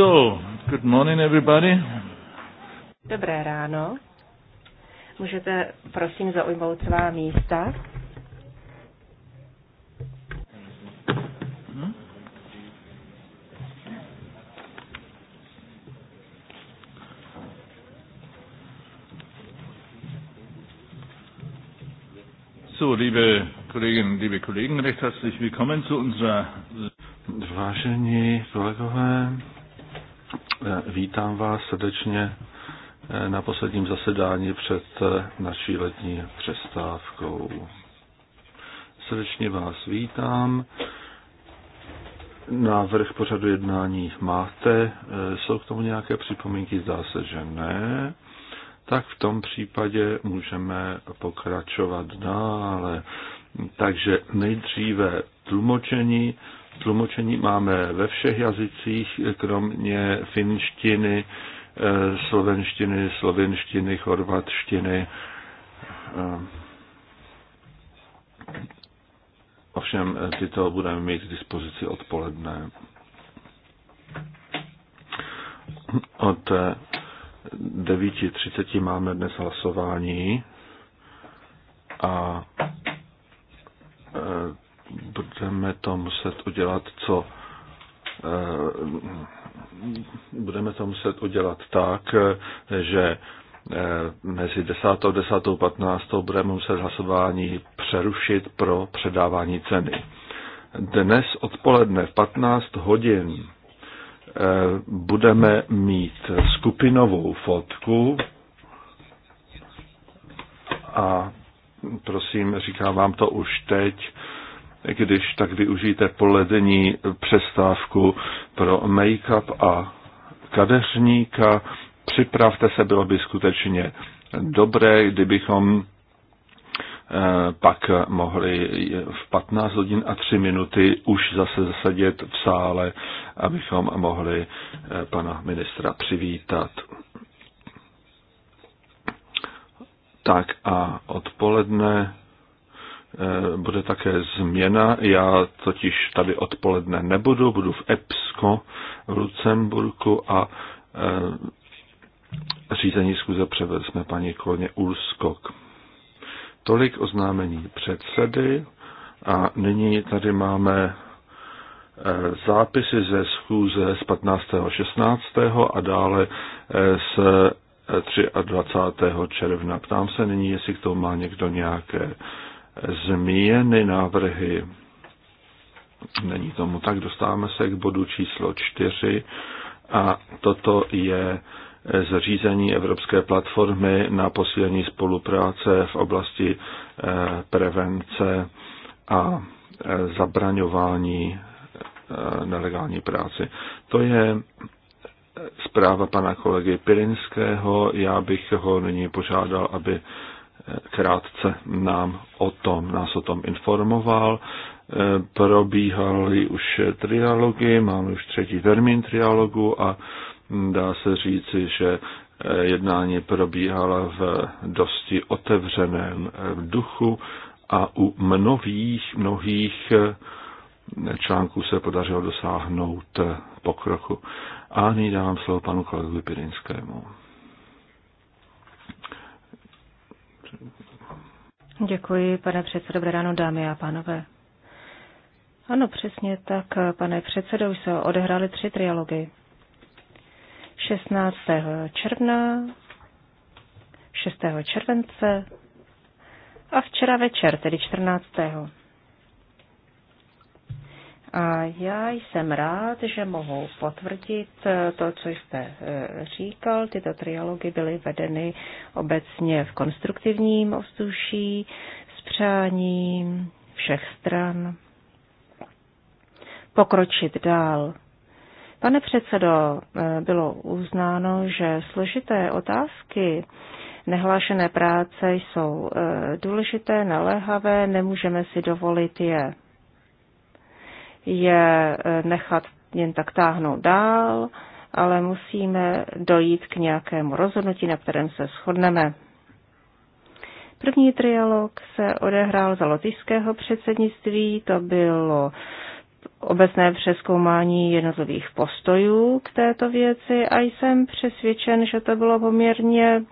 So, good morning everybody. Dobré ráno. Můžete prosím zaujmout svá místa. So, liebe Kolleginnen, liebe Kollegen, recht herzlich willkommen zu unserer Vážení kolegové, Eh, vítám vás srdečně eh, na posledním zasedání před eh, naší letní přestávkou. Srdečně vás vítám. Návrh pořadu jednání máte. Jsou k tomu nějaké připomínky? Zdá se, že ne. Tak v tom případě můžeme pokračovat dále. Takže nejdříve tlumočení Tlumočení máme ve všech jazycích, kromě finštiny, eh, slovenštiny, slovenštiny, chorvatštiny. Eh, ovšem eh, tyto budeme mít k dispozici odpoledne. Od 9.30 máme dnes hlasování a budeme to muset udělat, co eh, budeme to muset udělat tak, že eh, mezi 10. a 10. 15. budeme muset hlasování přerušit pro předávání ceny. Dnes odpoledne v 15 hodin eh, budeme mít skupinovou fotku a prosím, říkám vám to už teď, když tak využijte polední přestávku pro make-up a kadeřníka. Připravte se, bylo by skutečně dobré, kdybychom eh, pak mohli v 15 hodin a 3 minuty už zase zasadit v sále, abychom mohli eh, pana ministra přivítat. Tak a odpoledne Eh, bude také změna. Já totiž tady odpoledne nebudu, budu v EPSCO v Lucemburku a eh, řízení zkuze jsme paní kolně Ulskok. Tolik oznámení předsedy a nyní tady máme eh, zápisy ze schůze z 15. 16. a dále z 23. června. Ptám se nyní, jestli k tomu má někdo nějaké změny návrhy. Není tomu tak, dostáváme se k bodu číslo čtyři a toto je zřízení Evropské platformy na posílení spolupráce v oblasti eh, prevence a eh, zabraňování eh, nelegální práci. To je zpráva pana kolegy Pirinského. Já bych ho nyní požádal, aby krátce nám o tom, nás o tom informoval. E, probíhaly už trialogy, máme už třetí termín trialogu a dá se říci, že e, jednání probíhala v dosti otevřeném e, duchu a u mnohých, mnohých článků se podařilo dosáhnout pokroku. A nyní dávám slovo panu kolegovi Pirinskému. Děkuji, pane předsedo. Dobré ráno, dámy a pánové. Ano, přesně tak, pane předsedo, už se odehrály tři trialogy. 16. června, 6. července a včera večer, tedy 14. A já jsem rád, že mohu potvrdit eh, to, co jste eh, říkal. Tyto trialogy byly vedeny obecně v konstruktivním ovzduší, s přáním všech stran pokročit dál. Pane předsedo, eh, bylo uznáno, že složité otázky nehlášené práce jsou důležité, naléhavé, nemůžeme si dovolit je je eh, nechat jen tak táhnout dál, ale musíme dojít k nějakému rozhodnutí, na kterém se shodneme. První trialog se odehrál za lotyšského předsednictví, to bylo obecné přeskoumání jednotlivých postojů k této věci a jsem přesvědčen, že to bylo poměrně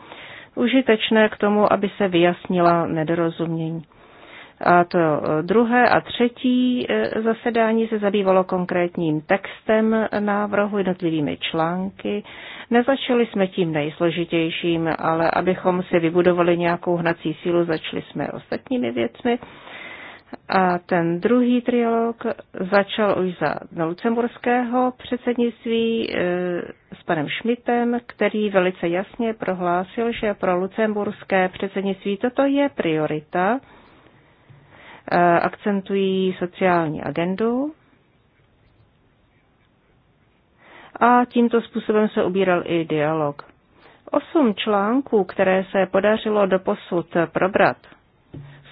užitečné k tomu, aby se vyjasnila nedorozumění. A to druhé a třetí e, zasedání se zabývalo konkrétním textem návrhu, jednotlivými články. Nezačali jsme tím nejsložitějším, ale abychom si vybudovali nějakou hnací sílu, začali jsme ostatními věcmi. A ten druhý trialog začal už za lucemburského předsednictví e, s panem Schmidtem, který velice jasně prohlásil, že pro lucemburské předsednictví toto je priorita Eh, akcentují sociální agendu. A tímto způsobem se ubíral i dialog. Osm článků, které se podařilo doposud probrat,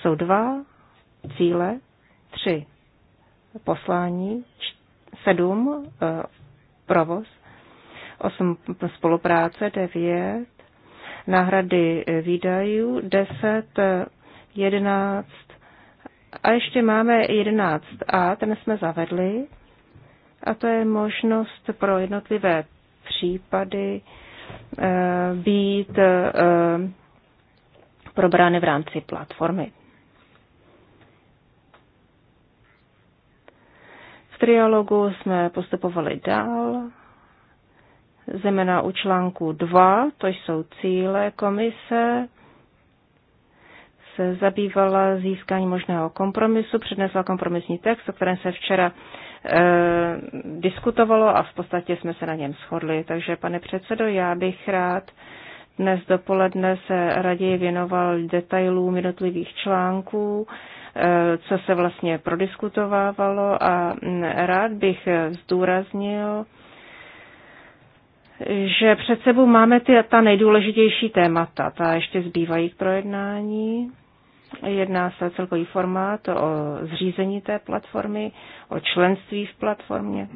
jsou dva, cíle, tři, poslání, sedm, eh, provoz, osm, spolupráce, devět, náhrady výdajů, deset, eh, jedenáct, a ještě máme 11a, ten jsme zavedli, a to je možnost pro jednotlivé případy eh, být eh, probrány v rámci platformy. V trialogu jsme postupovali dál, zejména u článku 2, to jsou cíle komise, se zabývala získání možného kompromisu, přednesla kompromisní text, o kterém se včera e, diskutovalo a v podstatě jsme se na něm shodli. Takže, pane předsedo, já bych rád dnes dopoledne se raději věnoval detailům jednotlivých článků, eh, co se vlastně prodiskutovávalo a mm, rád bych zdůraznil, že před sebou máme ty, ta nejdůležitější témata, ta ještě zbývají k projednání. Jedná se o celkový formát, o zřízení té platformy, o členství v platformě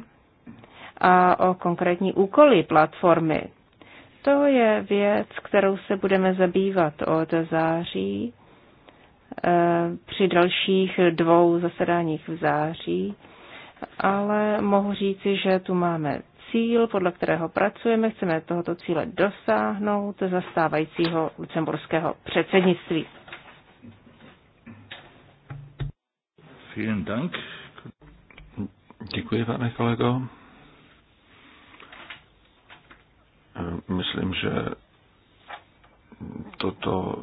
a o konkrétní úkoly platformy. To je věc, kterou se budeme zabývat od září eh, při dalších dvou zasedáních v září, ale mohu říci, že tu máme cíl, podle kterého pracujeme. Chceme tohoto cíle dosáhnout zastávajícího lucemburského předsednictví. Vielen Dank. Děkuji, pane kolego. Myslím, že toto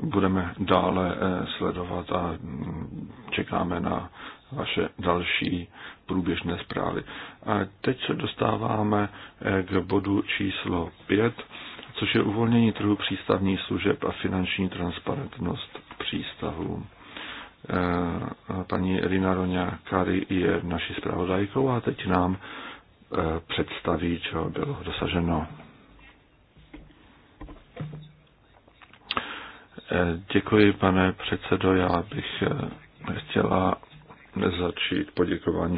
budeme dále eh, sledovat a mm, čekáme na vaše další průběžné zprávy. A teď se dostáváme eh, k bodu číslo 5, což je uvolnění trhu přístavních služeb a finanční transparentnost přístavů. Eh, paní Rina Roňa Kari je naší zpravodajkou a teď nám eh, představí, co bylo dosaženo. Eh, děkuji, pane předsedo. Já bych chtěla začít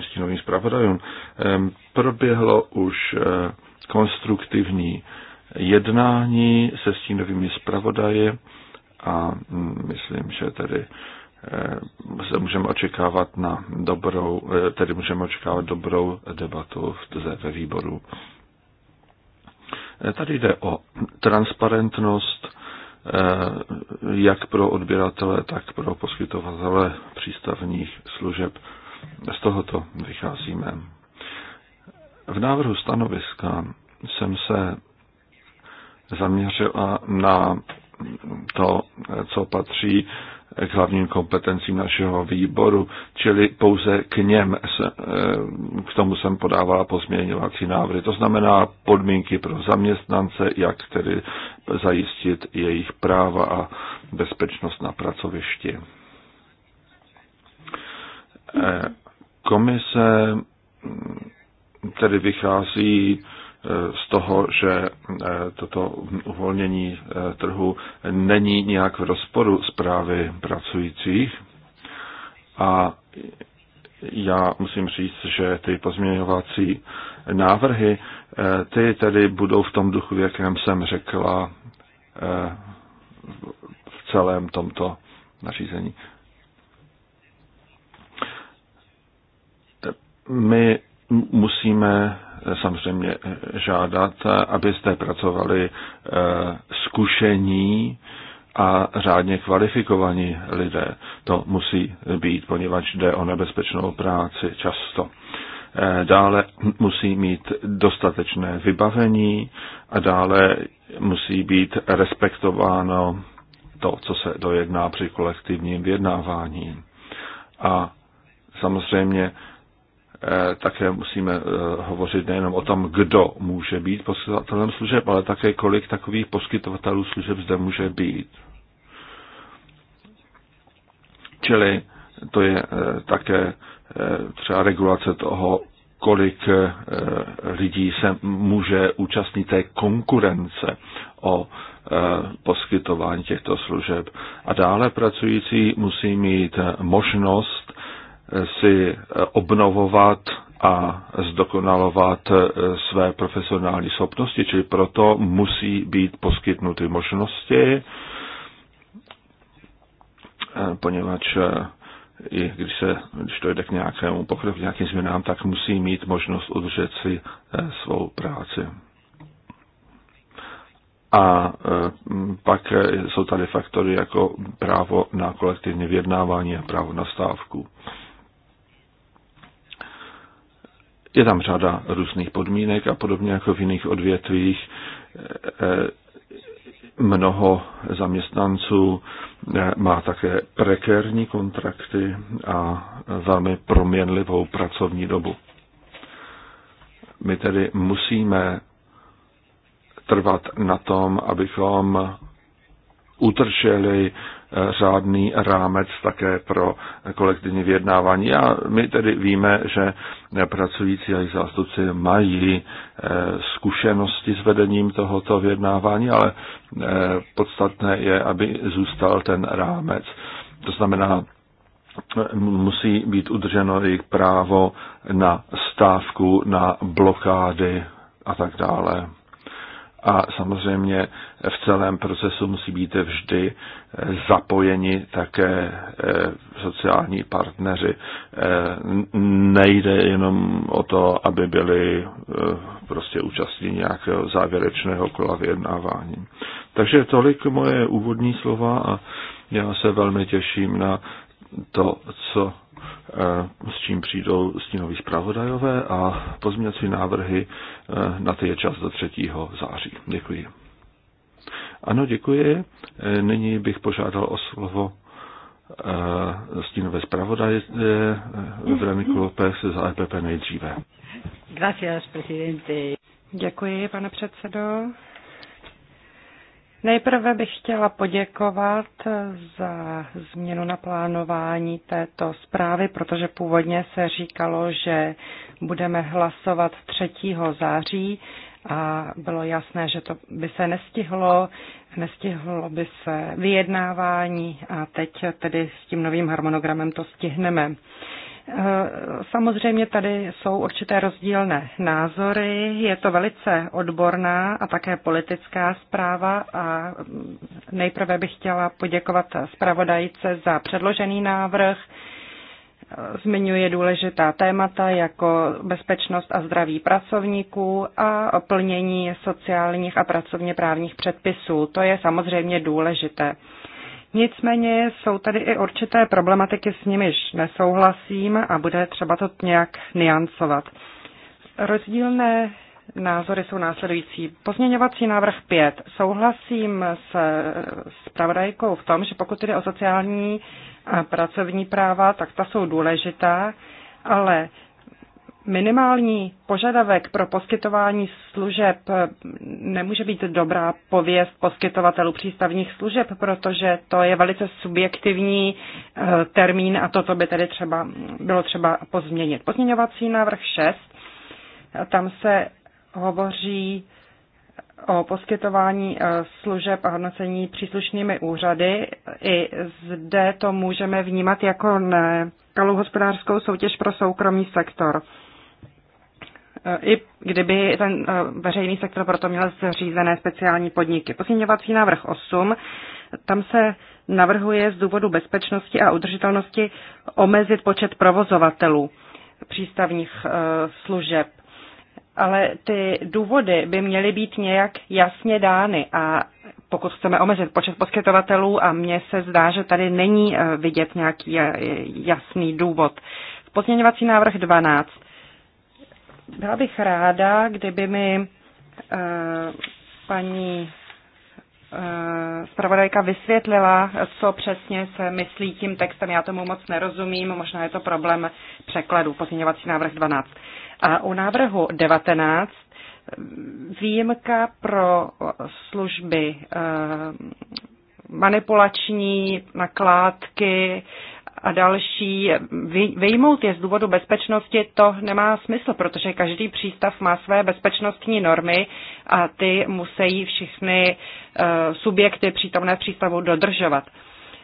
s stínovým zpravodajům. Proběhlo už konstruktivní jednání se stínovými zpravodaji a mm, myslím, že tedy Eh, se můžeme očekávat na dobrou, eh, tedy můžeme očekávat dobrou debatu ve výboru. Eh, tady jde o transparentnost jak pro odběratele, tak pro poskytovatele přístavních služeb. Z tohoto vycházíme. V návrhu stanoviska jsem se zaměřila na to, co patří k hlavním kompetencím našeho výboru, čili pouze k něm, eh, k tomu jsem podávala pozměňovací návrhy. To znamená podmínky pro zaměstnance, jak tedy zajistit jejich práva a bezpečnost na pracovišti. Eh, komise tedy vychází z toho, že e, toto uvolnění e, trhu není nějak v rozporu s právy pracujících. A já musím říct, že ty pozměňovací návrhy, e, ty tedy budou v tom duchu, v jakém jsem řekla v celém tomto nařízení. My musíme samozřejmě žádat, abyste pracovali eh, zkušení a řádně kvalifikovaní lidé. To musí být, poněvadž jde o nebezpečnou práci často. Eh, dále musí mít dostatečné vybavení a dále musí být respektováno to, co se dojedná při kolektivním vyjednávání. A samozřejmě Eh, také musíme eh, hovořit nejenom o tom, kdo může být poskytovatelem služeb, ale také kolik takových poskytovatelů služeb zde může být. Čili to je eh, také třeba regulace toho, kolik lidí se může účastnit té konkurence o poskytování těchto služeb. A dále pracující musí mít možnost si obnovovat a zdokonalovat eh, své profesionální schopnosti, čili proto musí být poskytnuty možnosti, eh, poněvadž eh, i když, se, když to jde k nějakému pokroku, k nějakým změnám, tak musí mít možnost udržet si svou práci. A pak jsou tady faktory jako právo na kolektivní vyjednávání a právo na stávku. Je tam řada různých podmínek a podobně jako v jiných odvětvích e, e, mnoho zaměstnanců e, má také prekérní kontrakty a velmi proměnlivou pracovní dobu. My tedy musíme trvat na tom, abychom utrželi řádný rámec také pro kolektivní vyjednávání. A my tedy víme, že pracující a jejich zástupci mají eh, zkušenosti s vedením tohoto vyjednávání, ale eh, podstatné je, aby zůstal ten rámec. To znamená, musí být udrženo jejich právo na stávku, na blokády a tak dále a samozřejmě v celém procesu musí být vždy eh, zapojeni také eh, sociální partneři. Eh, nejde jenom o to, aby byli prostě účastní nějakého závěrečného kola vyjednávání. Takže tolik moje úvodní slova a já se velmi těším na to, co Eh, s čím přijdou stínoví zpravodajové a pozměňovací návrhy eh, na ty je čas do 3. září. Děkuji. Ano, děkuji. Eh, nyní bych požádal o slovo stínové zpravodaje Veroniku López za EPP nejdříve. Gracias, presidente. Děkuji, pane předsedo. Nejprve bych chtěla poděkovat za změnu na plánování této zprávy, protože původně se říkalo, že budeme hlasovat 3. září a bylo jasné, že to by se nestihlo, nestihlo by se vyjednávání a teď tedy s tím novým harmonogramem to stihneme. Eh, samozřejmě tady jsou určité rozdílné názory. Je to velice odborná a také politická zpráva a nejprve bych chtěla poděkovat zpravodajce za předložený návrh. Eh, zmiňuje důležitá témata jako bezpečnost a zdraví pracovníků a plnění sociálních a pracovně právních předpisů. To je samozřejmě důležité. Nicméně jsou tady i určité problematiky, s nimiž nesouhlasím a bude třeba to nějak niancovat. Rozdílné názory jsou následující. Pozměňovací návrh 5. Souhlasím s spravodajkou v tom, že pokud jde o sociální a pracovní práva, tak ta jsou důležitá, ale minimální požadavek pro poskytování služeb eh, nemůže být dobrá pověst poskytovatelů přístavních služeb, protože to je velice subjektivní eh, termín a toto by tedy třeba, bylo třeba pozměnit. Pozměňovací návrh 6, tam se hovoří o poskytování eh, služeb a hodnocení příslušnými úřady. I zde to můžeme vnímat jako kalou hospodářskou soutěž pro soukromý sektor i kdyby ten eh, veřejný sektor proto měl zřízené speciální podniky. Pozměňovací návrh 8, tam se navrhuje z důvodu bezpečnosti a udržitelnosti omezit počet provozovatelů přístavních eh, služeb. Ale ty důvody by měly být nějak jasně dány a pokud chceme omezit počet poskytovatelů a mně se zdá, že tady není eh, vidět nějaký jasný důvod. Pozměňovací návrh 12 byla bych ráda, kdyby mi eh, paní eh, zpravodajka vysvětlila, co přesně se myslí tím textem. Já tomu moc nerozumím, možná je to problém překladu, pozměňovací návrh 12. A u návrhu 19 eh, výjimka pro služby manipulační nakládky, a další, vyjmout je z důvodu bezpečnosti, to nemá smysl, protože každý přístav má své bezpečnostní normy a ty musí všechny eh, subjekty přítomné v přístavu dodržovat.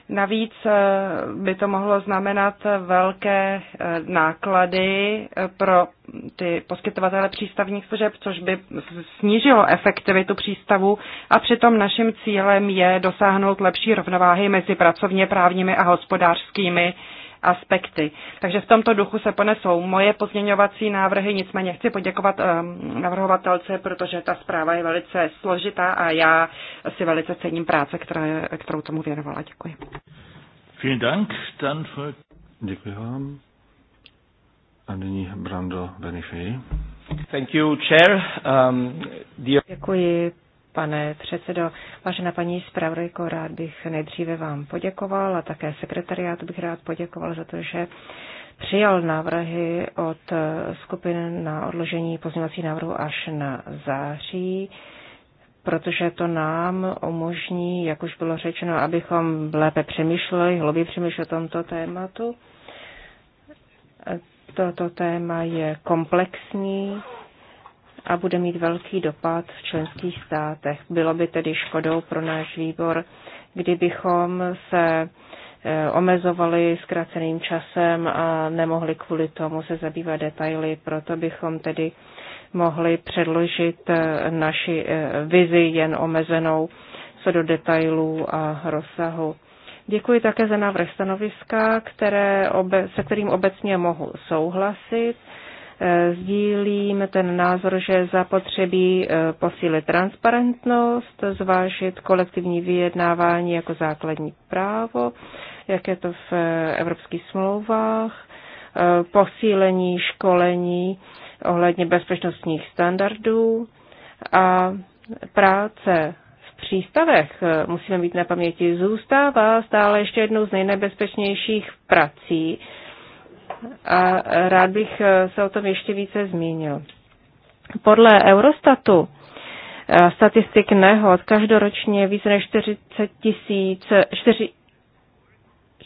Navíc eh, by to mohlo znamenat eh, velké eh, náklady pro ty poskytovatele přístavních služeb, což by snížilo efektivitu přístavu, a přitom naším cílem je dosáhnout lepší rovnováhy mezi pracovně právními a hospodářskými uh, aspekty. Takže v tomto duchu se ponesou moje pozměňovací návrhy, nicméně chci poděkovat ehm, navrhovatelce, protože ta zpráva je velice složitá a já si velice cením práce, která kterou tomu věnovala. Děkuji. Vielen Dank. Dann Děkuji vám. A nyní Brando Benifei. Thank you, Chair. Um, dear... Děkuji, pane předsedo. Vážená paní zpravodajko, rád bych nejdříve vám poděkoval a také sekretariát bych rád poděkoval za to, že přijal návrhy od skupin na odložení pozměňovací návrhu až na září, protože to nám umožní, jak už bylo řečeno, abychom lépe přemýšleli, hlouběji přemýšleli o tomto tématu. Toto téma je komplexní, a bude mít velký dopad v členských státech. Bylo by tedy škodou pro náš výbor, kdybychom se eh, omezovali zkraceným časem a nemohli kvůli tomu se zabývat detaily, proto bychom tedy mohli předložit eh, naši eh, vizi jen omezenou co do detailů a rozsahu. Děkuji také za návrh stanoviska, které, se kterým obecně mohu souhlasit. Sdílím ten názor, že zapotřebí e, posílit transparentnost, zvážit kolektivní vyjednávání jako základní právo, jak je to v e, evropských smlouvách, e, posílení školení ohledně bezpečnostních standardů a práce v přístavech, musíme mít na paměti, zůstává stále ještě jednou z nejnebezpečnějších prací, a rád bych eh, se o tom ještě více zmínil. Podle Eurostatu eh, statistik nehod každoročně více než 40 tisíc, 4,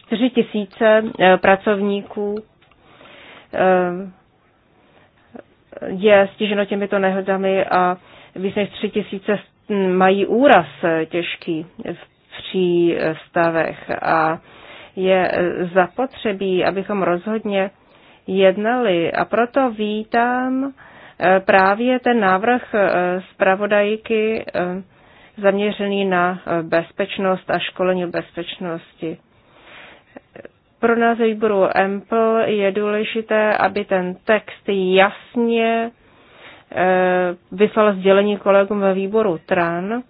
4 tisíce eh, pracovníků je stiženo těmito nehodami a více než 3 tisíce mají úraz těžký v přístavech a je e, zapotřebí, abychom rozhodně jednali. A proto vítám e, právě ten návrh e, zpravodajky zaměřený na bezpečnost a školení bezpečnosti. Pro nás výboru EMPL je důležité, aby ten text jasně vyslal sdělení kolegům ve výboru TRAN,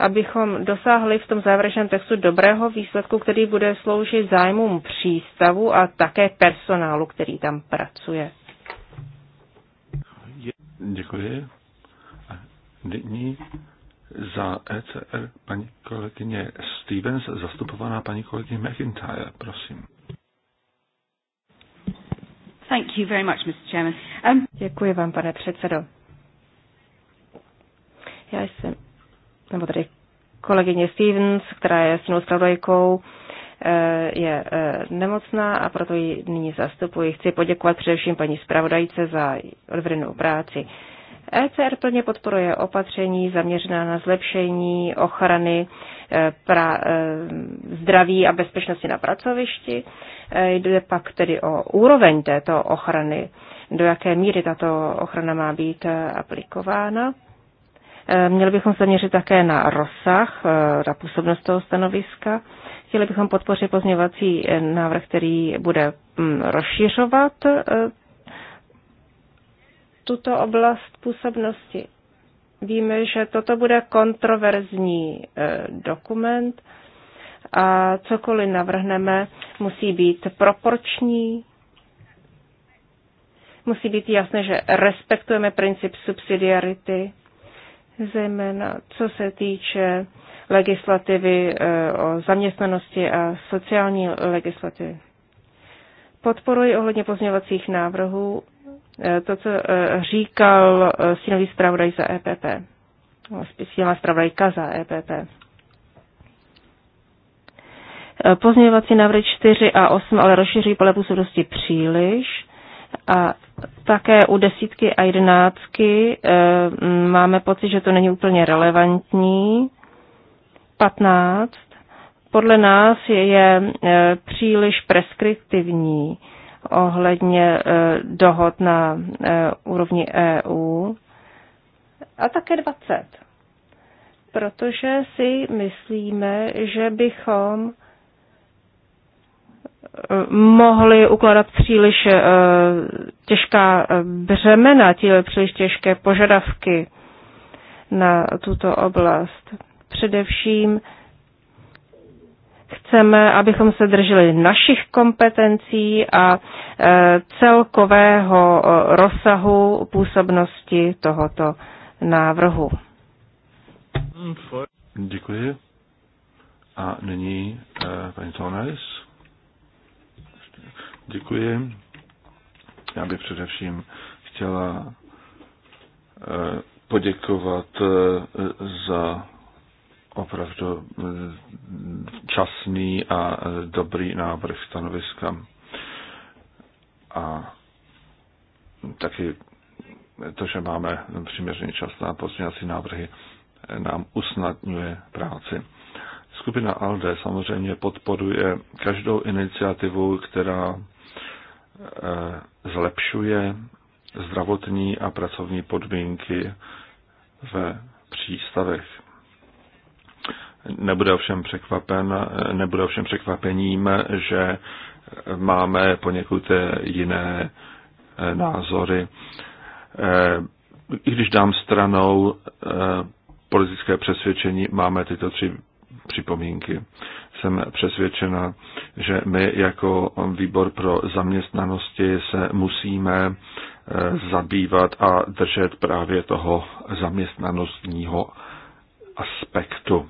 abychom dosáhli v tom závěrečném textu dobrého výsledku, který bude sloužit zájmům přístavu a také personálu, který tam pracuje. Děkuji. A nyní za ECR paní kolegyně Stevens, zastupovaná paní kolegyně McIntyre, prosím. Thank you very much, Mr. Chairman. Um... Děkuji vám, pane předsedo. Já jsem nebo tady kolegyně Stevens, která je s zpravodajkou, eh, je eh, nemocná a proto ji nyní zastupuji. Chci poděkovat především paní zpravodajce za odvedenou práci. ECR plně podporuje opatření zaměřená na zlepšení ochrany eh, pra, zdraví a bezpečnosti na pracovišti. Jde pak tedy o úroveň této ochrany, do jaké míry tato ochrana má být aplikována. Eh, měli bychom se měřit také na rozsah, eh, na působnost toho stanoviska. Chtěli bychom podpořit pozměňovací eh, návrh, který bude mm, rozšiřovat tuto oblast působnosti. Víme, že toto bude kontroverzní dokument a cokoliv navrhneme, musí být proporční, musí být jasné, že respektujeme princip subsidiarity zejména co se týče legislativy eh, o zaměstnanosti a sociální legislativy. Podporuji ohledně pozměňovacích návrhů eh, to, co eh, říkal synový zpravodaj za EPP, no, synová zpravodajka za EPP. Pozměňovací návrhy 4 a 8 ale rozšíří pole působnosti příliš a také u desítky a jedenáctky eh, máme pocit, že to není úplně relevantní. 15 podle nás je eh, příliš preskriptivní ohledně eh, dohod na úrovni EU. A také 20. Protože si myslíme, že bychom mohli ukládat příliš eh, těžká eh, břemena, příliš těžké požadavky na tuto oblast. Především chceme, abychom se drželi našich kompetencí a eh, celkového rozsahu působnosti tohoto návrhu. Děkuji. A nyní paní Tonalis. Děkuji. Já bych především chtěla eh, poděkovat eh, za opravdu eh, časný a dobrý návrh stanoviska. A taky to, že máme přiměřený čas na pozměňovací návrhy, nám usnadňuje práci. Skupina ALDE samozřejmě podporuje každou iniciativu, která Eh, zlepšuje zdravotní a pracovní podmínky ve přístavech. Nebude ovšem, překvapen, nebude ovšem překvapením, že máme poněkud jiné eh, názory. Eh, I když dám stranou politické přesvědčení, máme tyto tři připomínky jsem přesvědčena, že my jako výbor pro zaměstnanosti se musíme eh, zabývat a držet právě toho zaměstnanostního aspektu.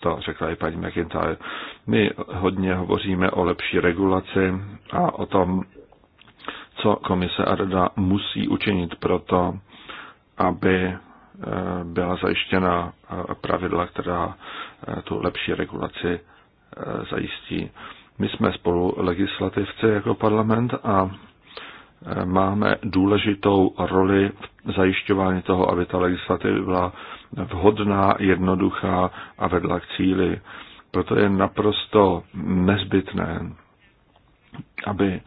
To řekla i paní McIntyre. My hodně hovoříme o lepší regulaci a o tom, co komise a rada musí učinit proto, aby byla zajištěna eh, pravidla, která eh, tu lepší regulaci eh, zajistí. My jsme spolu legislativci jako parlament a máme důležitou roli v zajišťování toho, aby ta legislativa byla vhodná, jednoduchá a vedla k cíli. Proto je naprosto nezbytné, aby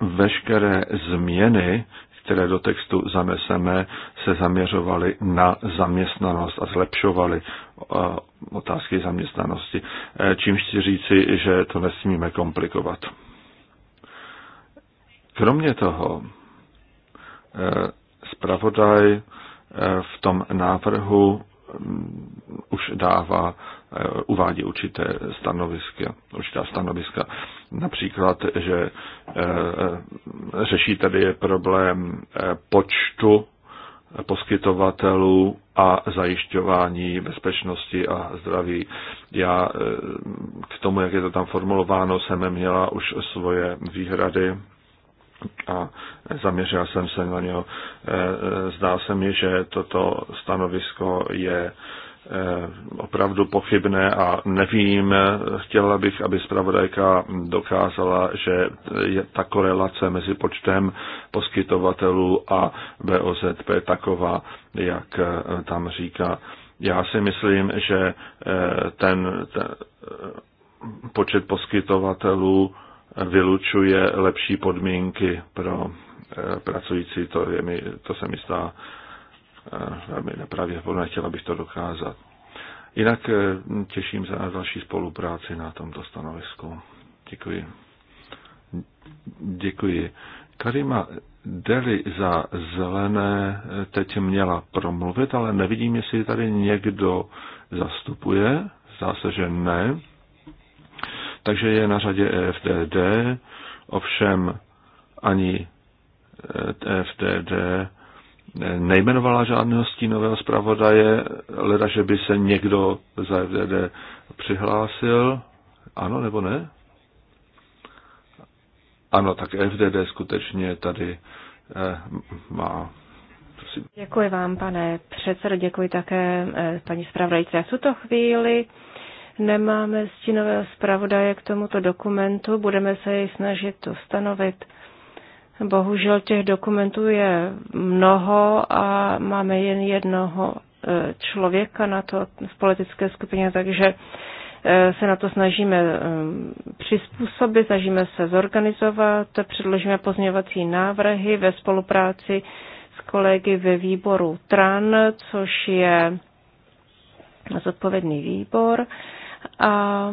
veškeré změny, které do textu zaneseme, se zaměřovaly na zaměstnanost a zlepšovaly otázky zaměstnanosti. E, čímž chci říci, že to nesmíme komplikovat. Kromě toho, e, zpravodaj e, v tom návrhu už dává Eh, uvádí určité stanoviska, určitá stanoviska. Například, že eh, řeší tady problém eh, počtu poskytovatelů a zajišťování bezpečnosti a zdraví. Já k tomu, jak je to tam formulováno, jsem měla už svoje výhrady a zaměřila jsem se na něho. Zdá se mi, že toto stanovisko je Eh, opravdu pochybné a nevím. Chtěla bych, aby zpravodajka dokázala, že je ta korelace mezi počtem poskytovatelů a BOZP taková, jak eh, tam říká. Já si myslím, že eh, ten, ten počet poskytovatelů vylučuje lepší podmínky pro pracující, to, je mi, to se mi stá velmi nepravděpodobné, chtěla bych to dokázat. Jinak eh, těším se na další spolupráci na tomto stanovisku. Děkuji. Děkuji. Karima Deli za zelené eh, teď měla promluvit, ale nevidím, jestli tady někdo zastupuje. Zdá se, že ne. Takže je na řadě EFDD, ovšem ani EFDD eh, nejmenovala žádného stínového zpravodaje, leda, že by se někdo za FDD přihlásil. Ano nebo ne? Ano, tak FDD skutečně tady eh, má. Prosím. Děkuji vám, pane předsedo, děkuji také eh, paní zpravodajce. V tuto chvíli nemáme stínového zpravodaje k tomuto dokumentu, budeme se jej snažit to stanovit. Bohužel těch dokumentů je mnoho a máme jen jednoho e, člověka na to v politické skupině, takže e, se na to snažíme e, přizpůsobit, snažíme se zorganizovat, předložíme pozměňovací návrhy ve spolupráci s kolegy ve výboru TRAN, což je zodpovědný výbor. A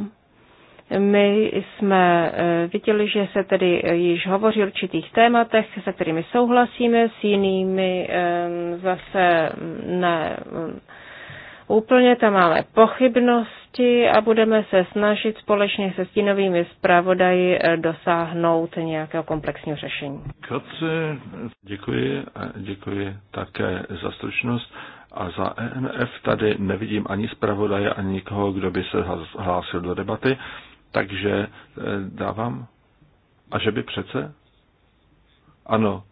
my jsme e, viděli, že se tedy e, již hovoří o určitých tématech, se kterými souhlasíme, s jinými e, zase ne úplně, tam máme pochybnosti a budeme se snažit společně se stínovými zpravodaji dosáhnout nějakého komplexního řešení. Kratce děkuji, děkuji také za stručnost. A za ENF tady nevidím ani zpravodaje, ani nikoho, kdo by se hlásil do debaty. Takže eh, dávám. A že by přece? Ano.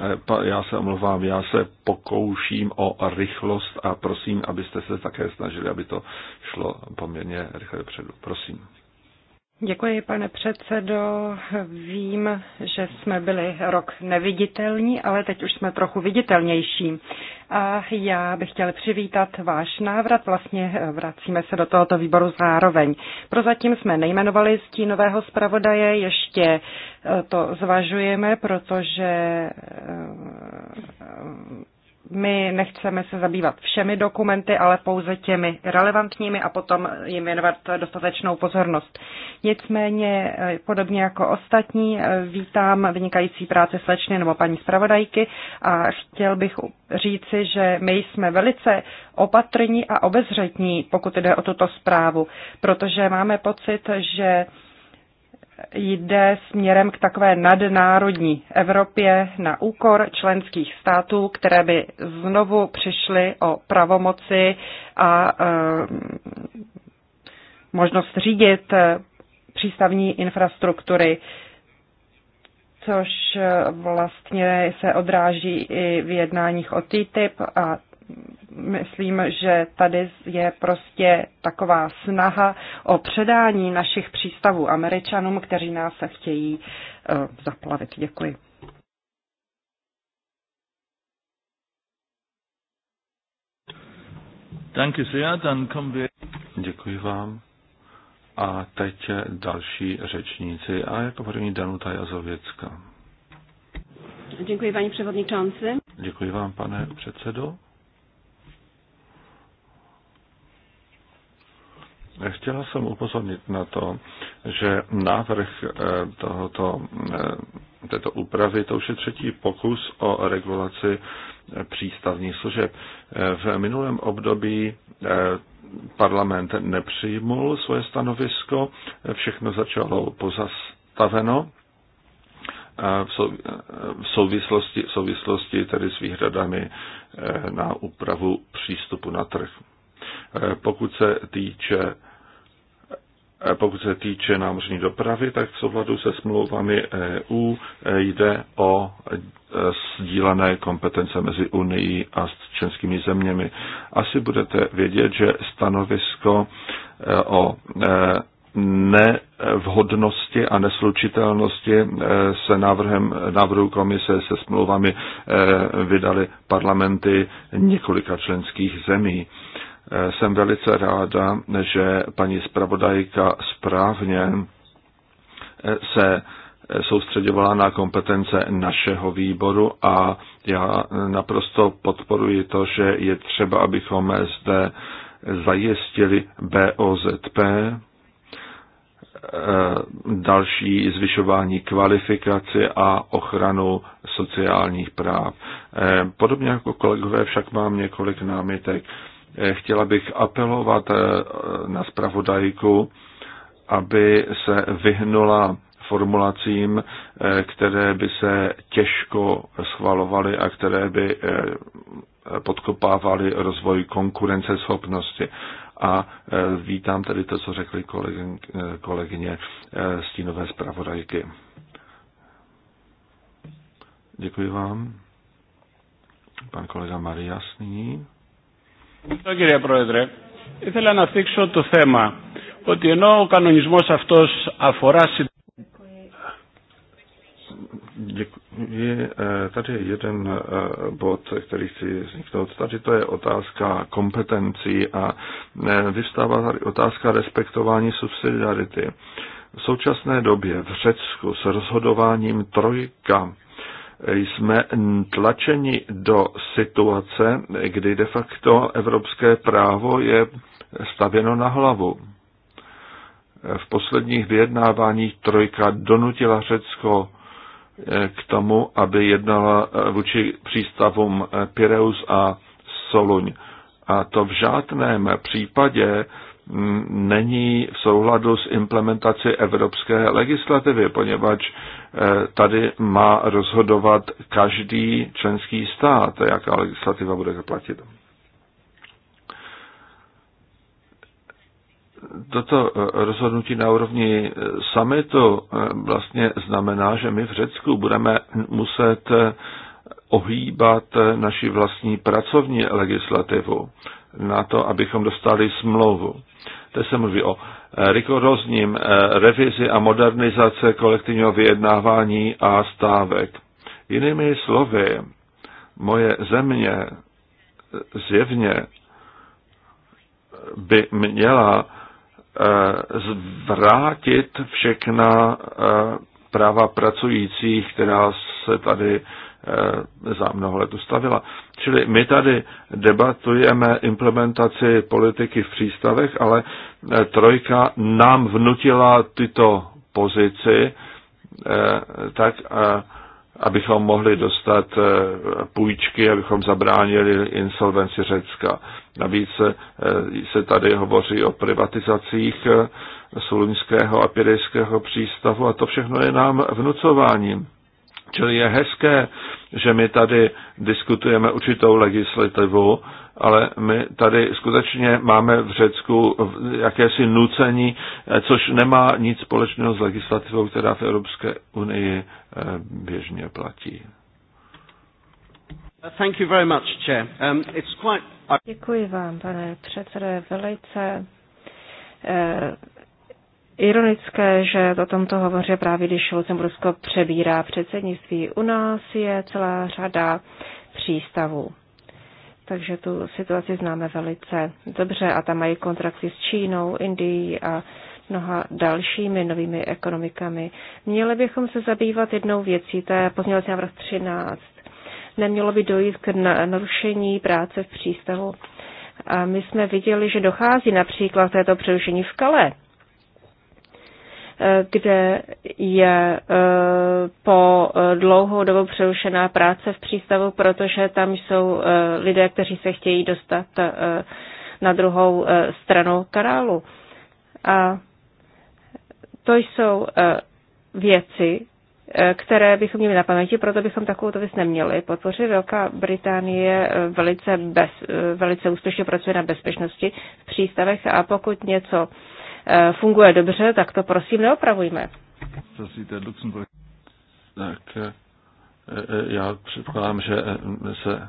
Eh, já se omlouvám, já se pokouším o rychlost a prosím, abyste se také snažili, aby to šlo poměrně rychle dopředu. Prosím. Děkuji, pane předsedo. Vím, že jsme byli rok neviditelní, ale teď už jsme trochu viditelnější. A já bych chtěl přivítat váš návrat. Vlastně eh, vracíme se do tohoto výboru zároveň. Prozatím jsme nejmenovali stínového zpravodaje, ještě eh, to zvažujeme, protože eh, my nechceme se zabývat všemi dokumenty, ale pouze těmi relevantními a potom jim věnovat dostatečnou pozornost. Nicméně, eh, podobně jako ostatní, eh, vítám vynikající práci slečny nebo paní zpravodajky a chtěl bych říci, že my jsme velice opatrní a obezřetní, pokud jde o tuto zprávu, protože máme pocit, že jde směrem k takové nadnárodní Evropě na úkor členských států, které by znovu přišly o pravomoci a e, možnost řídit eh, přístavní infrastruktury, což eh, vlastně se odráží i v jednáních o TTIP a myslím, že tady je prostě taková snaha o předání našich přístavů američanům, kteří nás chtějí e, zaplavit. Děkuji. Děkuji vám. A teď další řečníci a je první Danuta Jazověcka. Děkuji, paní předsedající. Děkuji vám, pane předsedo. Chtěla jsem upozornit na to, že návrh eh, tohoto, eh, této úpravy, to už je třetí pokus o regulaci eh, přístavních služeb. V minulém období parlament nepřijmul svoje stanovisko, všechno začalo pozastaveno v souvislosti, v souvislosti tedy s výhradami na úpravu přístupu na trh. Eh, pokud se týče eh, pokud se týče námořní dopravy, tak v souladu se smlouvami EU eh, jde o sdílené kompetence mezi Unii a členskými zeměmi. Asi budete vědět, že stanovisko o nevhodnosti a neslučitelnosti se návrhem návrhu komise se smlouvami vydali parlamenty několika členských zemí. Eh, jsem velice ráda, že paní zpravodajka správně eh, se eh, soustředovala na kompetence našeho výboru a já naprosto podporuji to, že je třeba, abychom zde zajistili BOZP, další zvyšování kvalifikace a ochranu sociálních práv. Podobně jako kolegové však mám několik námitek chtěla bych apelovat eh, na zpravodajku, aby se vyhnula formulacím, eh, které by se těžko schvalovaly a které by eh, podkopávaly rozvoj konkurenceschopnosti. A vítám tedy to, co řekly kolegyně stínové zpravodajky. Děkuji vám. Pan kolega Marias nyní. Ευχαριστώ κύριε Πρόεδρε. Ήθελα να θίξω το θέμα ότι ενώ ο κανονισμός αυτός αφορά... Je eh, tady jeden eh, bod, který chci vzniknout. Tady to je otázka kompetencí a eh, vystává tady otázka respektování subsidiarity. V současné době v Řecku s rozhodováním trojka jsme tlačeni do situace, kdy de facto evropské právo je stavěno na hlavu. V posledních vyjednáváních trojka donutila Řecko eh, k tomu, aby jednala eh, vůči přístavům eh, Pireus a Soluň. A to v žádném případě není v souladu s implementací evropské legislativy, poněvadž eh, tady má rozhodovat každý členský stát, jaká legislativa bude zaplatit. Toto eh, rozhodnutí na úrovni eh, summitu vlastně znamená, že my v Řecku budeme muset ohýbat naši vlastní pracovní legislativu na to, abychom dostali smlouvu. To se mluví o eh, rigorózním eh, revizi a modernizace kolektivního vyjednávání a stávek. Jinými slovy, moje země eh, zjevně by měla zvrátit všechna práva pracujících, která se tady Eh, za mnoho let ustavila. Čili my tady debatujeme implementaci politiky v přístavech, ale eh, trojka nám vnutila tyto pozici eh, tak, abychom mohli dostat půjčky, abychom zabránili insolvenci Řecka. Navíc se tady hovoří o privatizacích Sulunského a Pirejského přístavu a to všechno je nám vnucováním. Čili je hezké, že my tady diskutujeme určitou legislativu, ale my tady skutečně máme v Řecku jakési nucení, eh, což nemá nic společného s legislativou, která v Evropské unii eh, běžně platí. Thank you very much, Chair. Um, it's quite... Děkuji vám, pane předsedo, velice eh, ironické, že o tomto hovoří právě, když Lucembursko přebírá předsednictví. U nás je celá řada přístavů. Takže tu situaci známe velice dobře a tam mají kontrakty s Čínou, Indií a mnoha dalšími novými ekonomikami. Měli bychom se zabývat jednou věcí, to je pozměňovací návrh 13. Nemělo by dojít k narušení práce v přístavu. A my jsme viděli, že dochází například této přerušení v Kale kde je e, po dlouhou dobu přerušená práce v přístavu, protože tam jsou e, lidé, kteří se chtějí dostat e, na druhou stranu kanálu. A to jsou věci, které bychom měli na paměti, proto bychom takovou věc neměli podpořit. Velká Británie velice, bez, velice úspěšně pracuje na bezpečnosti v přístavech a pokud něco Eh, funguje dobře, tak to prosím neopravujme. Tak eh, eh, já předpokládám, že se,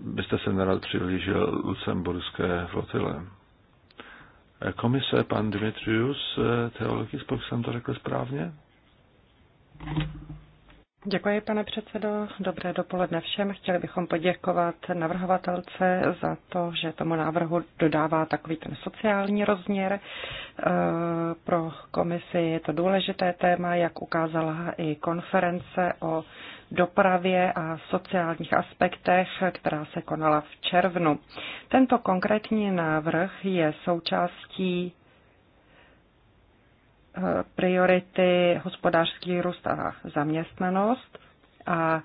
byste se nerad přiblížil lucemburské flotile. Komise pan Dimitrius, teologický, pokud jsem to řekl správně? Děkuji, pane předsedo. Dobré dopoledne všem. Chtěli bychom poděkovat navrhovatelce za to, že tomu návrhu dodává takový ten sociální rozměr. E, pro komisi je to důležité téma, jak ukázala i konference o dopravě a sociálních aspektech, která se konala v červnu. Tento konkrétní návrh je součástí Eh, priority hospodářský růst a zaměstnanost. A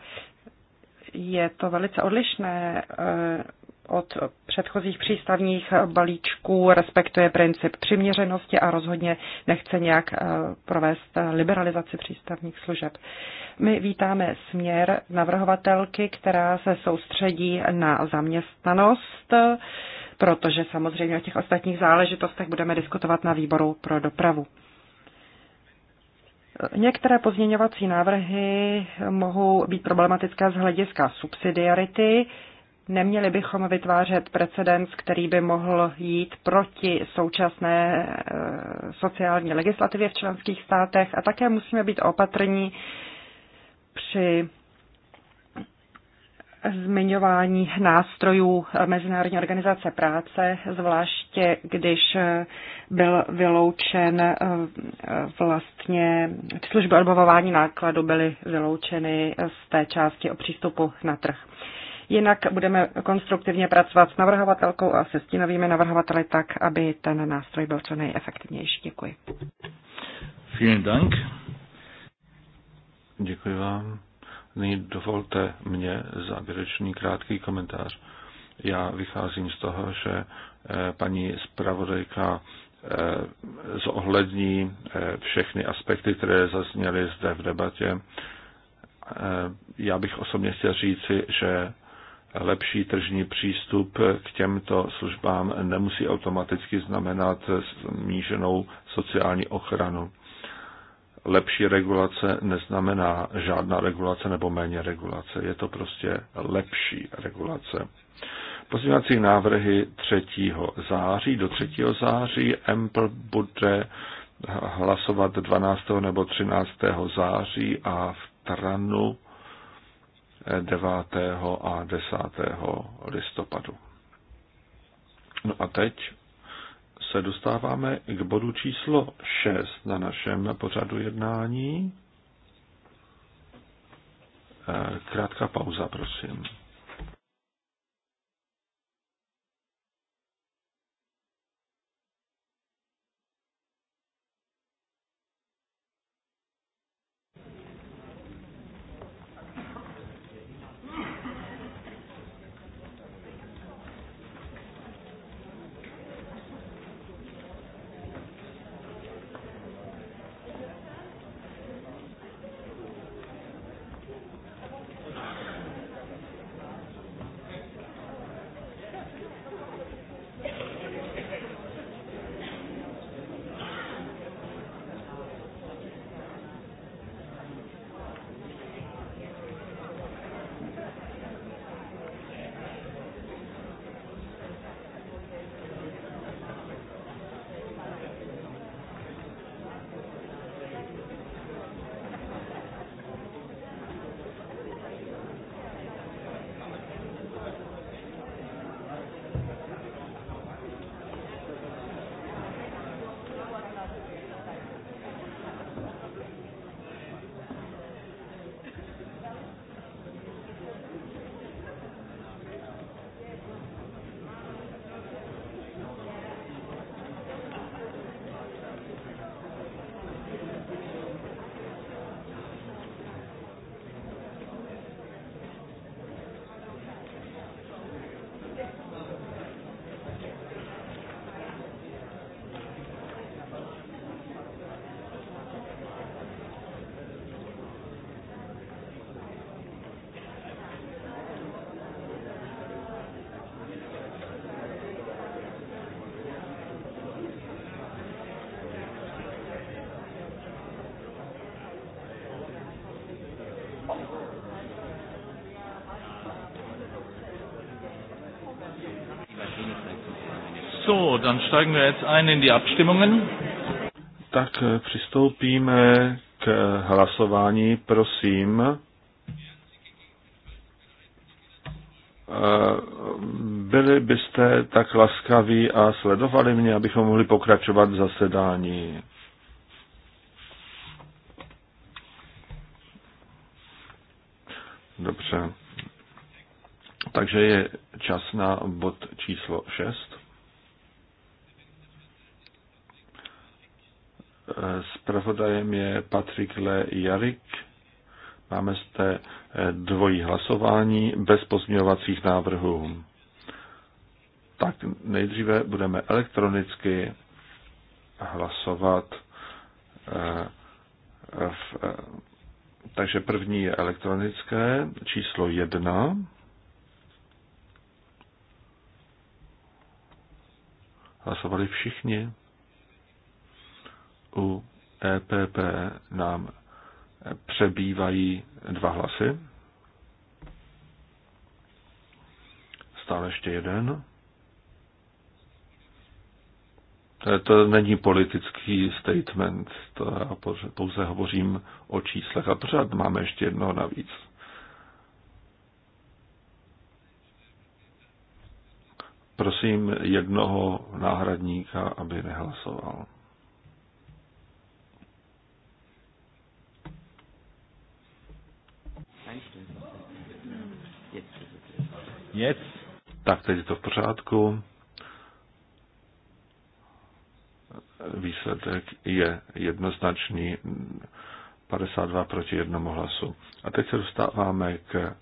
je to velice odlišné eh, od předchozích přístavních balíčků, respektuje princip přiměřenosti a rozhodně nechce nějak eh, provést liberalizaci přístavních služeb. My vítáme směr navrhovatelky, která se soustředí na zaměstnanost, protože samozřejmě o těch ostatních záležitostech budeme diskutovat na výboru pro dopravu. Některé pozměňovací návrhy mohou být problematické z hlediska subsidiarity. Neměli bychom vytvářet precedens, který by mohl jít proti současné e, sociální legislativě v členských státech a také musíme být opatrní při zmiňování nástrojů Mezinárodní organizace práce, zvláště když byl vyloučen eh, vlastně služby odbavování nákladu byly vyloučeny z té části o přístupu na trh. Jinak budeme konstruktivně pracovat s navrhovatelkou a se stínovými navrhovateli tak, aby ten nástroj byl co nejefektivnější. Děkuji. Vielen Dank. Děkuji vám. Nyní dovolte mě závěrečný krátký komentář. Já vycházím z toho, že eh, paní zpravodajka eh, zohlední eh, všechny aspekty, které zazněly zde v debatě. Já bych osobně chtěl říci, že lepší tržní přístup k těmto službám nemusí automaticky znamenat zmíženou sociální ochranu lepší regulace neznamená žádná regulace nebo méně regulace. Je to prostě lepší regulace. Pozměňovací návrhy 3. září. Do 3. září Mpl bude hlasovat 12. nebo 13. září a v Tranu 9. a 10. listopadu. No a teď se dostáváme k bodu číslo 6 na našem pořadu jednání. Eh, krátká pauza, prosím. dann steigen wir jetzt ein in die Abstimmungen. Tak eh, přistoupíme k eh, hlasování, prosím. Eh, byli byste tak laskaví a sledovali mě, abychom mohli pokračovat v zasedání. Dobře. Takže je čas na bod číslo 6. zpravodajem je Patrik Le Jarik. Máme zde eh, dvojí hlasování bez pozměňovacích návrhů. Tak nejdříve budeme elektronicky hlasovat. Eh, v, eh, takže první je elektronické, číslo jedna. Hlasovali všichni. U EPP nám přebývají dva hlasy. Stále ještě jeden. To není politický statement, to já pouze hovořím o číslech a pořád máme ještě jedno navíc. Prosím jednoho náhradníka, aby nehlasoval. Yes. Tak, teď je to v pořádku. Výsledek je jednoznačný 52 proti jednomu hlasu. A teď se dostáváme k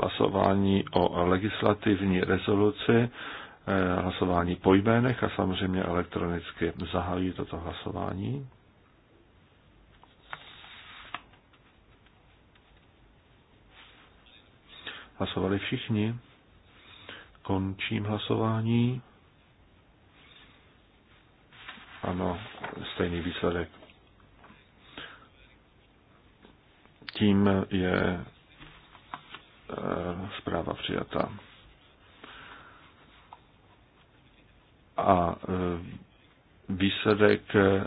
hlasování o legislativní rezoluci, eh, hlasování po jménech a samozřejmě elektronicky zahájí toto hlasování. Hlasovali všichni. Končím hlasování. Ano, stejný výsledek. Tím je e, zpráva přijata. A e, výsledek eh,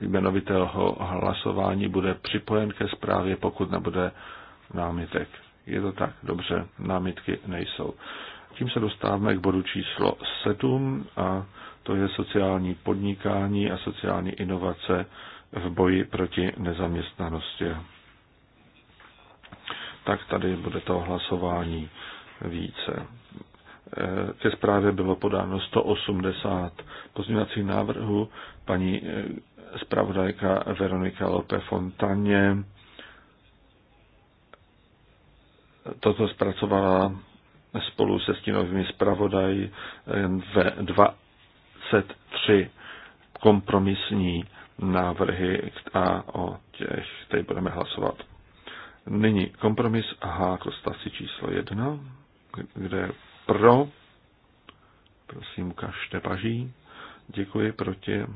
jmenovitého hlasování bude připojen ke zprávě, pokud nebude námitek. Je to tak, dobře, námitky nejsou. Tím se dostáváme k bodu číslo 7 a to je sociální podnikání a sociální inovace v boji proti nezaměstnanosti. Tak tady bude to hlasování více. E, ke zprávě bylo podáno 180 pozměňovacích návrhů. Paní e, zpravodajka Veronika Lope Fontaně to, zpracovala spolu se stínovými zpravodají v 23 kompromisní návrhy a o těch teď budeme hlasovat. Nyní kompromis H kostasi jako číslo 1, kde pro, prosím, kažte paží, děkuji proti,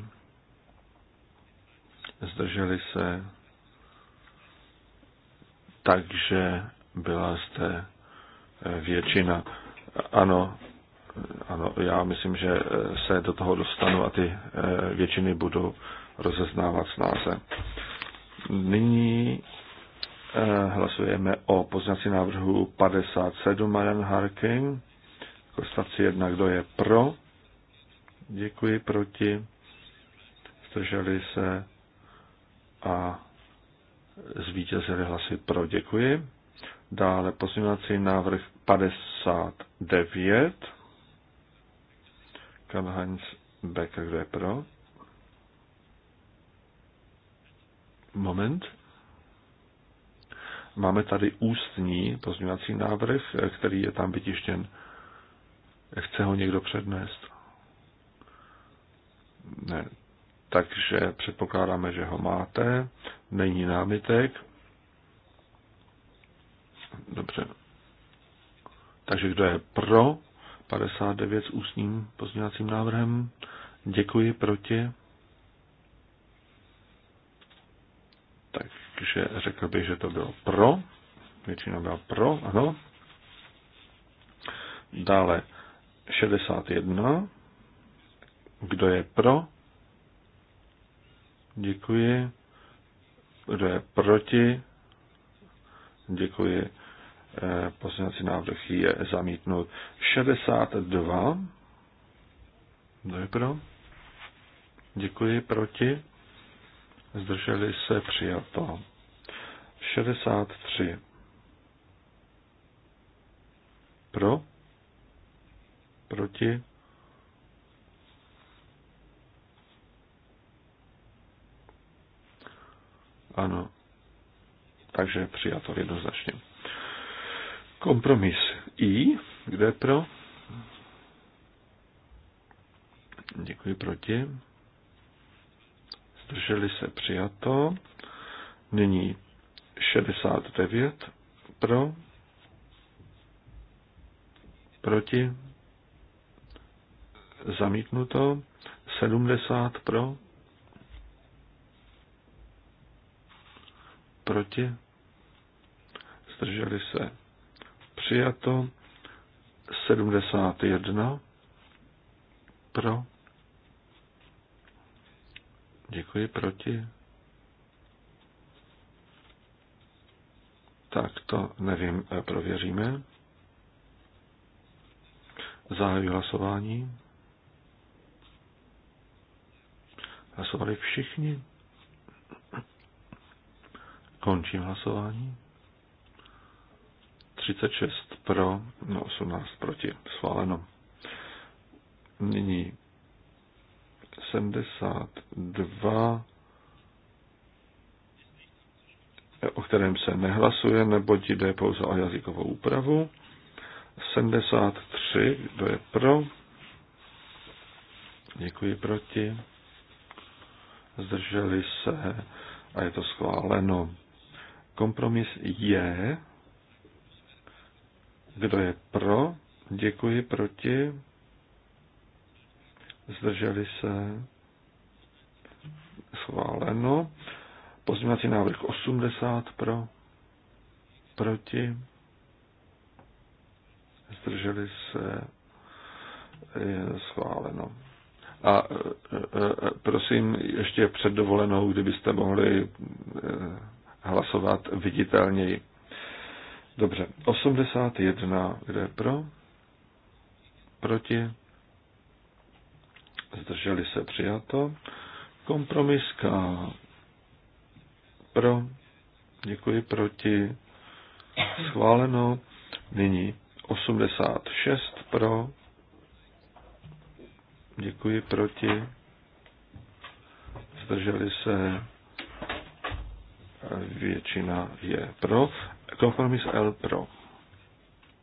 zdrželi se, takže byla zde eh, většina. Ano, ano, já myslím, že eh, se do toho dostanu a ty eh, většiny budou rozeznávat snáze. Nyní hlasujeme o poznací návrhu 57 Marian Harking. Kostaci jedna, kdo je pro. Děkuji, proti. Zdrželi se a zvítězili hlasy pro. Děkuji. Dále pozměňovací návrh 59. Karl-Heinz Becker, kdo je pro? Moment. Máme tady ústní pozměňovací návrh, který je tam vytištěn. Chce ho někdo přednést? Ne. Takže předpokládáme, že ho máte. Není námitek. Dobře. Takže kdo je pro 59 s ústním pozměňovacím návrhem? Děkuji, proti. Takže řekl bych, že to bylo pro. Většina byla pro, ano. Dále 61. Kdo je pro? Děkuji. Kdo je proti? Děkuji. Eh, pozměňovací návrh je zamítnut. 62. Kdo je pro? Děkuji. Proti? Zdrželi se přijato. 63. Pro? Proti? Ano. Takže přijato jednoznačně. Kompromis I, kdo je pro? Děkuji proti. Zdrželi se přijato. Nyní 69 pro. Proti. Zamítnuto. 70 pro. Proti. Zdrželi se Přijato 71 pro. Děkuji, proti. Tak to nevím, eh, prověříme. Zahajuji hlasování. Hlasovali všichni. Končím hlasování. 36 pro, no 18 proti, schváleno. Nyní 72, o kterém se nehlasuje, neboť jde pouze o jazykovou úpravu. 73, kdo je pro? Děkuji proti. Zdrželi se a je to schváleno. Kompromis je kdo je pro? Děkuji proti. Zdrželi se. Schváleno. Pozměňovací návrh 80 pro. Proti. Zdrželi se. Je schváleno. A e, e, e, prosím, ještě před dovolenou, kdybyste mohli hlasovat viditelněji. Dobře, 81, kdo je pro? Proti? Zdrželi se přijato. Kompromiska pro, děkuji proti, schváleno. Nyní 86 pro, děkuji proti, zdrželi se, většina je pro. Kompromis L pro.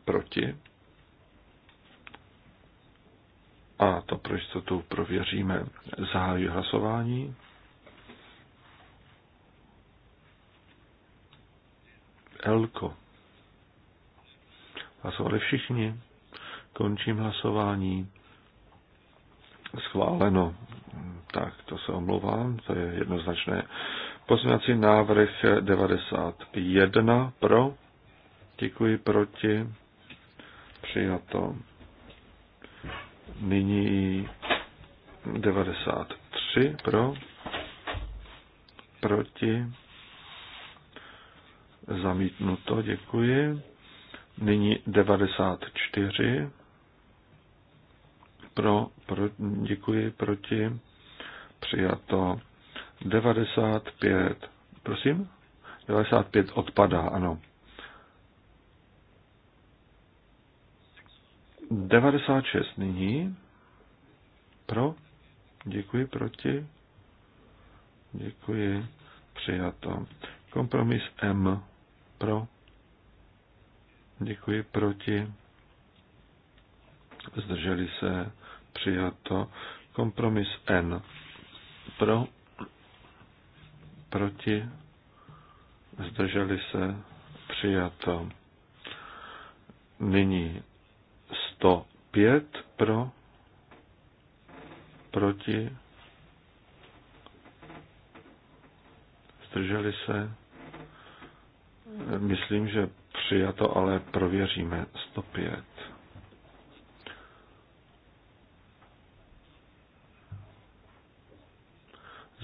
Proti. A to pro jistotu prověříme. Zahájí hlasování. Elko. Hlasovali všichni. Končím hlasování. Schváleno. Tak, to se omlouvám, to je jednoznačné. Pozměňovací návrh 91 pro. Děkuji proti. Přijato. Nyní 93 pro. Proti. Zamítnuto. Děkuji. Nyní 94 pro, pro děkuji proti. Přijato 95. Prosím? 95 odpadá, ano. 96 nyní. Pro? Děkuji, proti? Děkuji, přijato. Kompromis M. Pro? Děkuji, proti? Zdrželi se, přijato. Kompromis N. Pro? proti, zdrželi se, přijato. Nyní 105 pro, proti, zdrželi se. Myslím, že přijato, ale prověříme 105.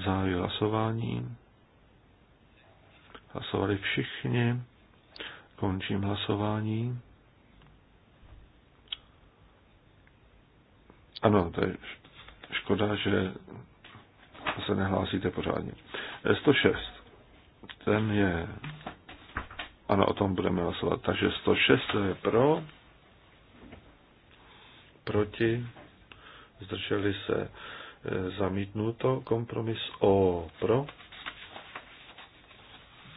Zahajuji hlasování. Hlasovali všichni. Končím hlasování. Ano, to je škoda, že se nehlásíte pořádně. 106. Ten je... Ano, o tom budeme hlasovat. Takže 106 je pro, proti, zdrželi se e, zamítnuto, kompromis O pro,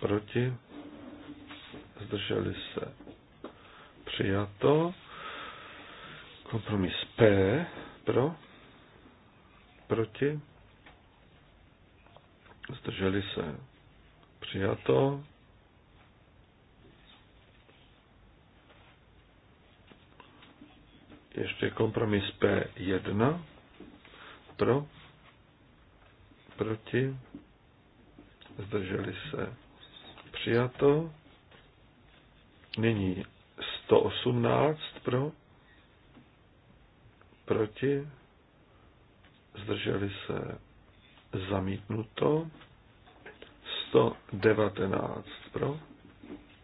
proti, zdrželi se přijato. Kompromis P pro, proti, zdrželi se přijato. Ještě kompromis P1 pro, proti, zdrželi se Přijato. Nyní 118 pro. Proti. Zdrželi se zamítnuto. 119 pro.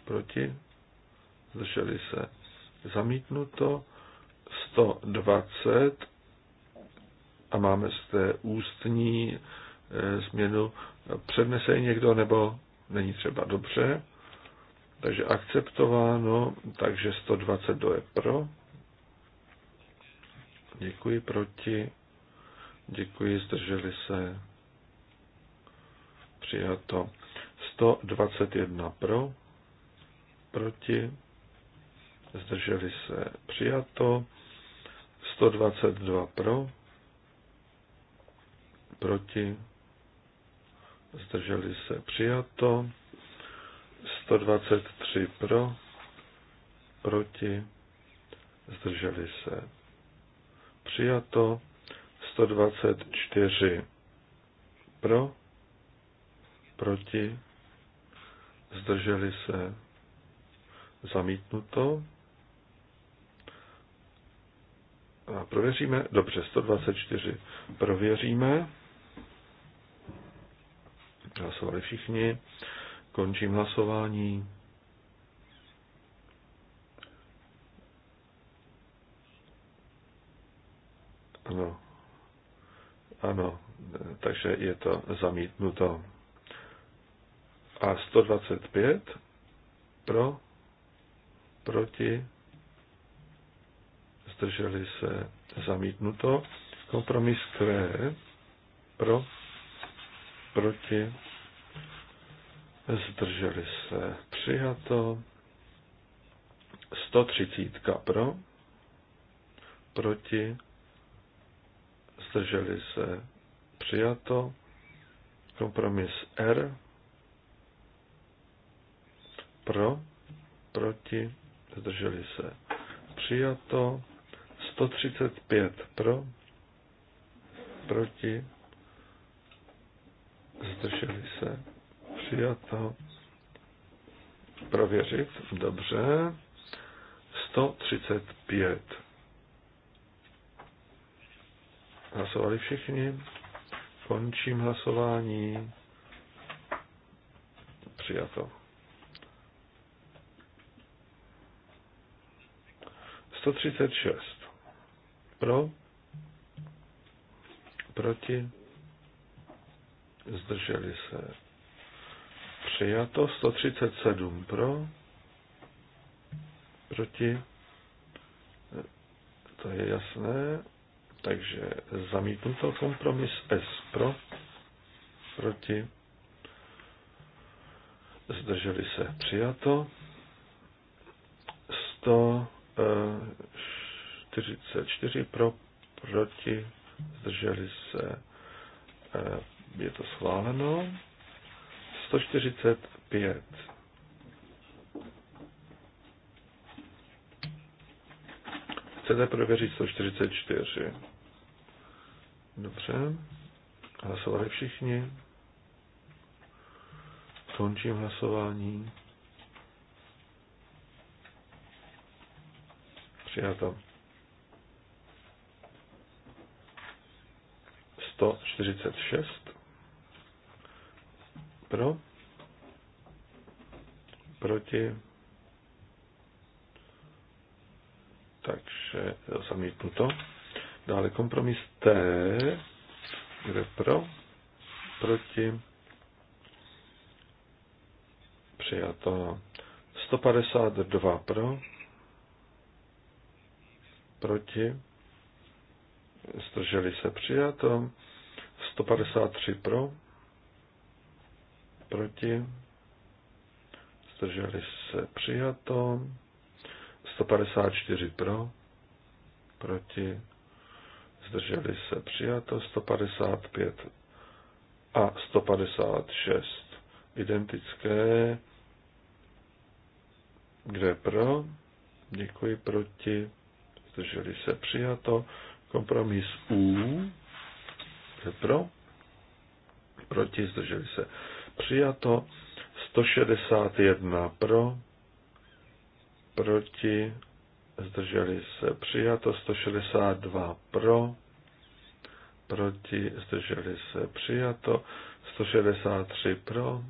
Proti. Zdrželi se zamítnuto. 120 a máme té ústní eh, změnu. Přednese někdo nebo není třeba dobře. Takže akceptováno, takže do je pro. Děkuji proti. Děkuji, zdrželi se. Přijato. 121 pro. Proti. Zdrželi se. Přijato. 122 pro. Proti zdrželi se přijato, 123 pro, proti, zdrželi se přijato, 124 pro, proti, zdrželi se zamítnuto. A prověříme, dobře, 124 prověříme. Hlasovali všichni. Končím hlasování. Ano. Ano, takže je to zamítnuto. A 125 pro, proti, zdrželi se zamítnuto. Kompromis Q pro, proti, zdrželi se přijato, 130 pro, proti, zdrželi se přijato, kompromis R, pro, proti, zdrželi se přijato, 135 pro, proti, zdrželi se, přijato, prověřit, dobře, 135. Hlasovali všichni, končím hlasování, přijato. 136. Pro? Proti? zdrželi se. Přijato 137 pro, proti, to je jasné, takže zamítnuto kompromis S pro, proti, zdrželi se přijato, 144 eh, pro, proti, zdrželi se eh, je to schváleno. 145. Chcete prověřit 144. Dobře. Hlasovali všichni. Končím hlasování. Přijato. 146 pro, proti, takže zamítnuto. Dále kompromis T, kde pro, proti, přijato 152 pro, proti, zdrželi se přijato, 153 pro, proti, zdrželi se přijato, 154 pro, proti, zdrželi se přijato, 155 a 156 identické, kde pro, děkuji proti, zdrželi se přijato, kompromis U, kde pro, proti, zdrželi se Přijato 161 pro, proti, zdrželi se. Přijato 162 pro, proti, zdrželi se. Přijato 163 pro,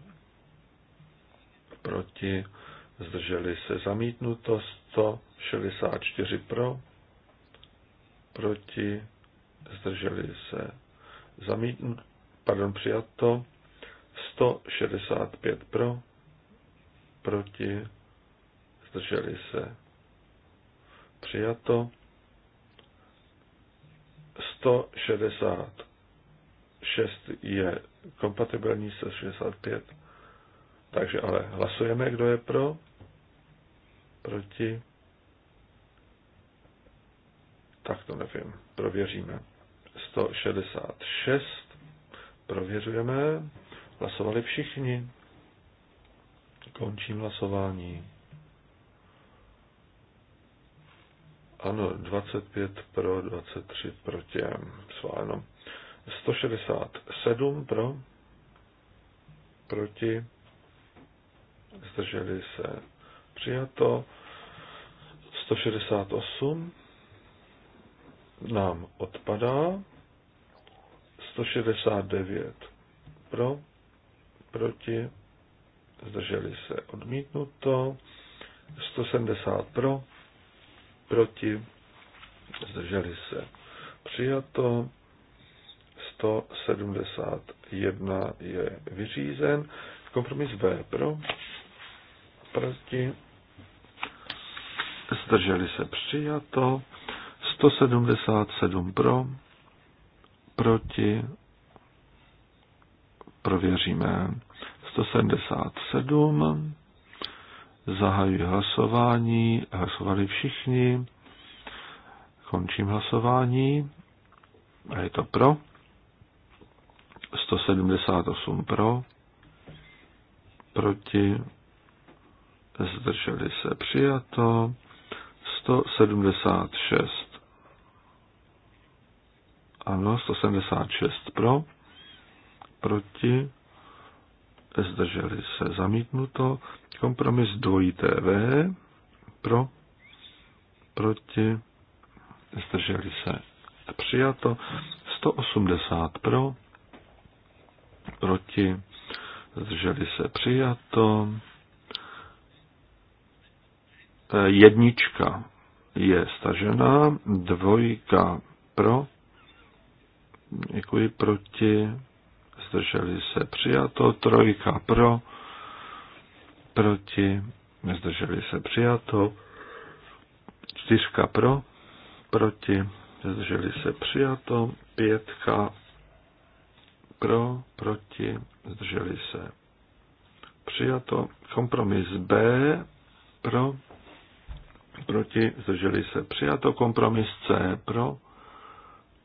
proti, zdrželi se. Zamítnuto 164 pro, proti, zdrželi se. Zamítnuto, pardon, přijato 165 pro, proti, zdrželi se, přijato, 166 je kompatibilní se 65, takže ale hlasujeme, kdo je pro, proti, tak to nevím, prověříme. 166, prověřujeme. Hlasovali všichni. Končím hlasování. Ano, 25 pro, 23 proti, sváno. 167 pro, proti, zdrželi se přijato. 168 nám odpadá. 169 pro, proti, zdrželi se odmítnuto, 170 pro, proti, zdrželi se přijato, 171 je vyřízen, kompromis B pro, proti, zdrželi se přijato, 177 pro, proti, prověříme. 177. Zahajuji hlasování. Hlasovali všichni. Končím hlasování. A je to pro. 178 pro. Proti. Zdrželi se přijato. 176. Ano, 176 pro proti, zdrželi se zamítnuto, kompromis dvojí TV pro, proti, zdrželi se přijato, 180 pro, proti, zdrželi se přijato, jednička je stažená, dvojka pro, děkuji, proti, zdrželi se přijato, trojka pro, proti, zdrželi se přijato, čtyřka pro, proti, zdrželi se přijato, pětka pro, proti, zdrželi se přijato, kompromis B pro, proti, zdrželi se přijato, kompromis C pro,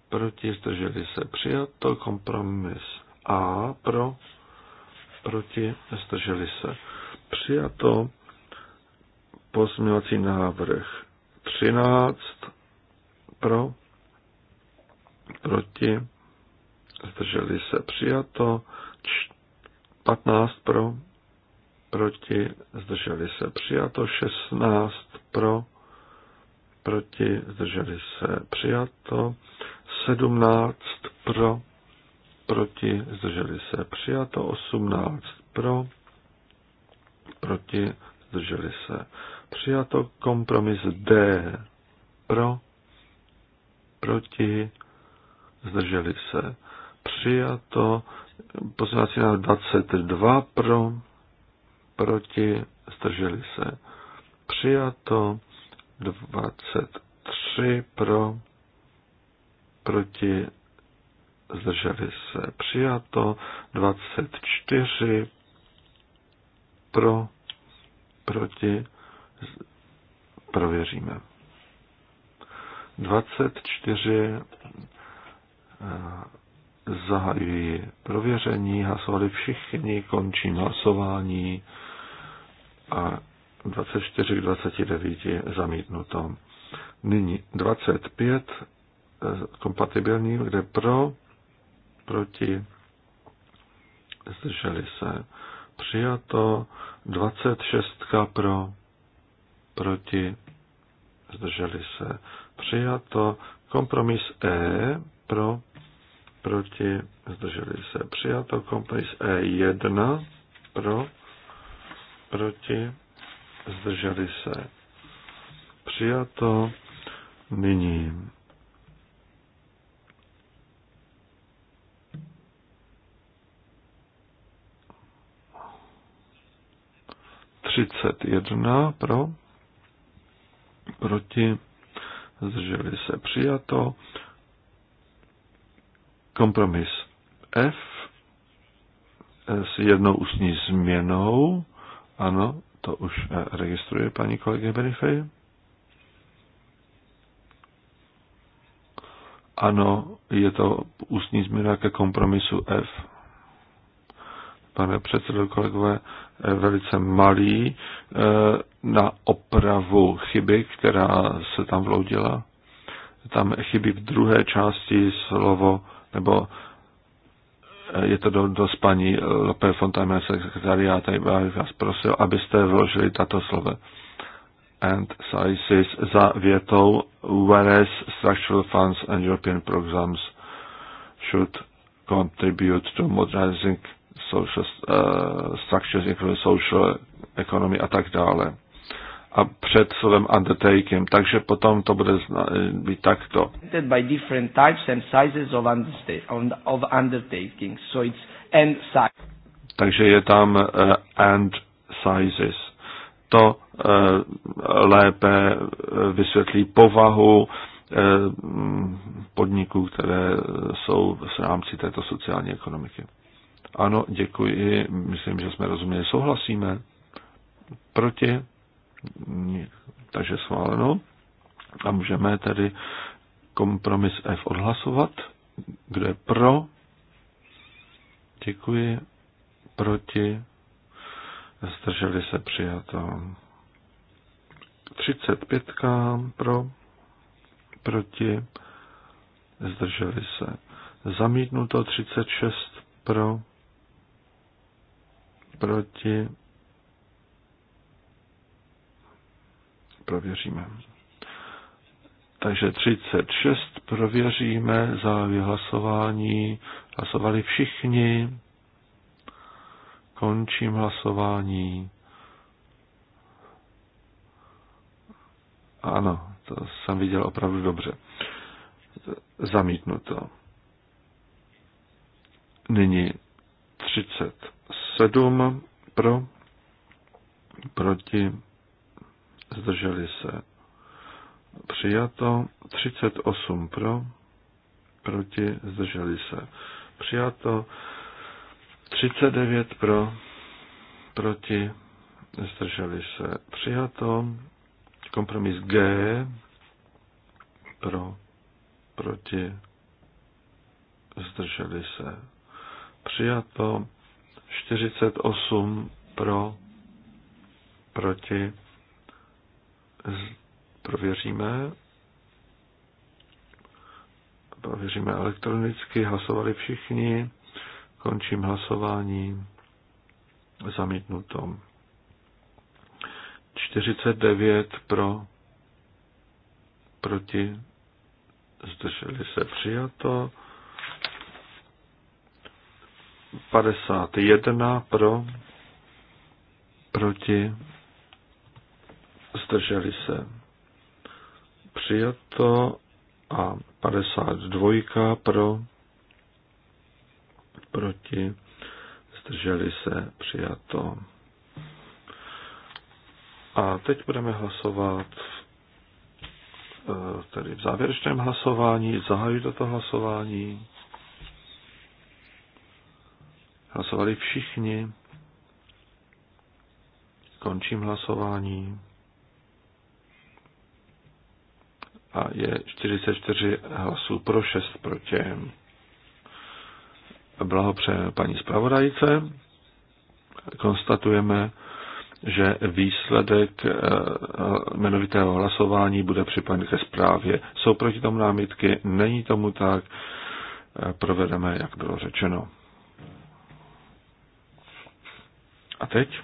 proti, zdrželi se přijato, kompromis a pro, proti, zdrželi se. Přijato pozměňovací návrh 13 pro, proti, zdrželi se. Přijato 15 pro, proti, zdrželi se. Přijato 16 pro, proti, zdrželi se. Přijato 17 pro, proti, zdrželi se přijato, 18 pro, proti, zdrželi se přijato, kompromis D pro, proti, zdrželi se přijato, poslanecí návrh 22 pro, proti, zdrželi se přijato, 23 pro, proti, zdrželi se přijato, 24 pro, proti, prověříme. 24 eh, zahajují prověření, hlasovali všichni, končím hlasování a 24 k 29 zamítnuto. Nyní 25 eh, kompatibilní, kde pro, proti, zdrželi se, přijato, 26 pro, proti, zdrželi se, přijato, kompromis E pro, proti, zdrželi se, přijato, kompromis E1 pro, proti, zdrželi se, přijato, nyní 31 pro, proti, zdrželi se přijato. Kompromis F s jednou ústní změnou. Ano, to už eh, registruje paní kolegy Benifej. Ano, je to ústní změna ke kompromisu F pane předsedo, kolegové, eh, velice malý eh, na opravu chyby, která se tam vloudila. Tam chybí v druhé části slovo, nebo eh, je to do, do paní Lope Fontaine sekretariáta, já vás prosil, abyste vložili tato slova and sizes za větou whereas structural funds and European programs should contribute to modernizing social uh, structures, including social economy a tak dále. A před slovem undertaking, takže potom to bude být takto. By different types and sizes of, of undertaking, so it's and size. Takže je tam uh, and sizes. To uh, lépe vysvětlí povahu podniků, které jsou v rámci této sociální ekonomiky. Ano, děkuji. Myslím, že jsme rozuměli. Souhlasíme. Proti? Takže schváleno. A můžeme tedy kompromis F odhlasovat. Kdo je pro? Děkuji. Proti? Zdrželi se přijato. 35 pro, proti, zdrželi se. Zamítnuto 36 pro, proti, prověříme. Takže 36 prověříme za vyhlasování. Hlasovali všichni. Končím hlasování. Ano, to jsem viděl opravdu dobře. Zamítnuto. Nyní 30 7 pro, proti, zdrželi se. Přijato 38 pro, proti, zdrželi se. Přijato 39 pro, proti, zdrželi se. Přijato kompromis G pro, proti, zdrželi se. Přijato 48 pro, proti, prověříme. Prověříme elektronicky, hlasovali všichni. Končím hlasování. Zamítnuto. 49 pro, proti, zdrželi se přijato. 51 pro, proti, zdrželi se. Přijato a 52 pro, proti, zdrželi se. Přijato. A teď budeme hlasovat eh, tedy v závěrečném hlasování, zahajuji toto hlasování. Hlasovali všichni. Končím hlasování. A je 44 hlasů pro 6 proti. Blahopřeje paní zpravodajce. Konstatujeme, že výsledek eh, jmenovitého hlasování bude připojen ke zprávě. Jsou proti tomu námitky? Není tomu tak. Eh, provedeme, jak bylo řečeno. A teď?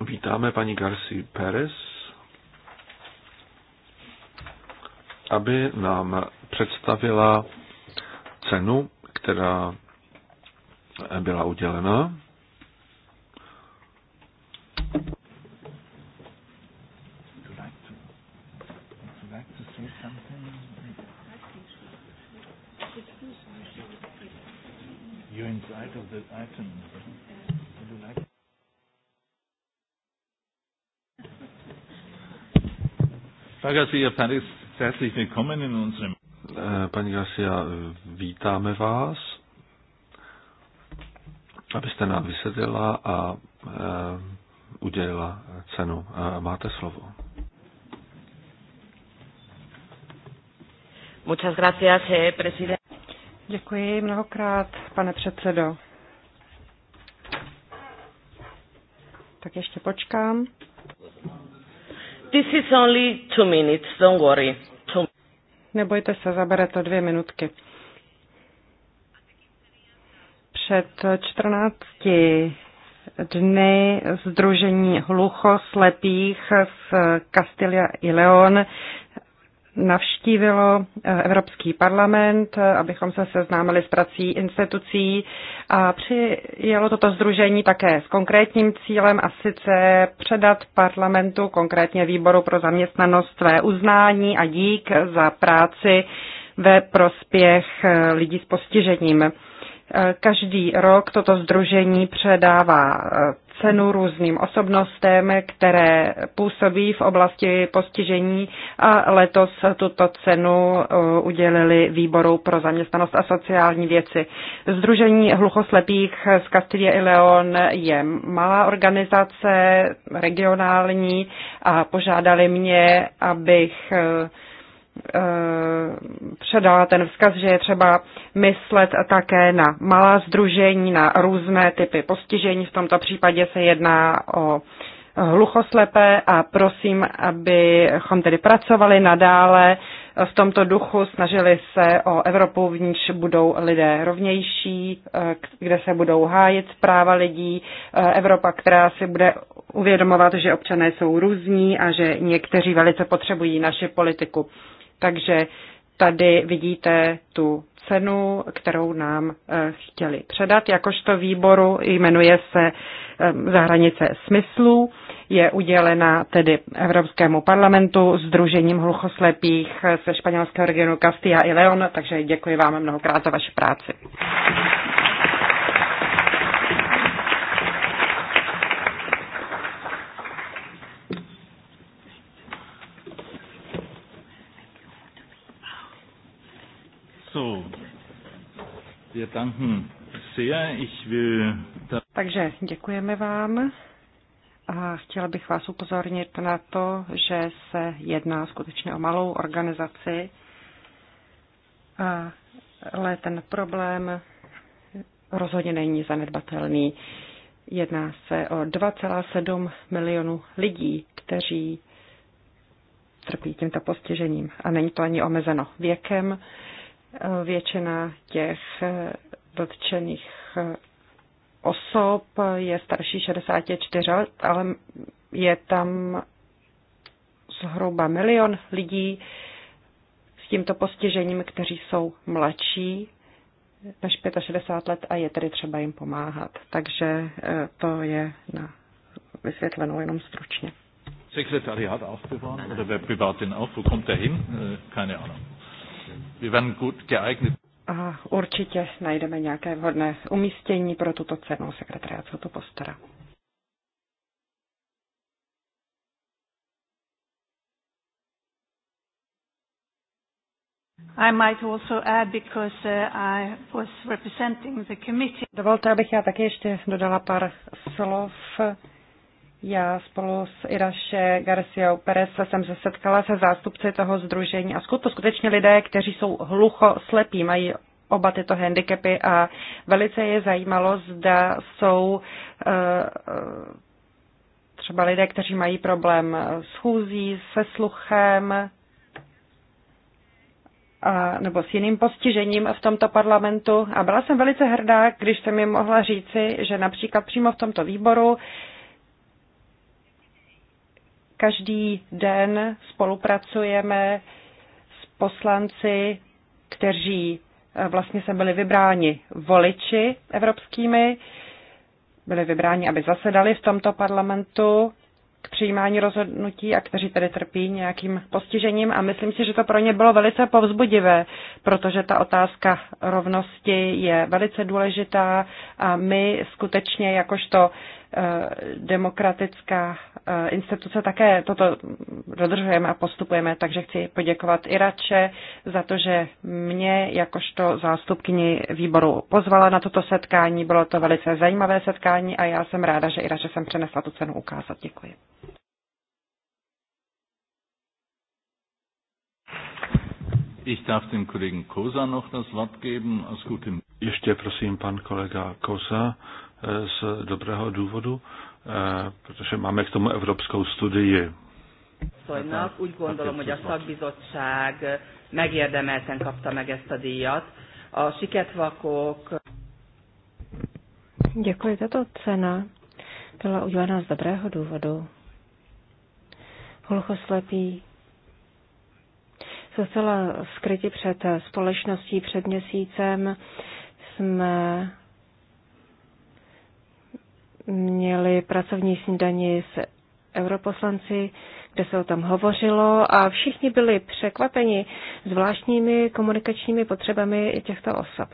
Vítáme paní Garci Pérez, aby nám představila cenu, která byla udělena of the item. Would you like eh, Paní Garcia, vítáme vás, abyste nám vysvětlila a eh, udělila cenu. Eh, máte slovo. Muchas gracias, presidente. Děkuji mnohokrát, pane předsedo. tak ještě počkám. This is only two minutes, don't worry. Two... Nebojte se, zabere to dvě minutky. Před 14 dny Združení hluchoslepých z Castilla i Leon navštívilo eh, Evropský parlament, eh, abychom se seznámili s prací institucí a přijelo toto združení také s konkrétním cílem a sice předat parlamentu, konkrétně výboru pro zaměstnanost, své uznání a dík za práci ve prospěch eh, lidí s postižením. Každý rok toto združení předává cenu různým osobnostem, které působí v oblasti postižení a letos tuto cenu eh, udělili Výboru pro zaměstnanost a sociální věci. Združení hluchoslepých z Castilla i Leon je malá organizace, regionální a požádali mě, abych eh, Eh, předala ten vzkaz, že je třeba myslet také na malá združení, na různé typy postižení. V tomto případě se jedná o hluchoslepé a prosím, abychom tedy pracovali nadále v tomto duchu, snažili se o Evropu, v níž budou lidé rovnější, eh, kde se budou hájit práva lidí, eh, Evropa, která si bude uvědomovat, že občané jsou různí a že někteří velice potřebují naši politiku. Takže tady vidíte tu cenu, kterou nám eh, chtěli předat. Jakožto výboru jmenuje se eh, za hranice smyslů, je udělena tedy Evropskému parlamentu Združením hluchoslepých eh, ze španělského regionu Castilla i Leon, takže děkuji vám mnohokrát za vaši práci. Takže děkujeme vám a chtěla bych vás upozornit na to, že se jedná skutečně o malou organizaci, ale ten problém rozhodně není zanedbatelný. Jedná se o 2,7 milionů lidí, kteří trpí tímto postižením. A není to ani omezeno věkem, Většina těch eh, dotčených eh, osob je starší 64 let, ale je tam zhruba milion lidí s tímto postižením, kteří jsou mladší než 65 let a je tedy třeba jim pomáhat. Takže eh, to je na vysvětlenou jenom stručně. Sekretariat aufbewahren oder wer bewahrt den auf? Wo kommt der hin? Äh, keine Ahnung. A určitě najdeme nějaké vhodné umístění pro tuto cenu. Sekretariat se to postará. I might also add because uh, I was representing the committee. Dovolte, abych já také ještě dodala pár slov já spolu s Iraše Garcia Perez jsem se setkala se zástupci toho združení a jsou to skutečně lidé, kteří jsou hlucho slepí, mají oba tyto handicapy a velice je zajímalo, zda jsou eh, eh, třeba lidé, kteří mají problém s chůzí, se sluchem a, nebo s jiným postižením v tomto parlamentu. A byla jsem velice hrdá, když jsem mi mohla říci, že například přímo v tomto výboru Každý den spolupracujeme s poslanci, kteří eh, vlastně se byli vybráni voliči evropskými, byli vybráni, aby zasedali v tomto parlamentu k přijímání rozhodnutí a kteří tedy trpí nějakým postižením. A myslím si, že to pro ně bylo velice povzbudivé, protože ta otázka rovnosti je velice důležitá a my skutečně jakožto eh, demokratická E, instituce také toto dodržujeme a postupujeme, takže chci poděkovat radše za to, že mě jakožto zástupkyni výboru pozvala na toto setkání. Bylo to velice zajímavé setkání a já jsem ráda, že radše jsem přenesla tu cenu ukázat. Děkuji. Ich darf dem Kollegen Kosa noch das Wort geben, Ještě prosím pan kolega Kosa e, z dobrého důvodu. Eh, protože máme k tomu evropskou studii. Asszonynak. Úgy gondolom, hogy a szakbizottság megérdemelten kapta meg ezt a díjat. A siketvakok... Děkuji, tato cena byla udělána z dobrého důvodu. Hluchoslepí se zcela skryti před společností před měsícem jsme měli pracovní snídani s europoslanci, kde se o tom hovořilo a všichni byli překvapeni zvláštními komunikačními potřebami těchto osob.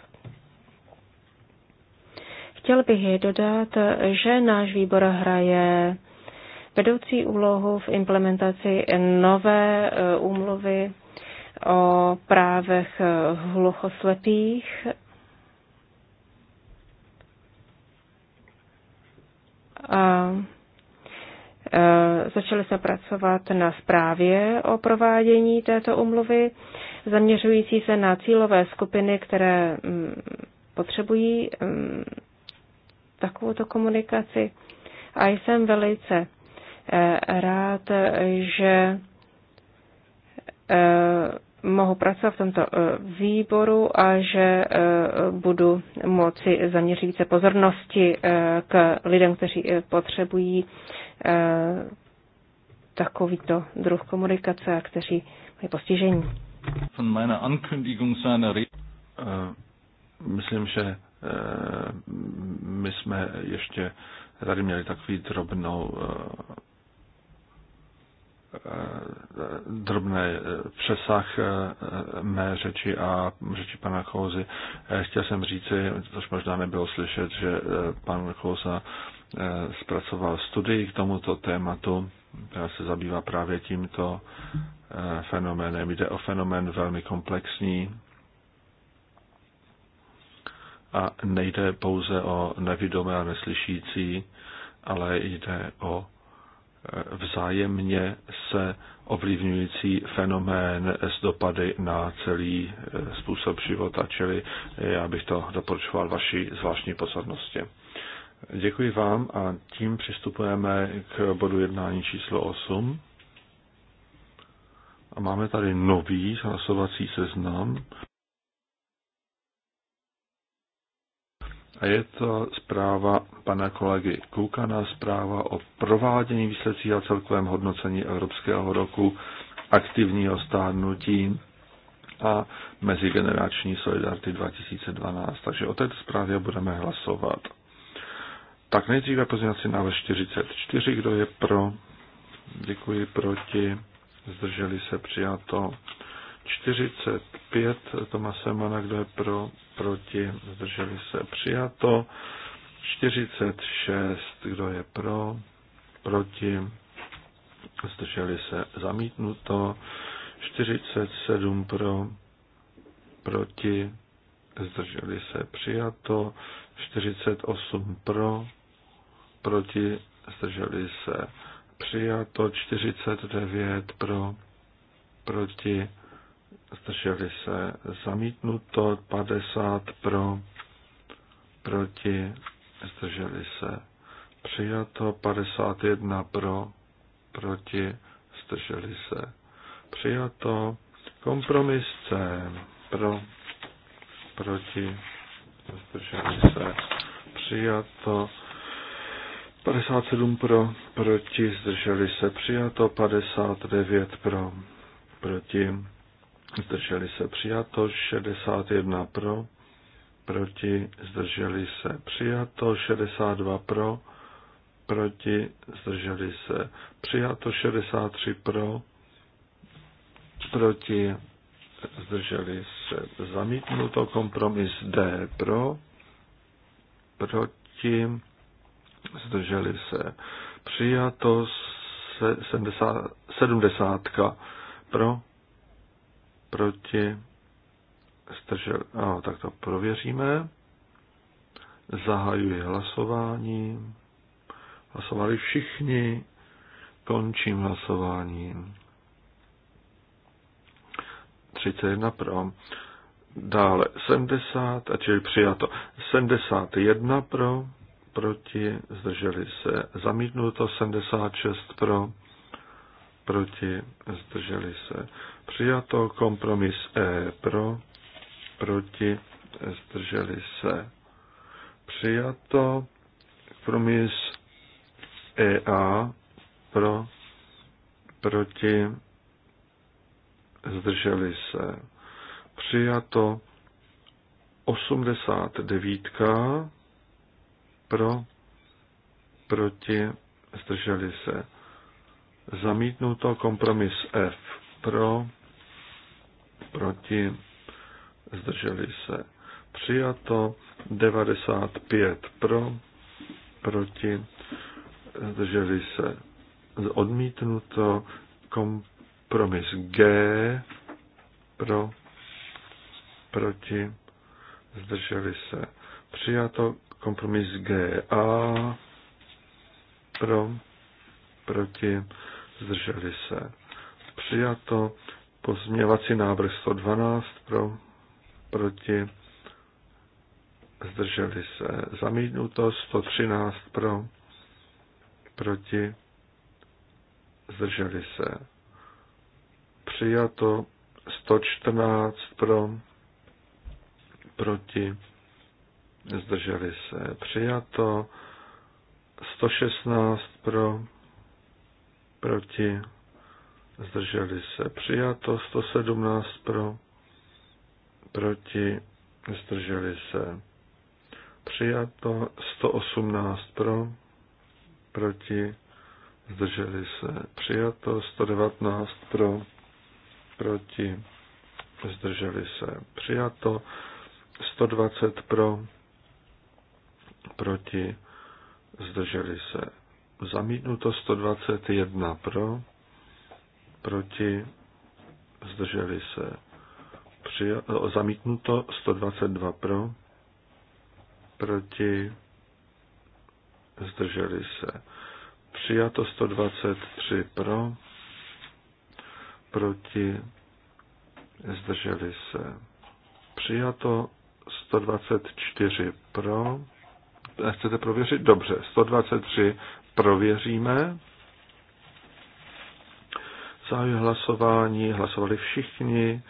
Chtěl bych je dodat, že náš výbor hraje vedoucí úlohu v implementaci nové eh, úmluvy o právech eh, hluchoslepých a e, začali jsme pracovat na zprávě o provádění této umluvy, zaměřující se na cílové skupiny, které mm, potřebují mm, takovouto komunikaci. A jsem velice e, rád, že e, mohu pracovat v tomto eh, výboru a že eh, budu moci zaměřit více pozornosti eh, k lidem, kteří potřebují takovýto druh komunikace a kteří mají postižení. Myslím, že my jsme ještě tady měli takový drobnou drobný eh, přesah eh, mé řeči a řeči pana Kouzy. Eh, chtěl jsem říci, což možná nebylo slyšet, že pan Kouza zpracoval studii k tomuto tématu, která se zabývá právě tímto fenoménem. Jde o fenomén velmi komplexní a nejde pouze o nevidomé a neslyšící, ale jde o vzájemně se ovlivňující fenomén s dopady na celý eh, způsob života, čili eh, já bych to doporučoval vaší zvláštní pozornosti. Děkuji vám a tím přistupujeme k bodu jednání číslo 8. A máme tady nový hlasovací seznam. A je to zpráva pana kolegy Kukana, zpráva o provádění výsledcí a celkovém hodnocení Evropského roku aktivního stárnutí a mezigenerační solidarity 2012. Takže o této zprávě budeme hlasovat. Tak nejdříve pozměňovací návrh 44. Kdo je pro? Děkuji proti. Zdrželi se přijato. 45 Tomase Mana, kdo je pro, proti, zdrželi se, přijato. 46, kdo je pro, proti, zdrželi se, zamítnuto. 47 pro, proti, zdrželi se, přijato. 48 pro, proti, zdrželi se, přijato. 49 pro, proti, zdrželi se zamítnuto, 50 pro, proti, zdrželi se přijato, 51 pro, proti, zdrželi se přijato, kompromis C pro, proti, zdrželi se přijato, 57 pro, proti, zdrželi se přijato, 59 pro, proti, zdrželi se přijato, 61 pro, proti, zdrželi se přijato, 62 pro, proti, zdrželi se přijato, 63 pro, proti, zdrželi se zamítnuto, kompromis D pro, proti, zdrželi se přijato, 70, 70 pro, proti, zdržel, a tak to prověříme. Zahajuji hlasování. Hlasovali všichni. Končím hlasování. 31 pro. Dále 70, a čili přijato 71 pro, proti, zdrželi se zamítnuto 76 pro, proti, zdrželi se. Přijato kompromis E pro, proti, zdrželi se. Přijato kompromis EA pro, proti, zdrželi se. Přijato 89 pro, proti, zdrželi se Zamítnuto kompromis F pro, proti, zdrželi se. Přijato 95 pro, proti, zdrželi se. Odmítnuto kompromis G pro, proti, zdrželi se. Přijato kompromis G A pro, proti, zdrželi se. Přijato pozměvací návrh 112 pro, proti, zdrželi se. Zamítnuto 113 pro, proti, zdrželi se. Přijato 114 pro, proti, zdrželi se. Přijato 116 pro, proti, zdrželi se přijato, 117 pro, proti, zdrželi se přijato, 118 pro, proti, zdrželi se přijato, 119 pro, proti, zdrželi se přijato, 120 pro, proti, zdrželi se Zamítnuto 121 pro, proti, zdrželi se. Přijal, zamítnuto 122 pro, proti, zdrželi se. Přijato 123 pro, proti, zdrželi se. Přijato 124 pro, eh, chcete prověřit? Dobře, 123 prověříme. Zahajuji hlasování, hlasovali všichni,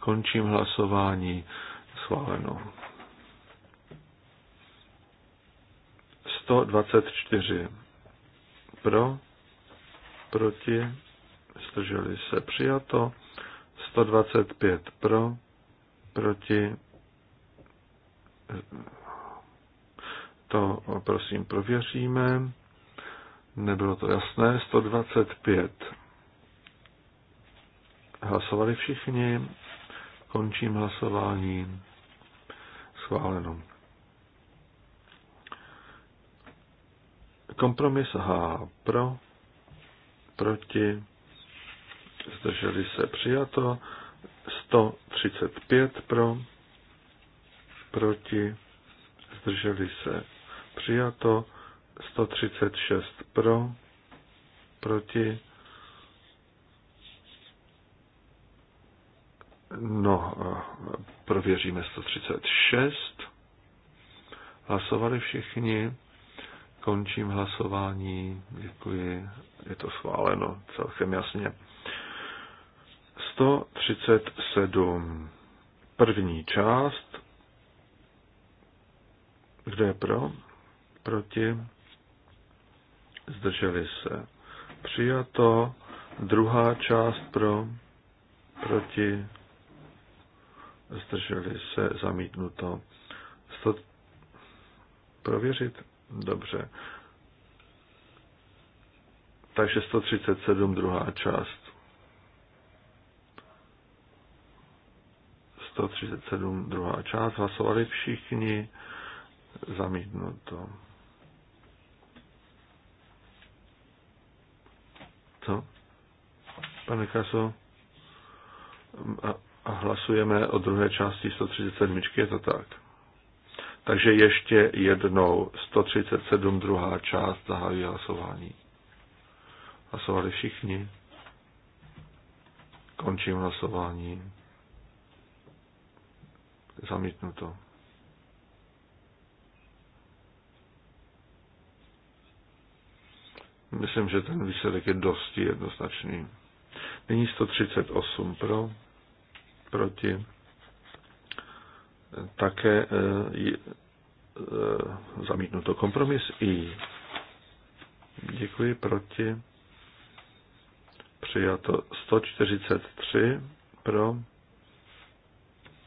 končím hlasování, schváleno. 124 pro, proti, zdrželi se přijato, 125 pro, proti, to prosím prověříme. Nebylo to jasné. 125. Hlasovali všichni. Končím hlasování. Schváleno. Kompromis H pro, proti, zdrželi se přijato, 135 pro, proti, zdrželi se přijato, 136 pro, proti. No, prověříme 136. Hlasovali všichni. Končím hlasování. Děkuji. Je to schváleno celkem jasně. 137. První část. Kdo je pro? Proti? zdrželi se. Přijato, druhá část pro, proti, zdrželi se, zamítnuto. Sto... Prověřit? Dobře. Takže 137, druhá část. 137, druhá část. Hlasovali všichni. Zamítnuto. Co? Pane Kaso? A, a hlasujeme o druhé části 137, je to tak? Takže ještě jednou 137, druhá část, zahájí hlasování. Hlasovali všichni. Končím hlasování. Zamítnuto. Myslím, že ten výsledek je dosti jednoznačný. Nyní 138 pro, proti. Také e, zamítnuto kompromis I. Děkuji proti. Přijato 143 pro,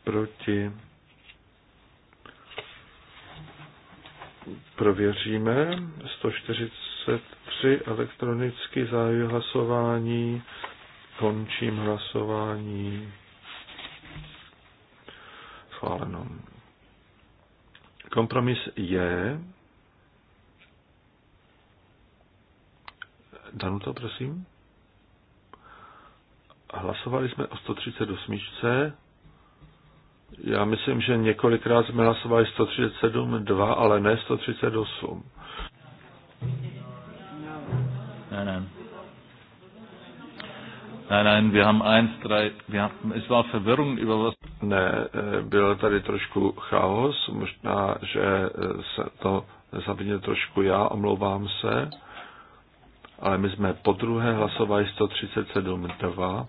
proti. Prověříme 140 23 elektronicky zahajuji hlasování, končím hlasování. Schváleno. Kompromis je. Danu to, prosím. Hlasovali jsme o 138. Já myslím, že několikrát jsme hlasovali 137.2, ale ne 138. Nein, nein. Nein, nein, wir haben eins, drei, wir haben, es war Verwirrung über was. Ne, eh, byl tady trošku chaos, možná, že eh, se to zavinil trošku já, omlouvám se, ale my jsme po druhé hlasovali 137.2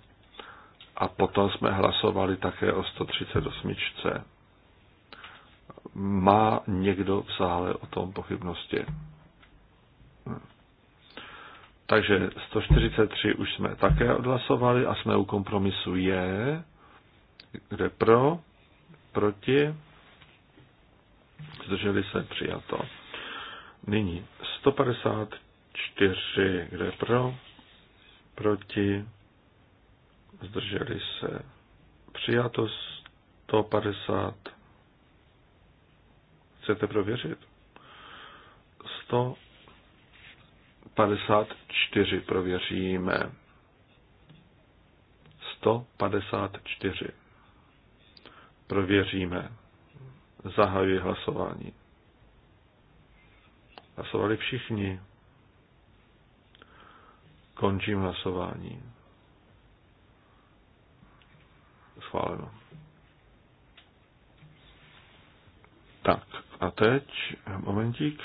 a potom jsme hlasovali také o 138. Má někdo v sále o tom pochybnosti? Takže 143 už jsme také odhlasovali a jsme u kompromisu je, kde pro, proti, zdrželi se přijato. Nyní 154, kde pro, proti, zdrželi se přijato 150. Chcete prověřit? 100 154 prověříme. 154. Prověříme. Zahajuji hlasování. Hlasovali všichni. Končím hlasování. Schváleno. Tak a teď, momentík.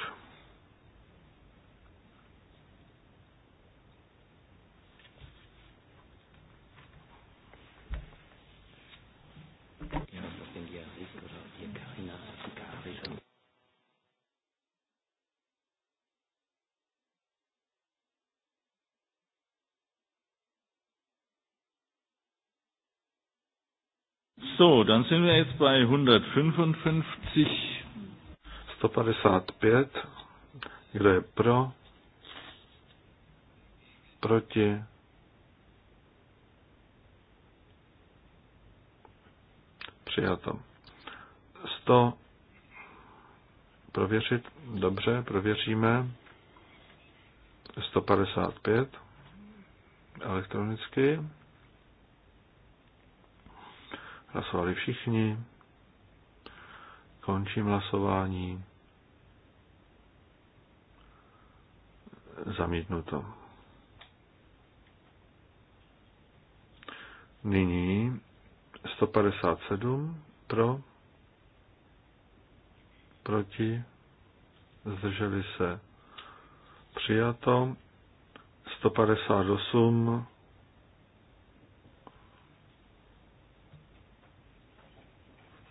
So, dann sind wir jetzt bei 155. 155. Kdo je pro? Proti? Přijato. 100. Prověřit? Dobře, prověříme. 155 elektronicky. Hlasovali všichni. Končím hlasování. Zamítnuto. Nyní 157 pro, proti, zdrželi se přijato, 158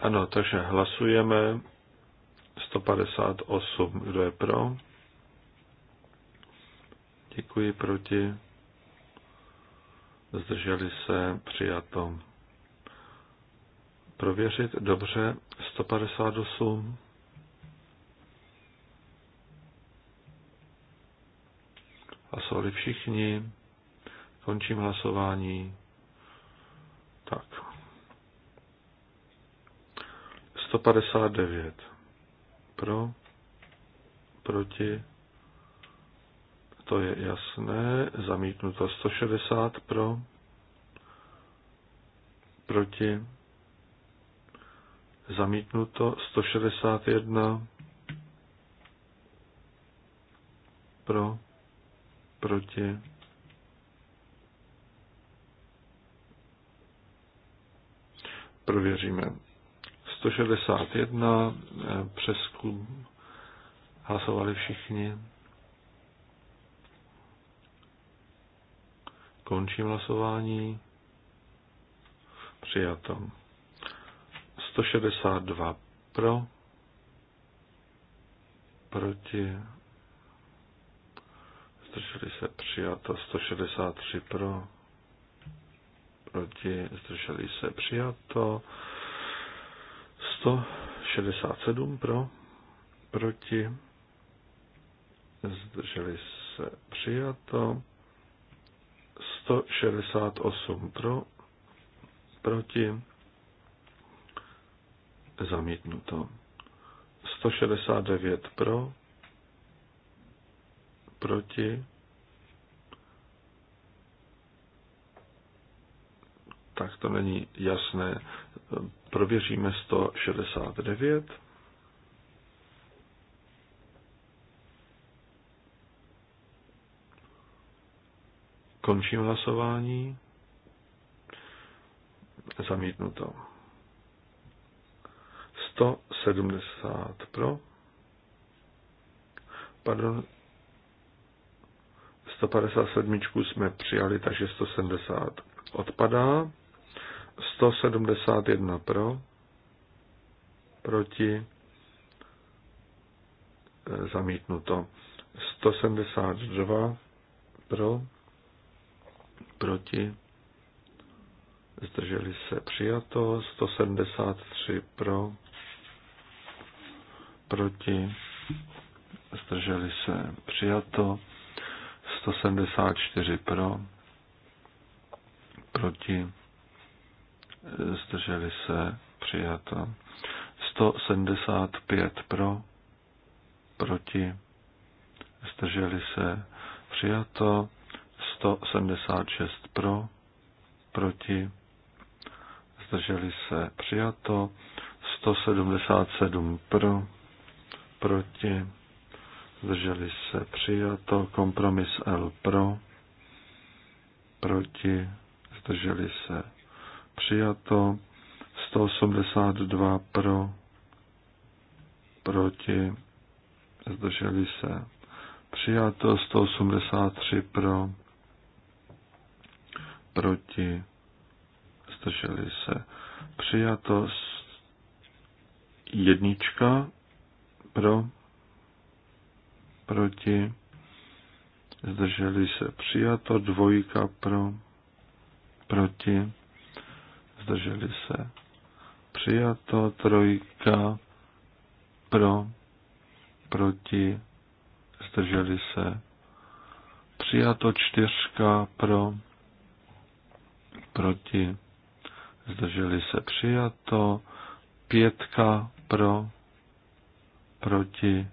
Ano, takže hlasujeme 158. Kdo je pro? Děkuji proti. Zdrželi se přijato. Prověřit dobře 158. Hlasovali všichni. Končím hlasování. Tak. 159 pro, proti, to je jasné, zamítnuto 160 pro, proti, zamítnuto 161 pro, proti, prověříme. 161 eh, přeskum hlasovali všichni. Končím hlasování. Přijato. 162 pro, proti, zdrželi se přijato, 163 pro, proti, zdrželi se přijato, 167 pro, proti, zdrželi se přijato, 168 pro, proti, zamítnuto, 169 pro, proti, tak to není jasné prověříme 169. Končím hlasování. Zamítnuto. 170 pro. Pardon. 157 jsme přijali, takže 170 odpadá. 171 pro, proti, e, zamítnuto. 172 pro, proti, zdrželi se přijato, 173 pro, proti, zdrželi se přijato, 174 pro, proti, zdrželi se, přijato. 175 pro, proti, zdrželi se, přijato. 176 pro, proti, zdrželi se, přijato. 177 pro, proti, zdrželi se, přijato. Kompromis L pro, proti, zdrželi se, přijato 182 pro, proti, zdrželi se, přijato 183 pro, proti, zdrželi se, přijato jednička pro, proti, zdrželi se, přijato dvojka pro, proti, zdrželi se. Přijato trojka pro, proti, zdrželi se. Přijato čtyřka pro, proti, zdrželi se. Přijato pětka pro, proti,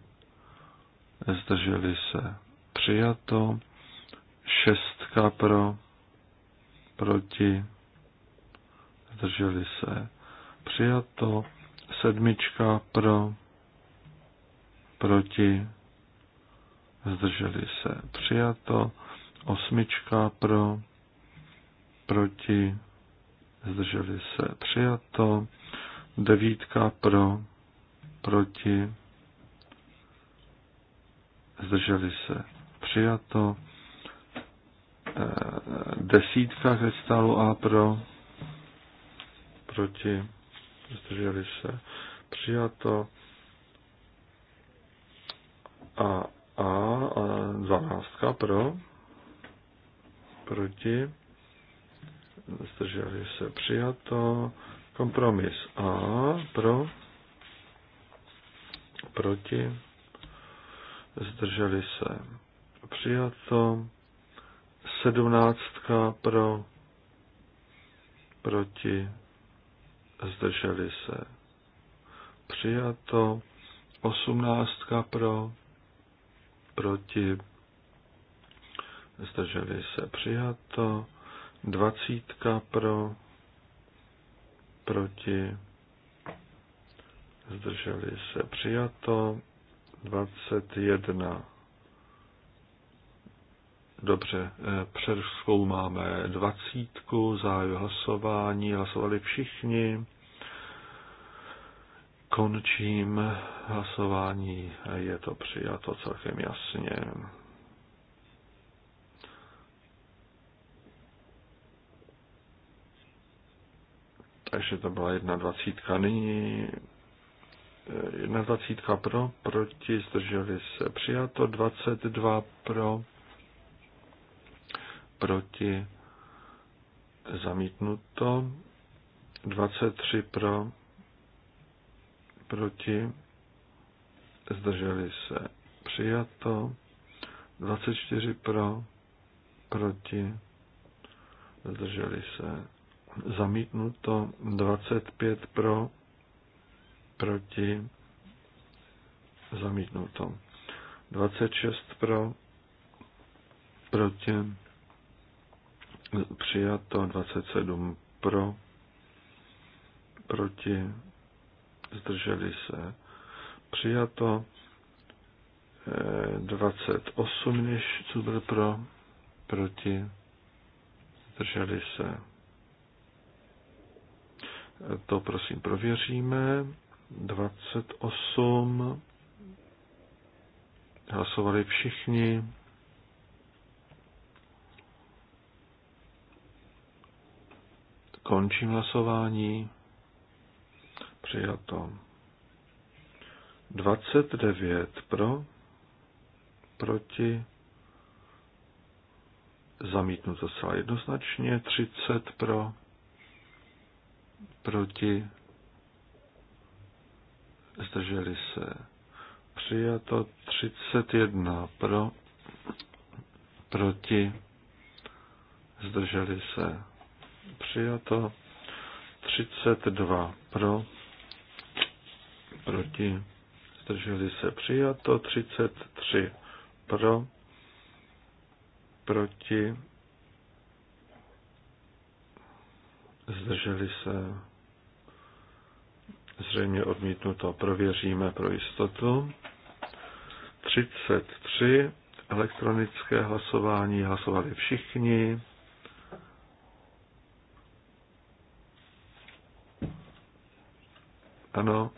zdrželi se. Přijato šestka pro, proti, zdrželi se, přijato, sedmička pro, proti, zdrželi se, přijato, osmička pro, proti, zdrželi se, přijato, devítka pro, proti, zdrželi se, přijato, eh, desítka kristálu A pro, proti, zdrželi se, přijato a a, a dvanáctka pro, proti, zdrželi se, přijato, kompromis A pro, proti, zdrželi se, přijato, sedmnáctka pro, proti, zdrželi se. Přijato osmnáctka pro, proti, zdrželi se. Přijato dvacítka pro, proti, zdrželi se. Přijato 21 Dobře, eh, přeskoumáme dvacítku, zahajuji hlasování, hlasovali všichni. Končím hlasování, je to přijato celkem jasně. Takže to byla jedna dvacítka. Nyní eh, jedna dvacítka pro, proti, zdrželi se přijato, 22 pro, proti, zamítnuto, 23 pro, proti, zdrželi se, přijato, 24 pro, proti, zdrželi se, zamítnuto, 25 pro, proti, zamítnuto, 26 pro, proti, Přijato 27 pro, proti, zdrželi se. Přijato 28 eh, než co byl pro, proti, zdrželi se. Eh, to prosím prověříme. 28 hlasovali všichni. Končím hlasování. Přijato. 29 pro, proti, zamítnuto celá jednoznačně, 30 pro, proti, zdrželi se, přijato 31 pro, proti, zdrželi se, přijato 32 pro, proti, zdrželi se přijato 33 pro, proti, zdrželi se zřejmě odmítnuto, prověříme pro jistotu. 33 elektronické hlasování hlasovali všichni. Ano,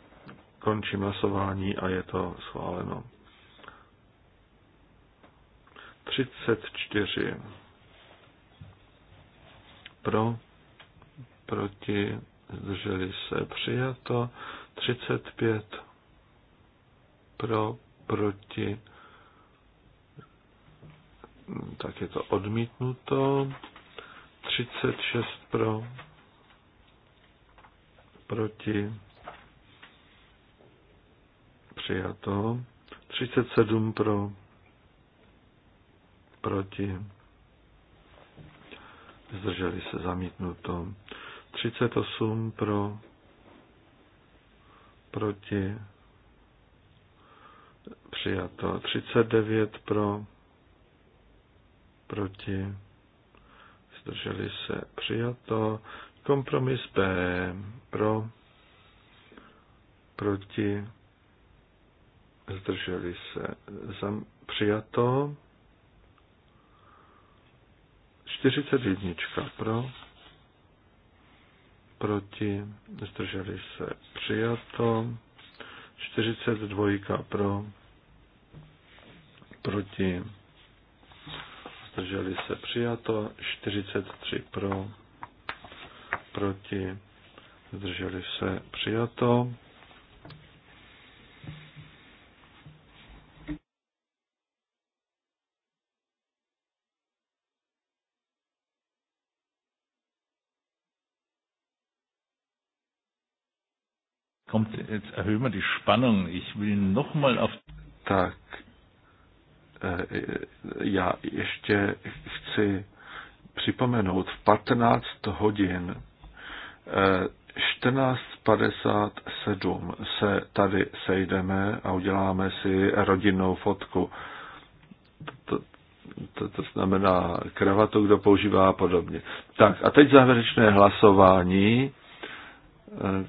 končím hlasování a je to schváleno. 34 pro, proti, zdrželi se přijato, 35 pro, proti, tak je to odmítnuto, 36 pro, proti, přijato. 37 pro, proti, zdrželi se zamítnuto. 38 pro, proti, přijato. 39 pro, proti, zdrželi se přijato. Kompromis B pro, proti, zdrželi se zam, přijato. 41 pro, proti, zdrželi se přijato. 42 pro, proti, zdrželi se přijato. 43 pro, proti, zdrželi se přijato. Kommt, jetzt erhöhen wir die Spannung. Ich will nochmal auf... Tak, eh, já ještě chci připomenout, v 15 hodin 14.57 eh, se tady sejdeme a uděláme si rodinnou fotku. To, to, to znamená kravatu, kdo používá a podobně. Tak a teď závěrečné hlasování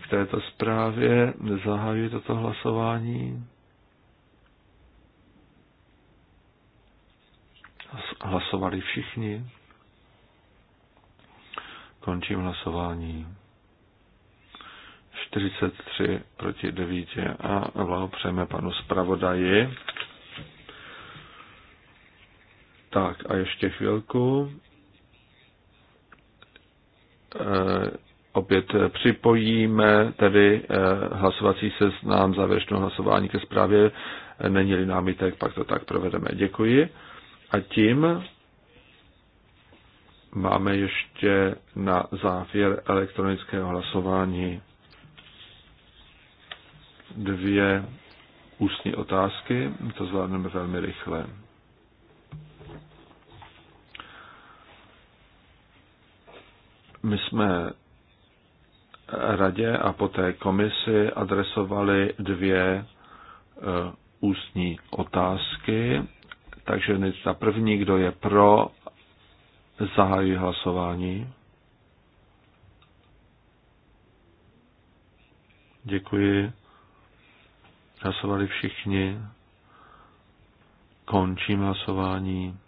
k této zprávě. Zahajuji toto hlasování. Hlasovali všichni. Končím hlasování. 43 proti 9 a blahopřejeme panu zpravodaji. Tak a ještě chvilku. E opět eh, připojíme tedy eh, hlasovací seznam závěrečného hlasování ke zprávě. Eh, Není-li námitek, pak to tak provedeme. Děkuji. A tím máme ještě na závěr elektronického hlasování dvě ústní otázky. To zvládneme velmi rychle. My jsme radě a poté komisi adresovali dvě e, ústní otázky. Takže ta první, kdo je pro, zahájí hlasování. Děkuji. Hlasovali všichni. Končím hlasování.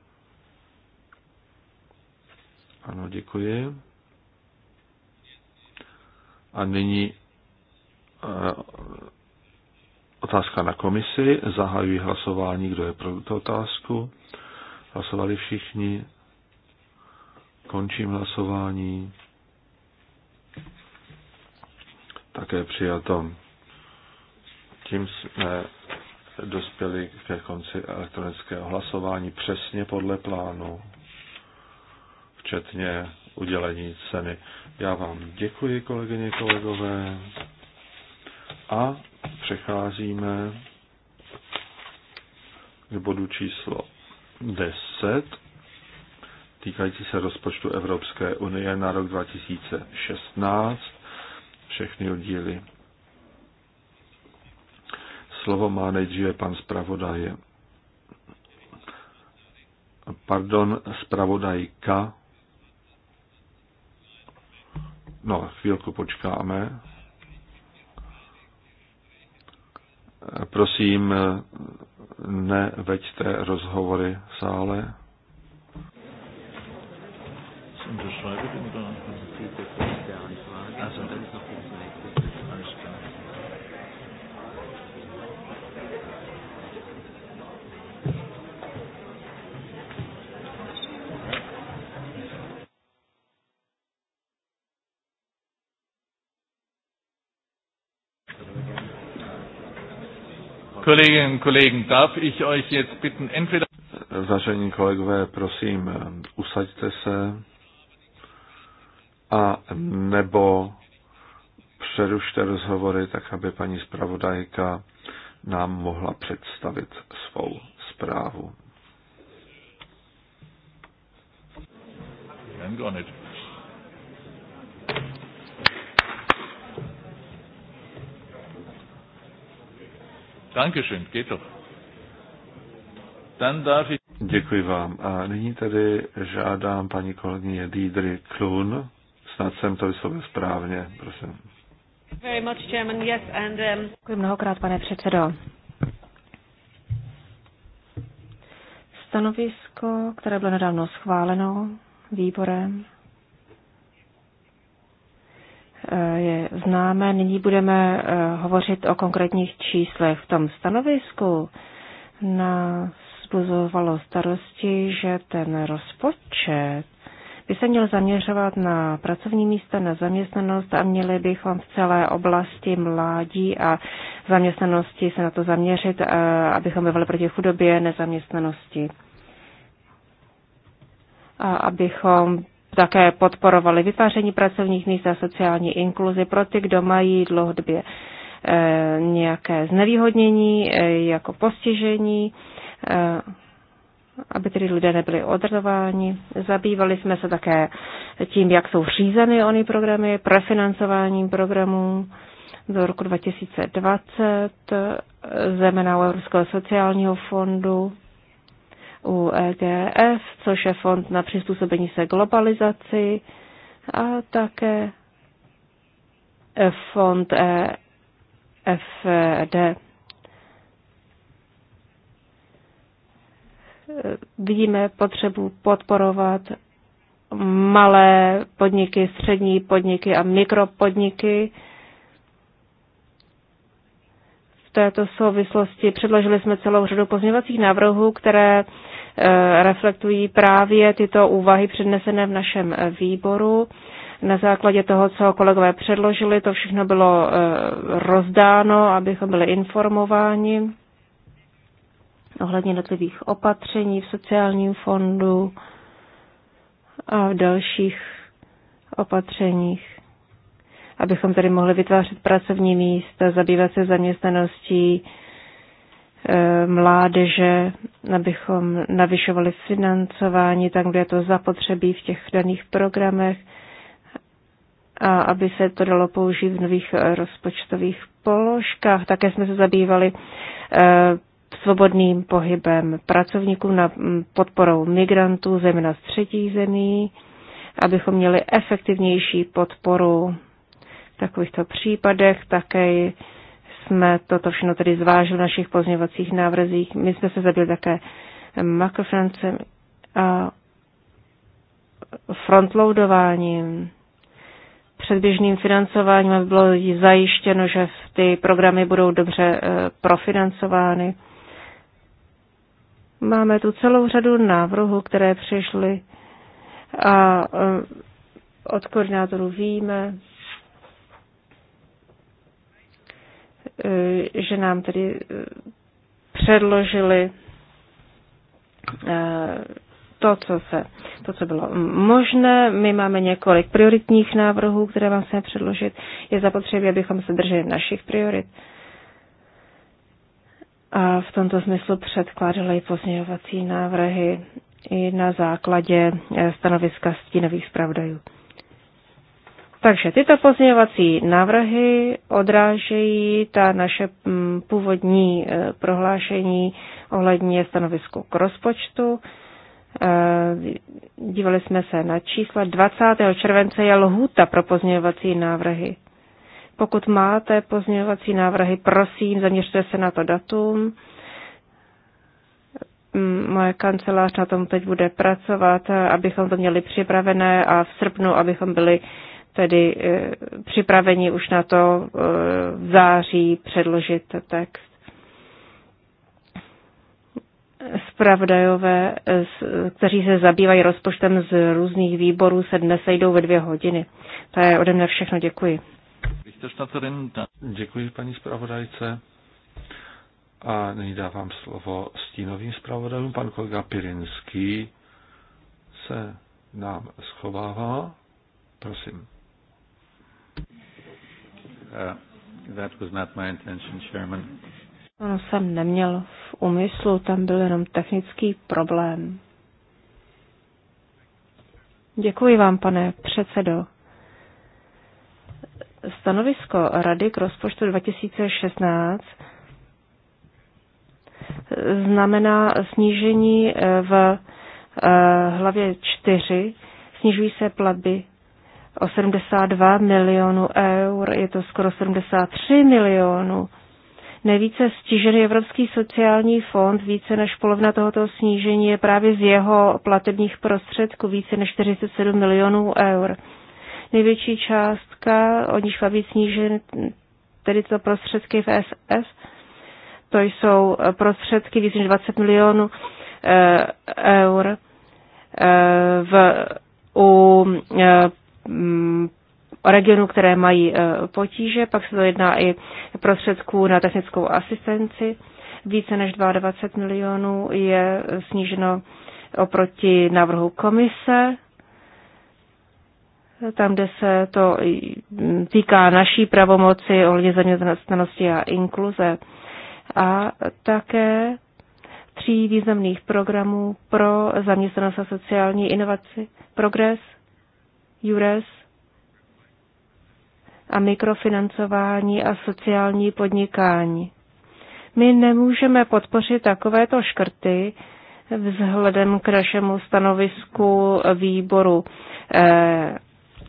Ano, děkuji. A nyní eh, otázka na komisi. Zahajuji hlasování, kdo je pro tuto otázku. Hlasovali všichni. Končím hlasování. Také přijato. Tím jsme dospěli ke konci elektronického hlasování přesně podle plánu, včetně udělení ceny. Já vám děkuji, kolegyně, kolegové. A přecházíme k bodu číslo 10, týkající se rozpočtu Evropské unie na rok 2016, všechny oddíly. Slovo má nejdříve pan zpravodaj. Pardon, zpravodajka No, chvílku počkáme. Prosím, neveďte rozhovory v sále. Unterschreibe den da. Kolleginnen und Kollegen, darf ich euch jetzt bitten, entweder... Vážení kolegové, prosím, usaďte se a nebo přerušte rozhovory tak, aby paní zpravodajka nám mohla představit svou zprávu. Nein, gar nicht. Dankeschön, geht doch. Dann darf ich... Děkuji vám. A nyní tedy žádám paní kolegyně Dídry Klun. Snad jsem to vyslovil správně, prosím. Very much, Chairman. Yes, and, um... Děkuji mnohokrát, pane předsedo. Stanovisko, které bylo nedávno schváleno výborem, Eh, je známé. Nyní budeme eh, hovořit o konkrétních číslech. V tom stanovisku Na zbuzovalo starosti, že ten rozpočet by se měl zaměřovat na pracovní místa, na zaměstnanost a měli bychom v celé oblasti mládí a zaměstnanosti se na to zaměřit, eh, abychom byli proti chudobě, nezaměstnanosti. A abychom také podporovali vytváření pracovních míst a sociální inkluzi pro ty, kdo mají dlouhodobě eh, nějaké znevýhodnění, eh, jako postižení, eh, aby tedy lidé nebyli odrzováni. Zabývali jsme se také tím, jak jsou řízeny ony programy, prefinancováním programů do roku 2020, zeměna Evropského sociálního fondu u EGF, což je fond na přizpůsobení se globalizaci a také fond e FD. Vidíme potřebu podporovat malé podniky, střední podniky a mikropodniky. V této souvislosti předložili jsme celou řadu pozměňovacích návrhů, které Eh, reflektují právě tyto úvahy přednesené v našem eh, výboru. Na základě toho, co kolegové předložili, to všechno bylo eh, rozdáno, abychom byli informováni ohledně jednotlivých opatření v sociálním fondu a v dalších opatřeních, abychom tedy mohli vytvářet pracovní místa, zabývat se zaměstnaností, Eh, mládeže, abychom navyšovali financování tam, kde je to zapotřebí v těch daných programech a aby se to dalo použít v nových eh, rozpočtových položkách. Také jsme se zabývali eh, svobodným pohybem pracovníků na mm, podporou migrantů, zejména z třetích zemí, abychom měli efektivnější podporu v takovýchto případech. Také jsme toto všechno tedy zvážili v našich pozměvacích návrzích. My jsme se zabili také makrofinancem a frontloadováním, předběžným financováním, aby bylo zajištěno, že ty programy budou dobře eh, profinancovány. Máme tu celou řadu návrhů, které přišly a eh, od koordinátorů víme, Eh, že nám tedy eh, předložili eh, to, co, se, to, co bylo možné. My máme několik prioritních návrhů, které vám chceme předložit. Je zapotřebí, abychom se drželi našich priorit. A v tomto smyslu předkládali pozměňovací návrhy i na základě stanoviska stínových zpravodajů. Takže tyto pozměňovací návrhy odrážejí ta naše mm, původní e, prohlášení ohledně stanovisku k rozpočtu. E, dívali jsme se na čísla. 20. července je lhůta pro pozměňovací návrhy. Pokud máte pozměňovací návrhy, prosím, zaměřte se na to datum. Mm, moje kancelář na tom teď bude pracovat, abychom to měli připravené a v srpnu, abychom byli tedy eh, připraveni už na to eh, v září předložit text. Spravodajové, eh, kteří se zabývají rozpočtem z různých výborů, se dnes sejdou ve dvě hodiny. To je ode mne všechno. Děkuji. Děkuji paní zpravodajce. A nyní dávám slovo stínovým zpravodajům. Pan kolega Pirinský se nám schovává. Prosím. Uh, that was not my intention, Chairman. Ono jsem neměl v úmyslu, tam byl jenom technický problém. Děkuji vám, pane předsedo. Stanovisko Rady k rozpočtu 2016 znamená snížení eh, v eh, hlavě 4, snižují se platby o 72 milionů eur, je to skoro 73 milionů. Nejvíce stižený Evropský sociální fond, více než polovina tohoto snížení je právě z jeho platebních prostředků, více než 47 milionů eur. Největší částka, o níž má být snížen tedy to prostředky v SS, to jsou prostředky více než 20 milionů eh, eur eh, v, u eh, Mm, regionů, které mají e, potíže, pak se to jedná i prostředků na technickou asistenci. Více než 22 milionů je sníženo oproti návrhu komise, tam, kde se to týká naší pravomoci ohledně zaměstnanosti a inkluze. A také tří významných programů pro zaměstnanost a sociální inovaci Progres, Jures a mikrofinancování a sociální podnikání. My nemůžeme podpořit takovéto škrty vzhledem k našemu stanovisku výboru. Eh,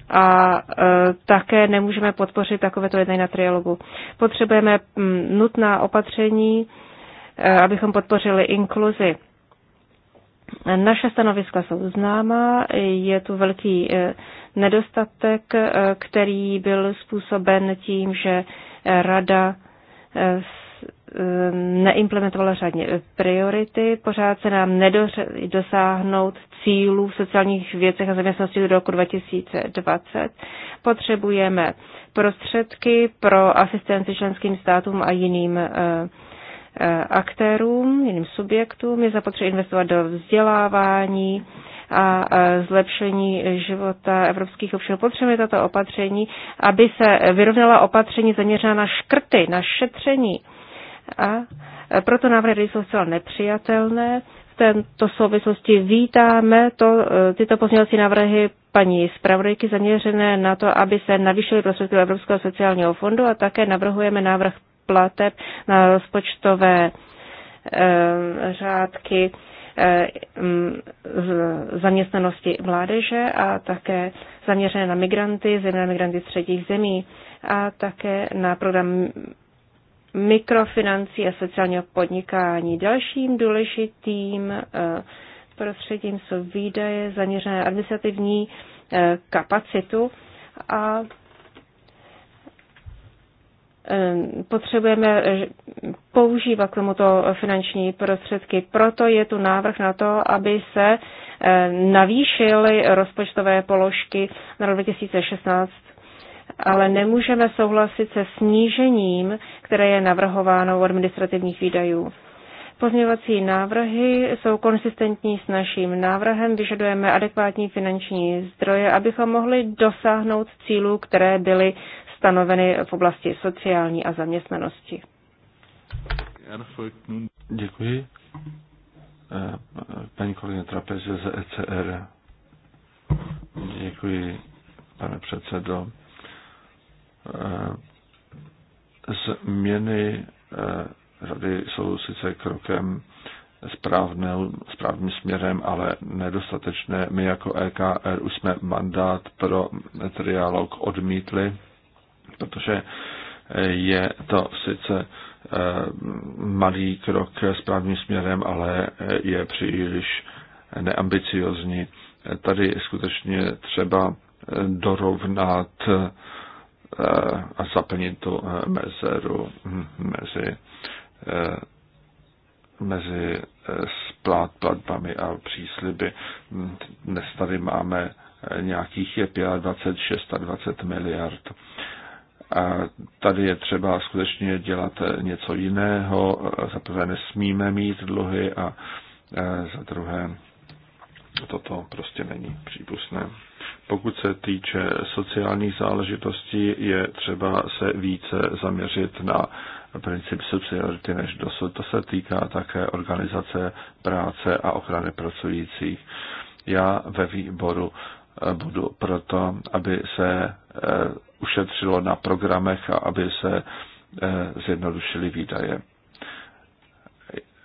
a eh, také nemůžeme podpořit takovéto jednání na trialogu. Potřebujeme mm, nutná opatření, eh, abychom podpořili inkluzi. Naše stanoviska jsou známa, je tu velký eh, nedostatek, eh, který byl způsoben tím, že eh, rada neimplementovala řádně priority, pořád se nám nedosáhnout dosáhnout cílů v sociálních věcech a zaměstnosti do roku 2020. Potřebujeme prostředky pro asistenci členským státům a jiným Eh, aktérům, jiným subjektům. Je zapotřebí investovat do vzdělávání a eh, zlepšení života evropských občanů. Potřebujeme tato opatření, aby se vyrovnala opatření zaměřená na škrty, na šetření. A eh, proto návrhy jsou zcela nepřijatelné. V této souvislosti vítáme to, tyto pozměňovací návrhy paní zpravodajky zaměřené na to, aby se navýšily prostředky Evropského sociálního fondu a také navrhujeme návrh plateb na rozpočtové eh, řádky eh, zaměstnanosti mládeže a také zaměřené na migranty, zejména migranty z třetích zemí a také na program mikrofinancí a sociálního podnikání. Dalším důležitým eh, prostředím jsou výdaje zaměřené na administrativní kapacitu a Ehm, potřebujeme eh, používat k tomuto finanční prostředky. Proto je tu návrh na to, aby se eh, navýšily rozpočtové položky na rok 2016 ale nemůžeme souhlasit se snížením, které je navrhováno u administrativních výdajů. Pozměňovací návrhy jsou konsistentní s naším návrhem, vyžadujeme adekvátní finanční zdroje, abychom mohli dosáhnout cílů, které byly stanoveny v oblasti sociální a zaměstnanosti. Děkuji. Eh, paní kolegyně Trapez z ECR. Děkuji, pane předsedo. Eh, změny eh, rady jsou sice krokem správným, správným směrem, ale nedostatečné. My jako EKR už jsme mandát pro trialog odmítli protože eh, je to sice eh, malý krok správným směrem, ale eh, je příliš neambiciozní. Tady je skutečně třeba dorovnat a zaplnit tu mezeru hm, mezi, mezi splát platbami a přísliby. Dnes tady máme nějakých je 25, 26 miliard. A tady je třeba skutečně dělat něco jiného. Za prvé nesmíme mít dluhy a e, za druhé toto prostě není přípustné. Pokud se týče sociálních záležitostí, je třeba se více zaměřit na princip subsidiarity než dosud. To se týká také organizace práce a ochrany pracujících. Já ve výboru budu proto, aby se eh, ušetřilo na programech a aby se eh, zjednodušily výdaje.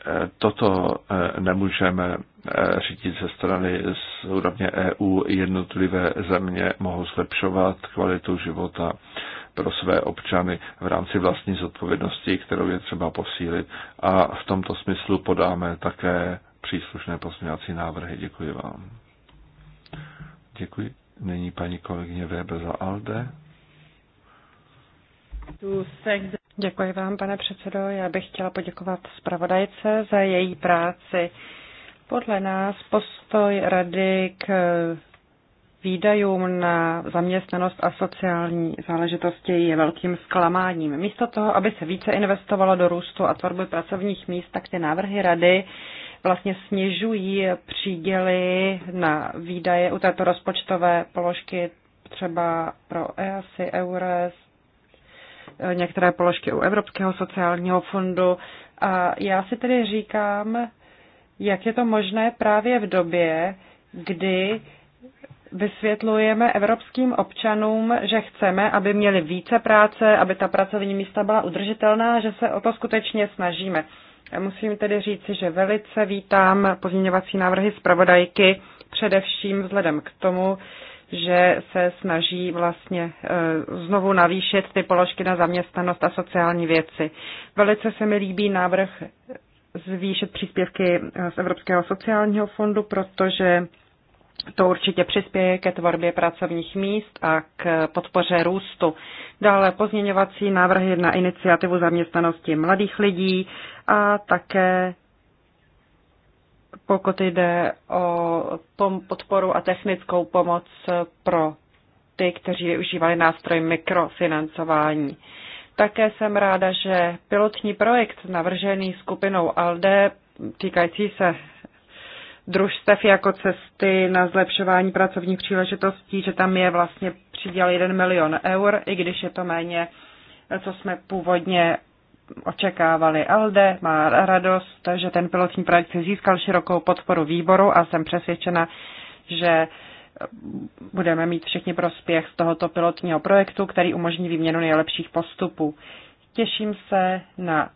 Eh, toto nemůžeme řídit ze strany z úrovně EU. Jednotlivé země mohou zlepšovat kvalitu života pro své občany v rámci vlastní zodpovědnosti, kterou je třeba posílit. A v tomto smyslu podáme také příslušné pozměňovací návrhy. Děkuji vám. Děkuji. Není paní kolegyně Weber za ALDE. Děkuji vám, pane předsedo. Já bych chtěla poděkovat zpravodajce za její práci. Podle nás postoj rady k výdajům na zaměstnanost a sociální záležitosti je velkým zklamáním. Místo toho, aby se více investovalo do růstu a tvorby pracovních míst, tak ty návrhy rady vlastně snižují příděly na výdaje u této rozpočtové položky třeba pro EASI, EURES, některé položky u Evropského sociálního fondu. A já si tedy říkám, jak je to možné právě v době, kdy vysvětlujeme evropským občanům, že chceme, aby měli více práce, aby ta pracovní místa byla udržitelná, že se o to skutečně snažíme. Musím tedy říci, že velice vítám pozměňovací návrhy zpravodajky, především vzhledem k tomu, že se snaží vlastně e, znovu navýšit ty položky na zaměstnanost a sociální věci. Velice se mi líbí návrh zvýšit příspěvky e, z Evropského sociálního fondu, protože to určitě přispěje ke tvorbě pracovních míst a k podpoře růstu. Dále pozměňovací návrhy na iniciativu zaměstnanosti mladých lidí a také pokud jde o tom podporu a technickou pomoc pro ty, kteří využívali nástroj mikrofinancování. Také jsem ráda, že pilotní projekt navržený skupinou ALDE týkající se družstev jako cesty na zlepšování pracovních příležitostí, že tam je vlastně přiděl 1 milion eur, i když je to méně, co jsme původně očekávali. ALDE má radost, že ten pilotní projekt si získal širokou podporu výboru a jsem přesvědčena, že budeme mít všichni prospěch z tohoto pilotního projektu, který umožní výměnu nejlepších postupů. Těším se na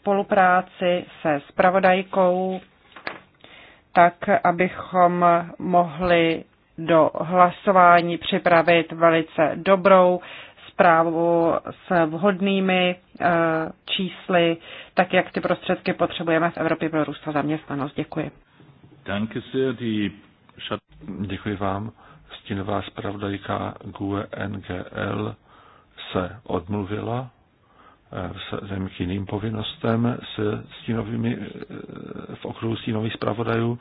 spolupráci se spravodajkou, tak abychom mohli do hlasování připravit velice dobrou zprávu s vhodnými eh, čísly, tak jak ty prostředky potřebujeme v Evropě pro růst a zaměstnanost. Děkuji. Děkuji vám. Stínová zpravodajka GUE NGL se odmluvila vzhledem eh, k jiným povinnostem s stínovými, eh, v okruhu stínových zpravodajů.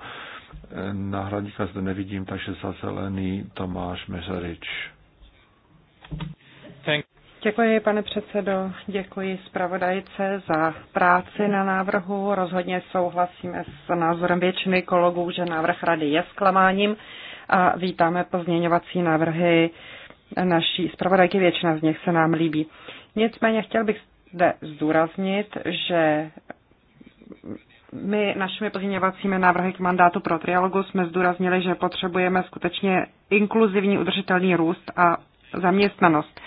Náhradníka zde nevidím, takže za zelený Tomáš Mežarič. Děkuji, pane předsedo. Děkuji zpravodajce za práci na návrhu. Rozhodně souhlasíme s názorem většiny kolegů, že návrh rady je zklamáním a vítáme pozměňovací návrhy naší zpravodajky. Většina z nich se nám líbí. Nicméně chtěl bych zde zdůraznit, že my našimi pozměňovacími návrhy k mandátu pro trialogu jsme zdůraznili, že potřebujeme skutečně inkluzivní udržitelný růst a zaměstnanost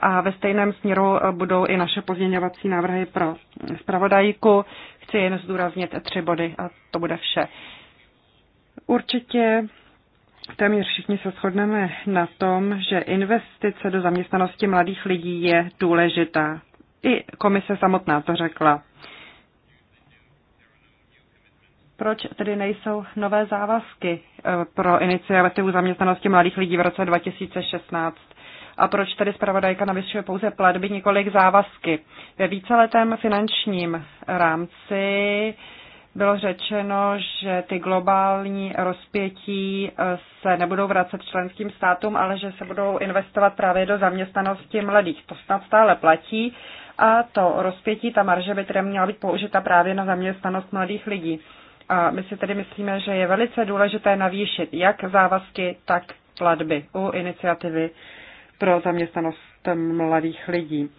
a ve stejném směru budou i naše pozměňovací návrhy pro zpravodajku. Chci jen zdůraznit tři body a to bude vše. Určitě téměř všichni se shodneme na tom, že investice do zaměstnanosti mladých lidí je důležitá. I komise samotná to řekla. Proč tedy nejsou nové závazky eh, pro iniciativu zaměstnanosti mladých lidí v roce 2016? a proč tedy zpravodajka navyšuje pouze platby, několik závazky. Ve víceletém finančním rámci bylo řečeno, že ty globální rozpětí se nebudou vracet členským státům, ale že se budou investovat právě do zaměstnanosti mladých. To snad stále platí a to rozpětí, ta marže by tedy měla být použita právě na zaměstnanost mladých lidí. A my si tedy myslíme, že je velice důležité navýšit jak závazky, tak platby u iniciativy pro zaměstnanost mladých lidí.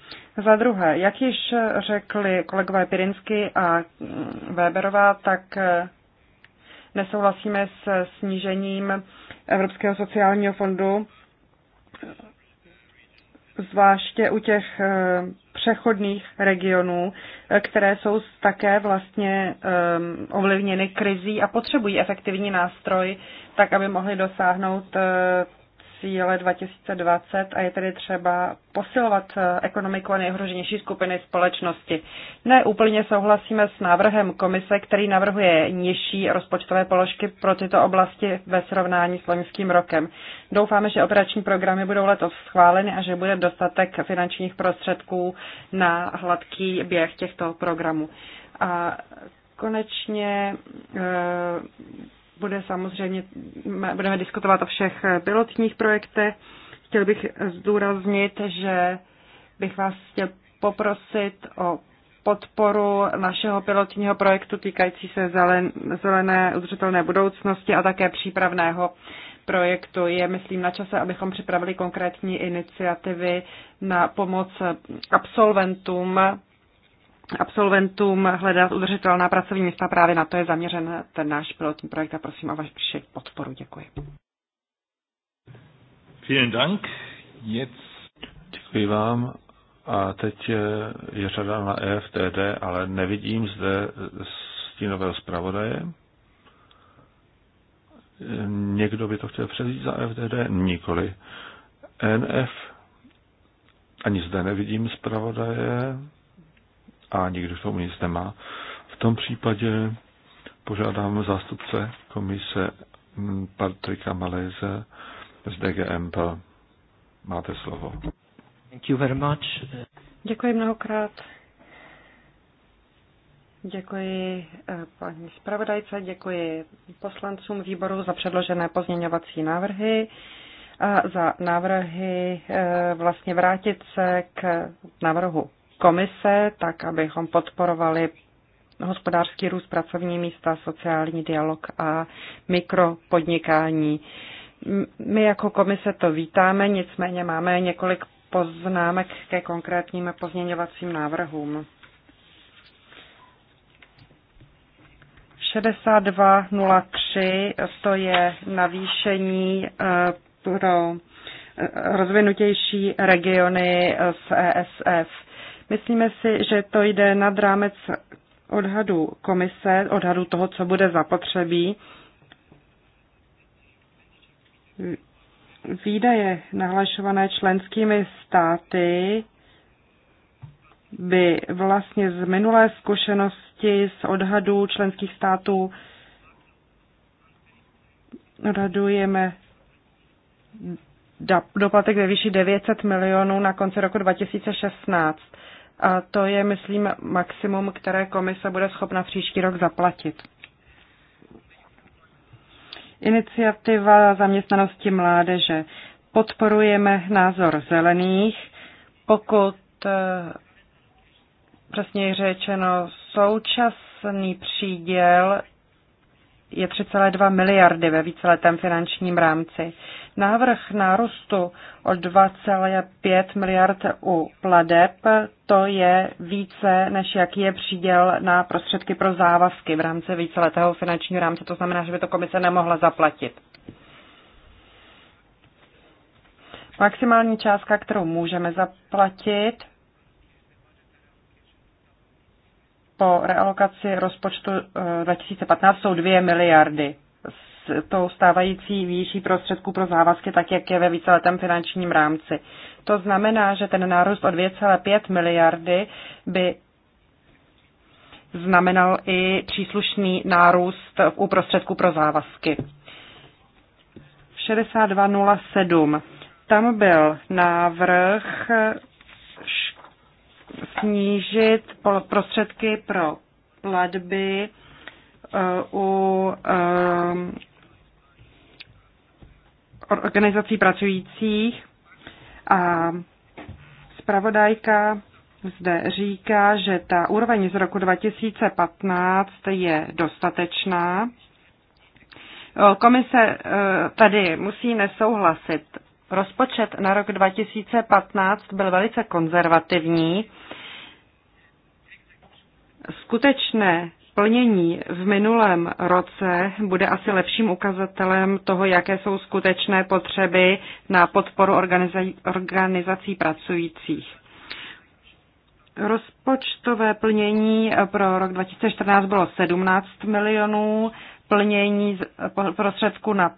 Za druhé, jak již řekli kolegové Pirinsky a Weberová, tak nesouhlasíme s snížením Evropského sociálního fondu, zvláště u těch eh, přechodných regionů, eh, které jsou také vlastně eh, ovlivněny krizí a potřebují efektivní nástroj, tak aby mohly dosáhnout cíle 2020 a je tedy třeba posilovat eh, ekonomiku a nejhroženější skupiny společnosti. Ne úplně souhlasíme s návrhem komise, který navrhuje nižší rozpočtové položky pro tyto oblasti ve srovnání s loňským rokem. Doufáme, že operační programy budou letos schváleny a že bude dostatek finančních prostředků na hladký běh těchto programů. A konečně eh, bude samozřejmě, budeme diskutovat o všech pilotních projektech. Chtěl bych zdůraznit, že bych vás chtěl poprosit o podporu našeho pilotního projektu týkající se zelen, zelené udržitelné budoucnosti a také přípravného projektu. Je, myslím, na čase, abychom připravili konkrétní iniciativy na pomoc absolventům absolventům hledat udržitelná pracovní místa. Právě na to je zaměřen ten náš pilotní projekt a prosím o vaši podporu. Děkuji. Vielen Dank. Jetzt. Děkuji vám. A teď je řada na EFTD, ale nevidím zde stínového zpravodaje. Někdo by to chtěl převzít za e FDD? Nikoli. NF. Ani zde nevidím zpravodaje a nikdo k tomu nic nemá. V tom případě požádám zástupce komise Patrika Maléze z DGMP. Máte slovo. Thank you very much. Děkuji mnohokrát. Děkuji eh, paní zpravodajce, děkuji poslancům výboru za předložené pozměňovací návrhy a za návrhy eh, vlastně vrátit se k návrhu komise, tak abychom podporovali hospodářský růst, pracovní místa, sociální dialog a mikropodnikání. My jako komise to vítáme, nicméně máme několik poznámek ke konkrétním pozměňovacím návrhům. 6203 to je navýšení eh, pro eh, rozvinutější regiony z ESF. Myslíme si, že to jde nad rámec odhadu komise, odhadu toho, co bude zapotřebí. Výdaje nahlašované členskými státy by vlastně z minulé zkušenosti z odhadů členských států odhadujeme doplatek ve výši 900 milionů na konci roku 2016. A to je, myslím, maximum, které komise bude schopna příští rok zaplatit. Iniciativa zaměstnanosti mládeže. Podporujeme názor zelených, pokud eh, přesněji řečeno současný příděl je 3,2 miliardy ve víceletém finančním rámci. Návrh nárůstu o 2,5 miliard u pladeb, to je více, než jaký je příděl na prostředky pro závazky v rámci víceletého finančního rámce. To znamená, že by to komise nemohla zaplatit. Maximální částka, kterou můžeme zaplatit po realokaci rozpočtu 2015, eh, jsou 2 miliardy z s tou stávající výší prostředků pro závazky, tak jak je ve víceletém finančním rámci. To znamená, že ten nárůst o 2,5 miliardy by znamenal i příslušný nárůst u prostředků pro závazky. 6207. Tam byl návrh snížit prostředky pro platby eh, u eh, organizací pracujících a zpravodajka zde říká, že ta úroveň z roku 2015 je dostatečná. Komise eh, tady musí nesouhlasit. Rozpočet na rok 2015 byl velice konzervativní. Skutečné plnění v minulém roce bude asi lepším ukazatelem toho, jaké jsou skutečné potřeby na podporu organizací, organizací pracujících. Rozpočtové plnění pro rok 2014 bylo 17 milionů, plnění prostředků na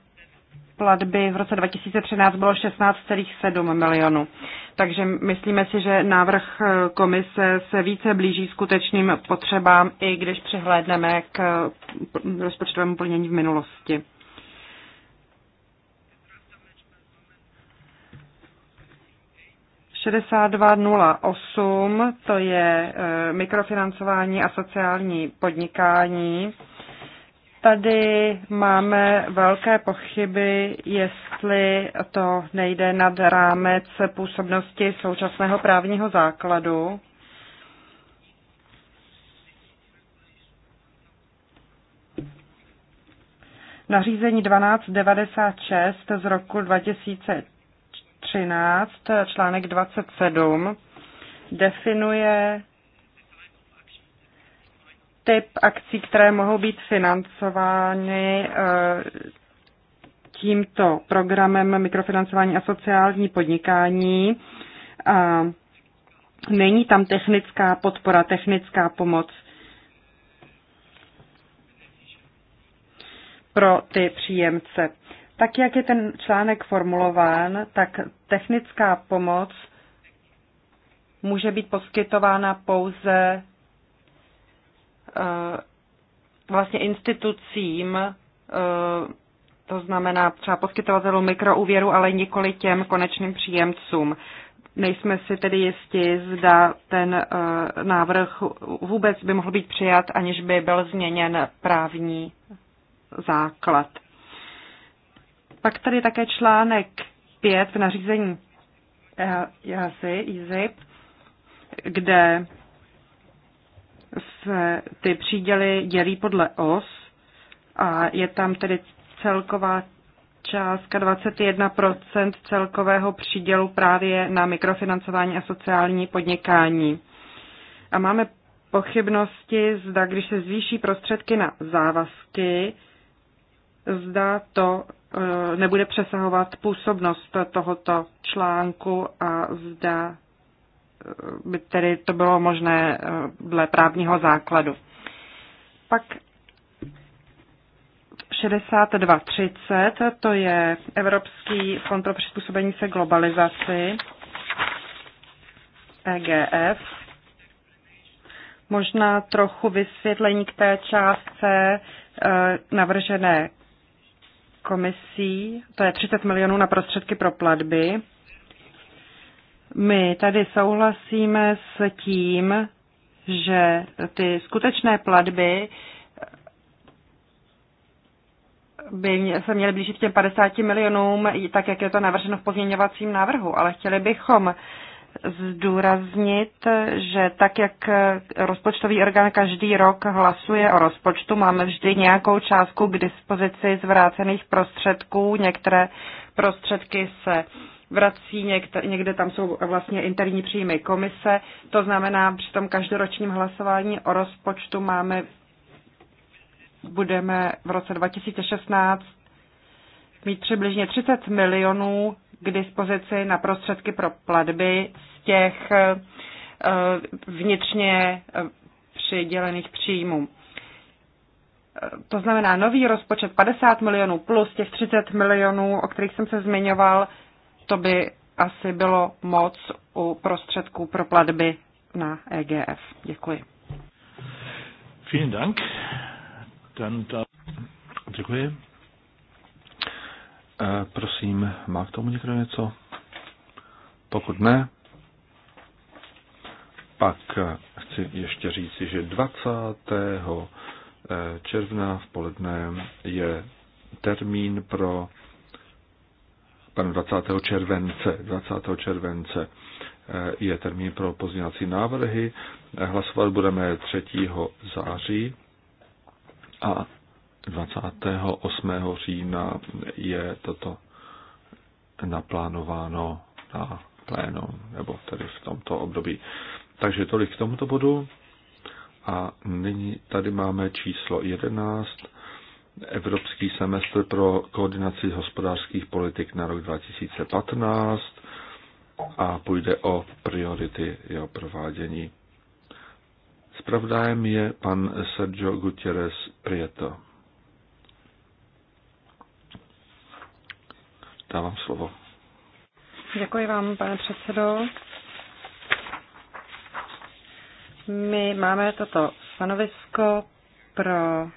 platby v roce 2013 bylo 16,7 milionů. Takže myslíme si, že návrh eh, komise se více blíží skutečným potřebám, i když přihlédneme k eh, rozpočtovému plnění v minulosti. osm to je eh, mikrofinancování a sociální podnikání. Tady máme velké pochyby, jestli to nejde nad rámec působnosti současného právního základu. Nařízení 1296 z roku 2013, článek 27, definuje typ akcí, které mohou být financovány eh, tímto programem mikrofinancování a sociální podnikání. A není tam technická podpora, technická pomoc pro ty příjemce. Tak, jak je ten článek formulován, tak technická pomoc může být poskytována pouze Eh, vlastně institucím, eh, to znamená třeba poskytovatelům mikroúvěru, ale nikoli těm konečným příjemcům. Nejsme si tedy jisti, zda ten eh, návrh vůbec by mohl být přijat, aniž by byl změněn právní základ. Pak tady také článek 5 v nařízení jazy, kde se ty příděly dělí podle os a je tam tedy celková částka 21% celkového přídělu právě na mikrofinancování a sociální podnikání. A máme pochybnosti, zda když se zvýší prostředky na závazky, zda to e, nebude přesahovat působnost tohoto článku a zda by tedy to bylo možné eh, dle právního základu. Pak 6230, to je Evropský fond pro přizpůsobení se globalizaci, EGF. Možná trochu vysvětlení k té částce eh, navržené komisí, to je 30 milionů na prostředky pro platby. My tady souhlasíme s tím, že ty skutečné platby by se měly blížit k těm 50 milionům, tak jak je to navrženo v pozměňovacím návrhu, ale chtěli bychom zdůraznit, že tak, jak rozpočtový orgán každý rok hlasuje o rozpočtu, máme vždy nějakou částku k dispozici zvrácených prostředků. Některé prostředky se vrací, někde, někde tam jsou vlastně interní příjmy komise. To znamená, při tom každoročním hlasování o rozpočtu máme, budeme v roce 2016 mít přibližně 30 milionů k dispozici na prostředky pro platby z těch eh, vnitřně eh, přidělených příjmů. Eh, to znamená nový rozpočet 50 milionů plus těch 30 milionů, o kterých jsem se zmiňoval, to by asi bylo moc u prostředků pro platby na EGF. Děkuji. Vielen Dank. Dann da... Děkuji. E, prosím, má k tomu někdo něco? Pokud ne, pak eh, chci ještě říci, že 20. Eh, června v poledne je termín pro pardon, 20. července. 20. července eh, je termín pro pozměňovací návrhy. Hlasovat budeme 3. září a 28. října je toto naplánováno na plénum, nebo tedy v tomto období. Takže tolik k tomuto bodu. A nyní tady máme číslo 11 Evropský semestr pro koordinaci hospodářských politik na rok 2015 a půjde o priority jeho provádění. Spravdajem je pan Sergio Gutierrez Prieto. Dávám slovo. Děkuji vám, pane předsedo. My máme toto stanovisko pro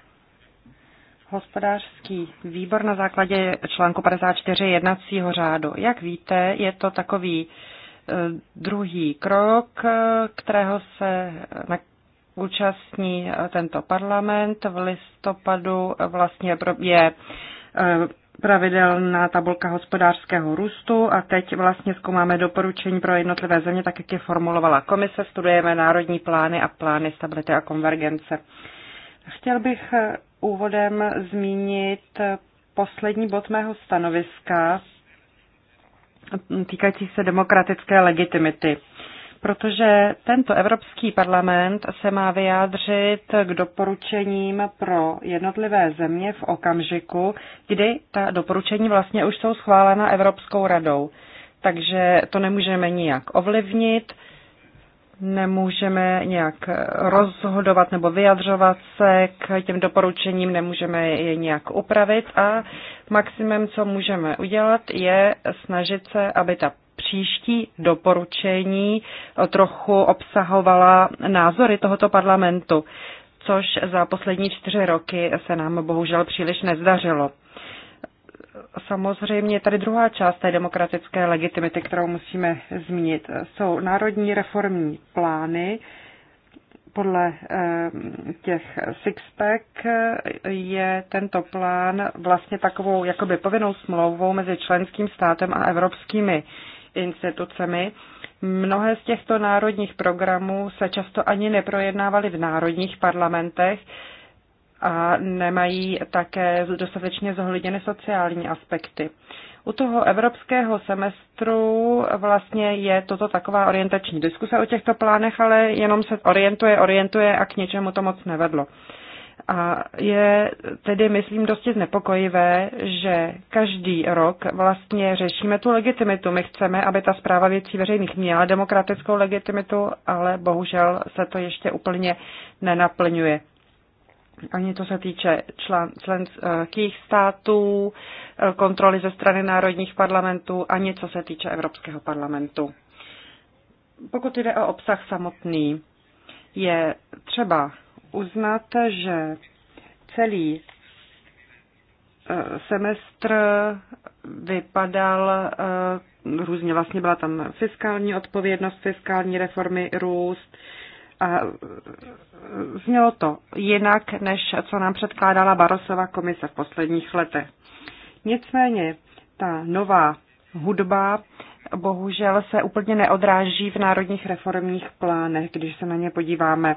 Hospodářský výbor na základě článku 54 jednacího řádu. Jak víte, je to takový e, druhý krok, e, kterého se e, na účastní tento parlament. V listopadu vlastně je pravidelná tabulka hospodářského růstu a teď vlastně zkoumáme doporučení pro jednotlivé země, tak jak je formulovala komise, studujeme národní plány a plány stability a konvergence. Chtěl bych úvodem zmínit poslední bod mého stanoviska týkající se demokratické legitimity protože tento Evropský parlament se má vyjádřit k doporučením pro jednotlivé země v okamžiku, kdy ta doporučení vlastně už jsou schválena Evropskou radou. Takže to nemůžeme nijak ovlivnit nemůžeme nějak rozhodovat nebo vyjadřovat se k těm doporučením, nemůžeme je nějak upravit a maximum, co můžeme udělat, je snažit se, aby ta příští doporučení trochu obsahovala názory tohoto parlamentu, což za poslední čtyři roky se nám bohužel příliš nezdařilo samozřejmě tady druhá část té demokratické legitimity, kterou musíme zmínit. Jsou národní reformní plány, podle eh, těch sixpack je tento plán vlastně takovou jakoby povinnou smlouvou mezi členským státem a evropskými institucemi. Mnohé z těchto národních programů se často ani neprojednávaly v národních parlamentech, a nemají také dostatečně zohledněny sociální aspekty. U toho evropského semestru vlastně je toto taková orientační diskuse o těchto plánech, ale jenom se orientuje, orientuje a k něčemu to moc nevedlo. A je tedy, myslím, dosti znepokojivé, že každý rok vlastně řešíme tu legitimitu. My chceme, aby ta zpráva věcí veřejných měla demokratickou legitimitu, ale bohužel se to ještě úplně nenaplňuje ani to se týče člen, členských eh, států, eh, kontroly ze strany národních parlamentů, ani co se týče Evropského parlamentu. Pokud jde o obsah samotný, je třeba uznat, že celý eh, semestr vypadal různě, vlastně byla tam fiskální odpovědnost, fiskální reformy, růst, a e, znělo to jinak, než co nám předkládala Barosova komise v posledních letech. Nicméně ta nová hudba bohužel se úplně neodráží v národních reformních plánech, když se na ně podíváme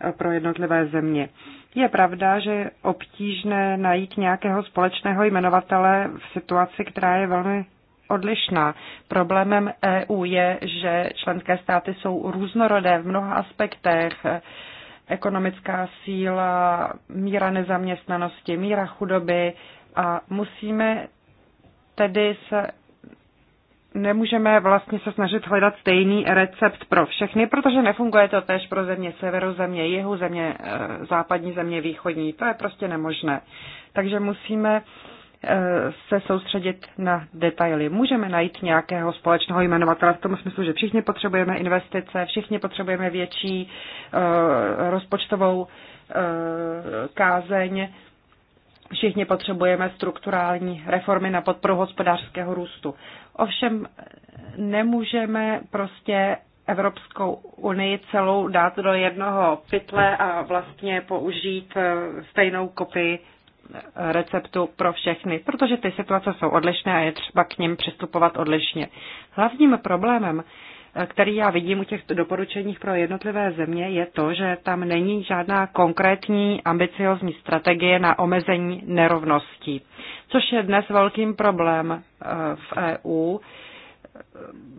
e, pro jednotlivé země. Je pravda, že je obtížné najít nějakého společného jmenovatele v situaci, která je velmi odlišná. Problémem EU je, že členské státy jsou různorodé v mnoha aspektech. Ekonomická síla, míra nezaměstnanosti, míra chudoby a musíme tedy se nemůžeme vlastně se snažit hledat stejný recept pro všechny, protože nefunguje to též pro země severu, země jihu, země e, západní, země východní. To je prostě nemožné. Takže musíme se soustředit na detaily. Můžeme najít nějakého společného jmenovatele v tom smyslu, že všichni potřebujeme investice, všichni potřebujeme větší eh, rozpočtovou eh, kázeň, všichni potřebujeme strukturální reformy na podporu hospodářského růstu. Ovšem nemůžeme prostě Evropskou unii celou dát do jednoho pytle a vlastně použít eh, stejnou kopii receptu pro všechny, protože ty situace jsou odlišné a je třeba k ním přistupovat odlišně. Hlavním problémem, eh, který já vidím u těch doporučeních pro jednotlivé země, je to, že tam není žádná konkrétní ambiciozní strategie na omezení nerovností, což je dnes velkým problém eh, v EU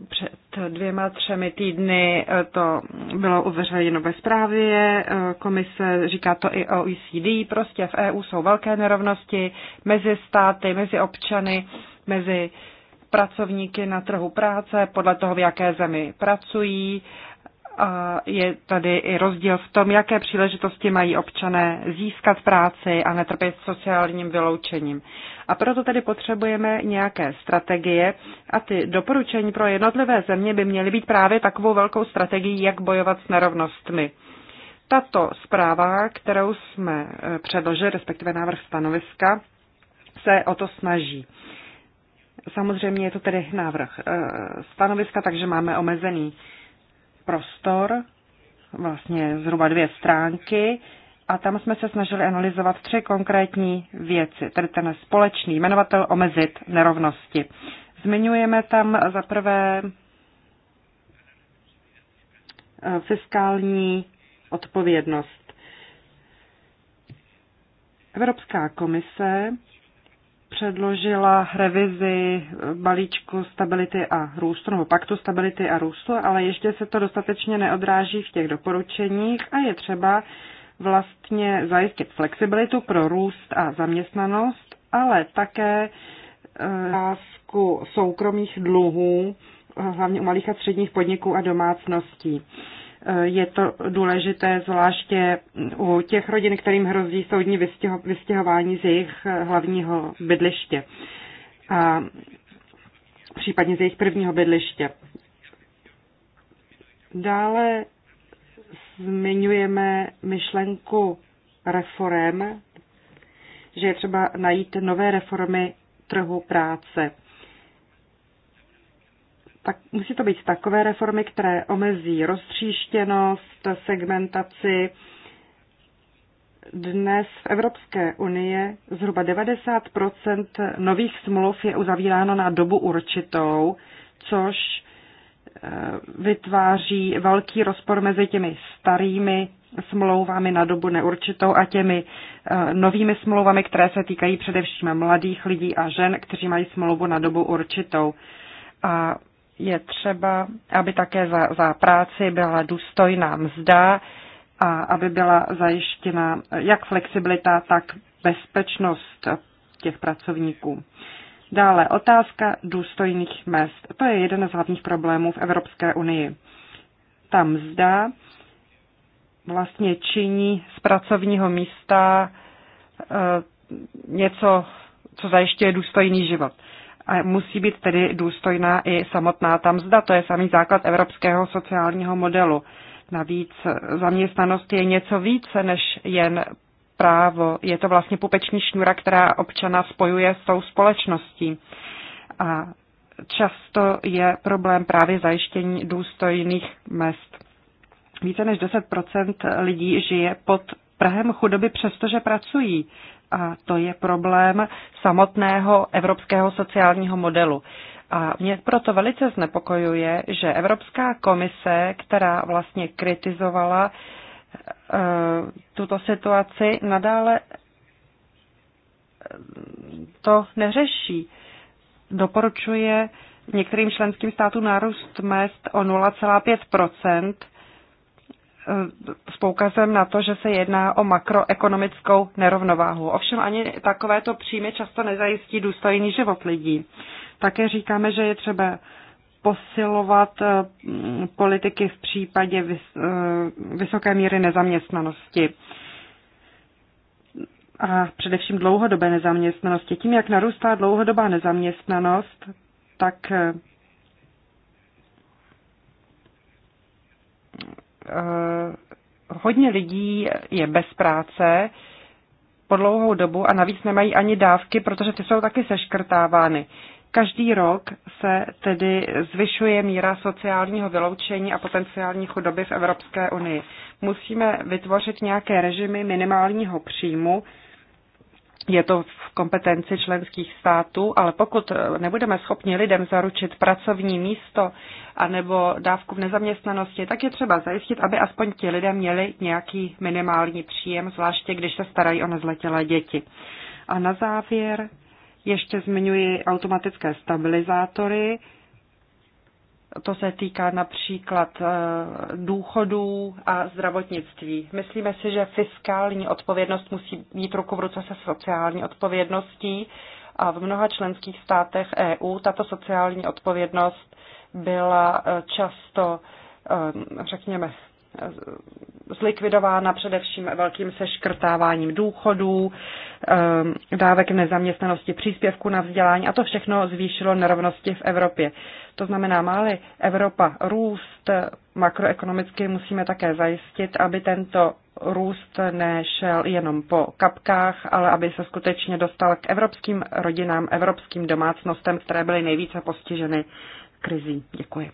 před dvěma, třemi týdny eh, to bylo uveřejněno ve zprávě. Eh, komise říká to i OECD. Prostě v EU jsou velké nerovnosti mezi státy, mezi občany, mezi pracovníky na trhu práce, podle toho, v jaké zemi pracují je tady i rozdíl v tom, jaké příležitosti mají občané získat práci a netrpět sociálním vyloučením. A proto tedy potřebujeme nějaké strategie a ty doporučení pro jednotlivé země by měly být právě takovou velkou strategií, jak bojovat s nerovnostmi. Tato zpráva, kterou jsme eh, předložili, respektive návrh stanoviska, se o to snaží. Samozřejmě je to tedy návrh eh, stanoviska, takže máme omezený prostor, vlastně zhruba dvě stránky, a tam jsme se snažili analyzovat tři konkrétní věci, tedy ten společný jmenovatel omezit nerovnosti. Zmiňujeme tam za prvé eh, fiskální odpovědnost. Evropská komise předložila revizi balíčku stability a růstu, nebo paktu stability a růstu, ale ještě se to dostatečně neodráží v těch doporučeních a je třeba vlastně zajistit flexibilitu pro růst a zaměstnanost, ale také eh, zásku soukromých dluhů, eh, hlavně u malých a středních podniků a domácností. Eh, je to důležité zvláště u těch rodin, kterým hrozí soudní vystěhování z jejich eh, hlavního bydliště a případně z jejich prvního bydliště. Dále zmiňujeme myšlenku reform, že je třeba najít nové reformy trhu práce tak, musí to být takové reformy, které omezí roztříštěnost, segmentaci. Dnes v Evropské unii zhruba 90 nových smluv je uzavíráno na dobu určitou, což eh, vytváří velký rozpor mezi těmi starými smlouvami na dobu neurčitou a těmi eh, novými smlouvami, které se týkají především mladých lidí a žen, kteří mají smlouvu na dobu určitou. A je třeba, aby také za, za práci byla důstojná mzda a aby byla zajištěna jak flexibilita, tak bezpečnost těch pracovníků. Dále otázka důstojných mest. To je jeden z hlavních problémů v Evropské unii. Ta mzda vlastně činí z pracovního místa eh, něco, co zajišťuje důstojný život a musí být tedy důstojná i samotná tam zda. To je samý základ evropského sociálního modelu. Navíc zaměstnanost je něco více než jen právo. Je to vlastně pupeční šňůra, která občana spojuje s tou společností. A často je problém právě zajištění důstojných mest. Více než 10 lidí žije pod Prahem chudoby, přestože pracují. A to je problém samotného evropského sociálního modelu. A mě proto velice znepokojuje, že Evropská komise, která vlastně kritizovala eh, tuto situaci, nadále eh, to neřeší. Doporučuje některým členským státům nárůst mest o 0,5 s poukazem na to, že se jedná o makroekonomickou nerovnováhu. Ovšem ani takovéto příjmy často nezajistí důstojný život lidí. Také říkáme, že je třeba posilovat eh, politiky v případě eh, vysoké míry nezaměstnanosti a především dlouhodobé nezaměstnanosti. Tím, jak narůstá dlouhodobá nezaměstnanost, tak eh, Eh, hodně lidí je bez práce po dlouhou dobu a navíc nemají ani dávky, protože ty jsou taky seškrtávány. Každý rok se tedy zvyšuje míra sociálního vyloučení a potenciální chudoby v Evropské unii. Musíme vytvořit nějaké režimy minimálního příjmu, je to v kompetenci členských států, ale pokud eh, nebudeme schopni lidem zaručit pracovní místo anebo dávku v nezaměstnanosti, tak je třeba zajistit, aby aspoň ti lidé měli nějaký minimální příjem, zvláště když se starají o nezletilé děti. A na závěr ještě zmiňuji automatické stabilizátory, to se týká například eh, důchodů a zdravotnictví. Myslíme si, že fiskální odpovědnost musí být ruku v ruce se sociální odpovědností a v mnoha členských státech EU tato sociální odpovědnost byla eh, často, eh, řekněme, zlikvidována především velkým seškrtáváním důchodů, dávek nezaměstnanosti, příspěvku na vzdělání a to všechno zvýšilo nerovnosti v Evropě. To znamená, máli Evropa růst makroekonomicky, musíme také zajistit, aby tento růst nešel jenom po kapkách, ale aby se skutečně dostal k evropským rodinám, evropským domácnostem, které byly nejvíce postiženy krizí. Děkuji.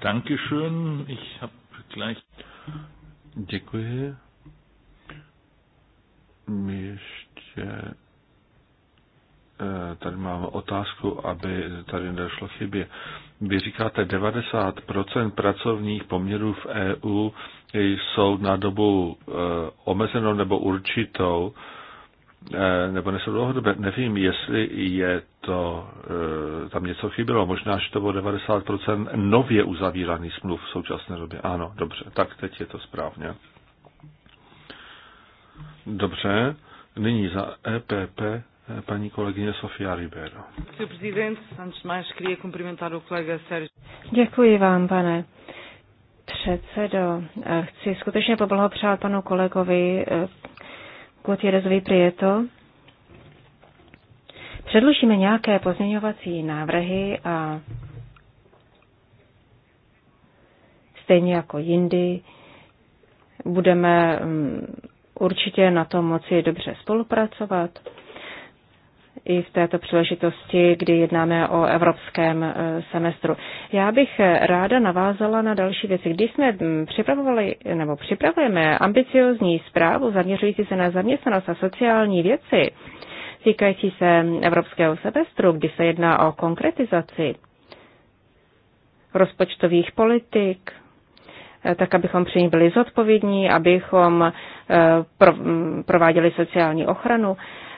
Dankeschön. Ich hab gleich... Děkuji. ještě Eh, tady mám otázku, aby tady nedošlo chybě. Vy říkáte, 90% pracovních poměrů v EU jsou na dobu eh, omezenou nebo určitou, eh, nebo nejsou dlouhodobé. Nevím, jestli je to, tam něco chybělo. Možná, že to bylo 90% nově uzavíraných smluv v současné době. Ano, dobře, tak teď je to správně. Dobře, nyní za EPP paní kolegyně Sofia Ribeiro. Děkuji vám, pane předsedo. Chci skutečně poblahopřát panu kolegovi eh, Gutierrezovi Prieto. Předložíme nějaké pozměňovací návrhy a stejně jako jindy budeme mm, určitě na tom moci dobře spolupracovat i v této příležitosti, kdy jednáme o evropském eh, semestru. Já bych eh, ráda navázala na další věci. Když jsme mm, připravovali nebo připravujeme ambiciozní zprávu zaměřující se na zaměstnanost a sociální věci, týkající se evropského semestru, kdy se jedná o konkretizaci rozpočtových politik, eh, tak abychom při ní byli zodpovědní, abychom mm, prováděli sociální ochranu.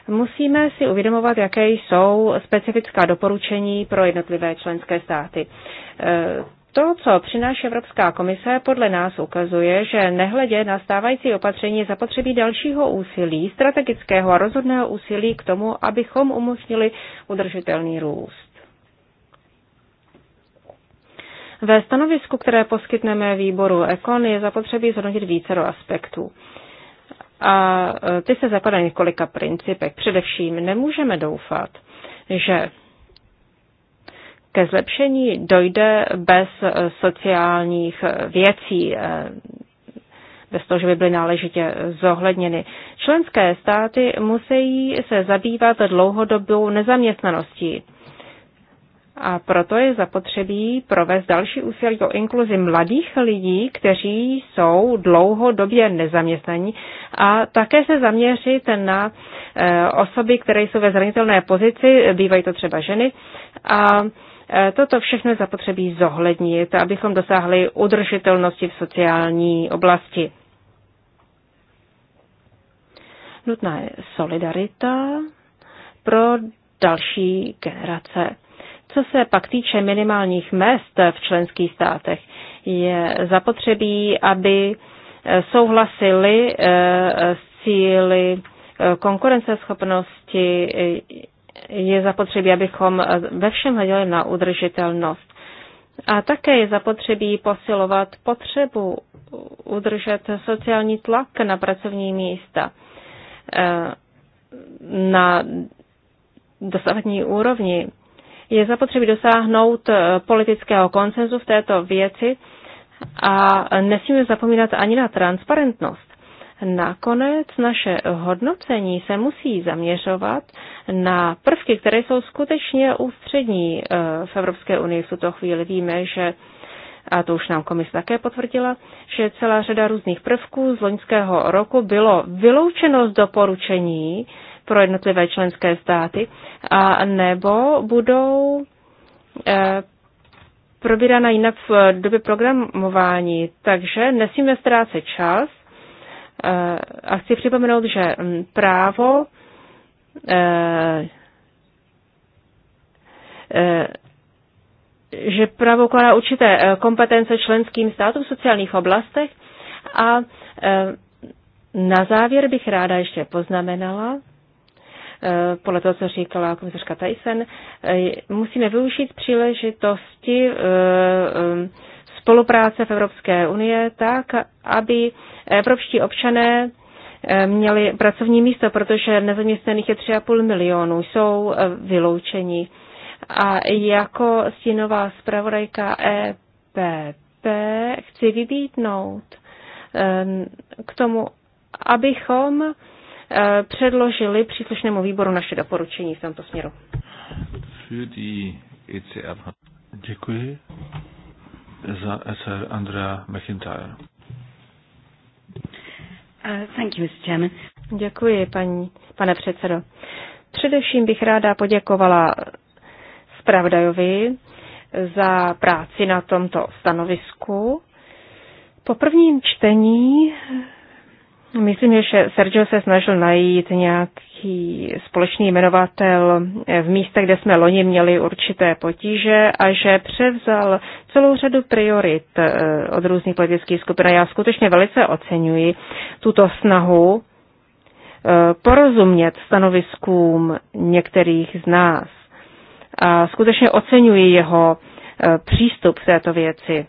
Musíme si uvědomovat, jaké jsou specifická doporučení pro jednotlivé členské státy. E, to, co přináší Evropská komise, podle nás ukazuje, že nehledě na stávající opatření zapotřebí dalšího úsilí, strategického a rozhodného úsilí k tomu, abychom umožnili udržitelný růst. Ve stanovisku, které poskytneme výboru EKON, je zapotřebí zhodnotit vícero aspektů a e, ty se zakladají několika principech. Především nemůžeme doufat, že ke zlepšení dojde bez e, sociálních e, věcí, bez toho, že by byly náležitě zohledněny. Členské státy musí se zabývat dlouhodobou nezaměstnaností a proto je zapotřebí provést další úsilí o inkluzi mladých lidí, kteří jsou dlouhodobě nezaměstnaní a také se zaměřit na eh, osoby, které jsou ve zranitelné pozici, bývají to třeba ženy. A eh, Toto všechno je zapotřebí zohlednit, abychom dosáhli udržitelnosti v sociální oblasti. Nutná je solidarita pro další generace. Co se pak týče minimálních mest v členských státech, je zapotřebí, aby eh, souhlasili eh, s cíly eh, konkurenceschopnosti, je zapotřebí, abychom ve všem hleděli na udržitelnost. A také je zapotřebí posilovat potřebu udržet sociální tlak na pracovní místa na dosavadní úrovni je zapotřebí dosáhnout eh, politického konsenzu v této věci a nesmíme zapomínat ani na transparentnost. Nakonec naše hodnocení se musí zaměřovat na prvky, které jsou skutečně ústřední eh, v Evropské unii. V tuto chvíli víme, že a to už nám komise také potvrdila, že celá řada různých prvků z loňského roku bylo vyloučeno z doporučení pro jednotlivé členské státy, a nebo budou eh, probírána jinak v době programování. Takže nesmíme ztrácet čas. Eh, a chci připomenout, že hm, právo eh, že právo ukládá určité kompetence členským státům v sociálních oblastech a na závěr bych ráda ještě poznamenala, Eh, podle toho, co říkala komisařka Tyson, eh, musíme využít příležitosti eh, spolupráce v Evropské unie tak, aby evropští občané měli pracovní místo, protože nezaměstnaných je 3,5 milionů jsou vyloučeni. A jako stínová zpravodajka EPP chci vybítnout k tomu, abychom Eh, předložili příslušnému výboru naše doporučení v tomto směru. E Děkuji za SR e Andrea McIntyre. Uh, thank you, Mr. Chairman. Děkuji, paní, pane předsedo. Především bych ráda poděkovala zpravdajovi za práci na tomto stanovisku. Po prvním čtení Myslím, že Sergio se snažil najít nějaký společný jmenovatel v místech, kde jsme loni měli určité potíže a že převzal celou řadu priorit eh, od různých politických skupin. A já skutečně velice oceňuji tuto snahu eh, porozumět stanoviskům některých z nás. A skutečně oceňuji jeho eh, přístup k této věci.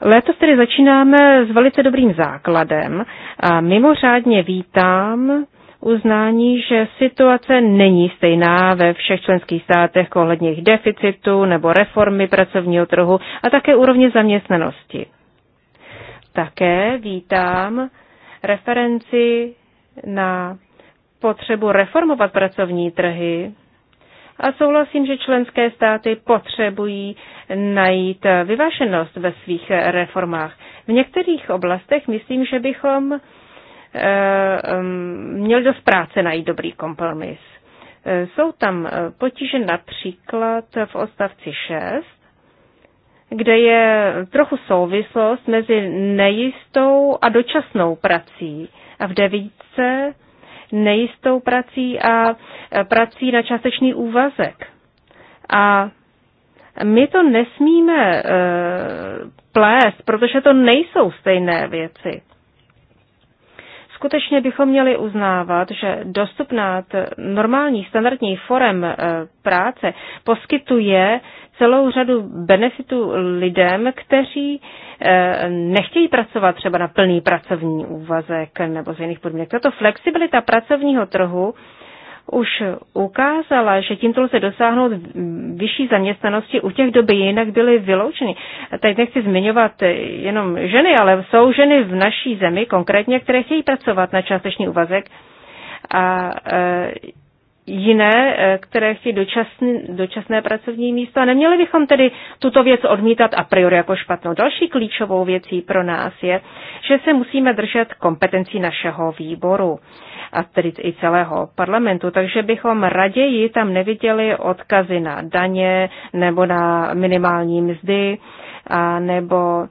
Letos tedy začínáme s velice dobrým základem a mimořádně vítám uznání, že situace není stejná ve všech členských státech ohledně jejich deficitu nebo reformy pracovního trhu a také úrovně zaměstnanosti. Také vítám referenci na potřebu reformovat pracovní trhy a souhlasím, že členské státy potřebují najít vyváženost ve svých reformách. V některých oblastech myslím, že bychom eh, měli dost práce najít dobrý kompromis. Eh, jsou tam eh, potíže například v odstavci 6, kde je trochu souvislost mezi nejistou a dočasnou prací. A v devítce nejistou prací a e, prací na částečný úvazek. A my to nesmíme e, plést, protože to nejsou stejné věci. Skutečně bychom měli uznávat, že dostupná normální standardní forem e, práce poskytuje celou řadu benefitů lidem, kteří eh, nechtějí pracovat třeba na plný pracovní úvazek nebo z jiných podmínek. Tato flexibilita pracovního trhu už ukázala, že tímto lze dosáhnout vyšší zaměstnanosti u těch, kdo by jinak byly vyloučeny. Teď nechci zmiňovat jenom ženy, ale jsou ženy v naší zemi konkrétně, které chtějí pracovat na částečný úvazek a eh, jiné, eh, které chtějí dočasný, dočasné pracovní místo. A neměli bychom tedy tuto věc odmítat a priori jako špatnou. Další klíčovou věcí pro nás je, že se musíme držet kompetencí našeho výboru a tedy i celého parlamentu, takže bychom raději tam neviděli odkazy na daně nebo na minimální mzdy a nebo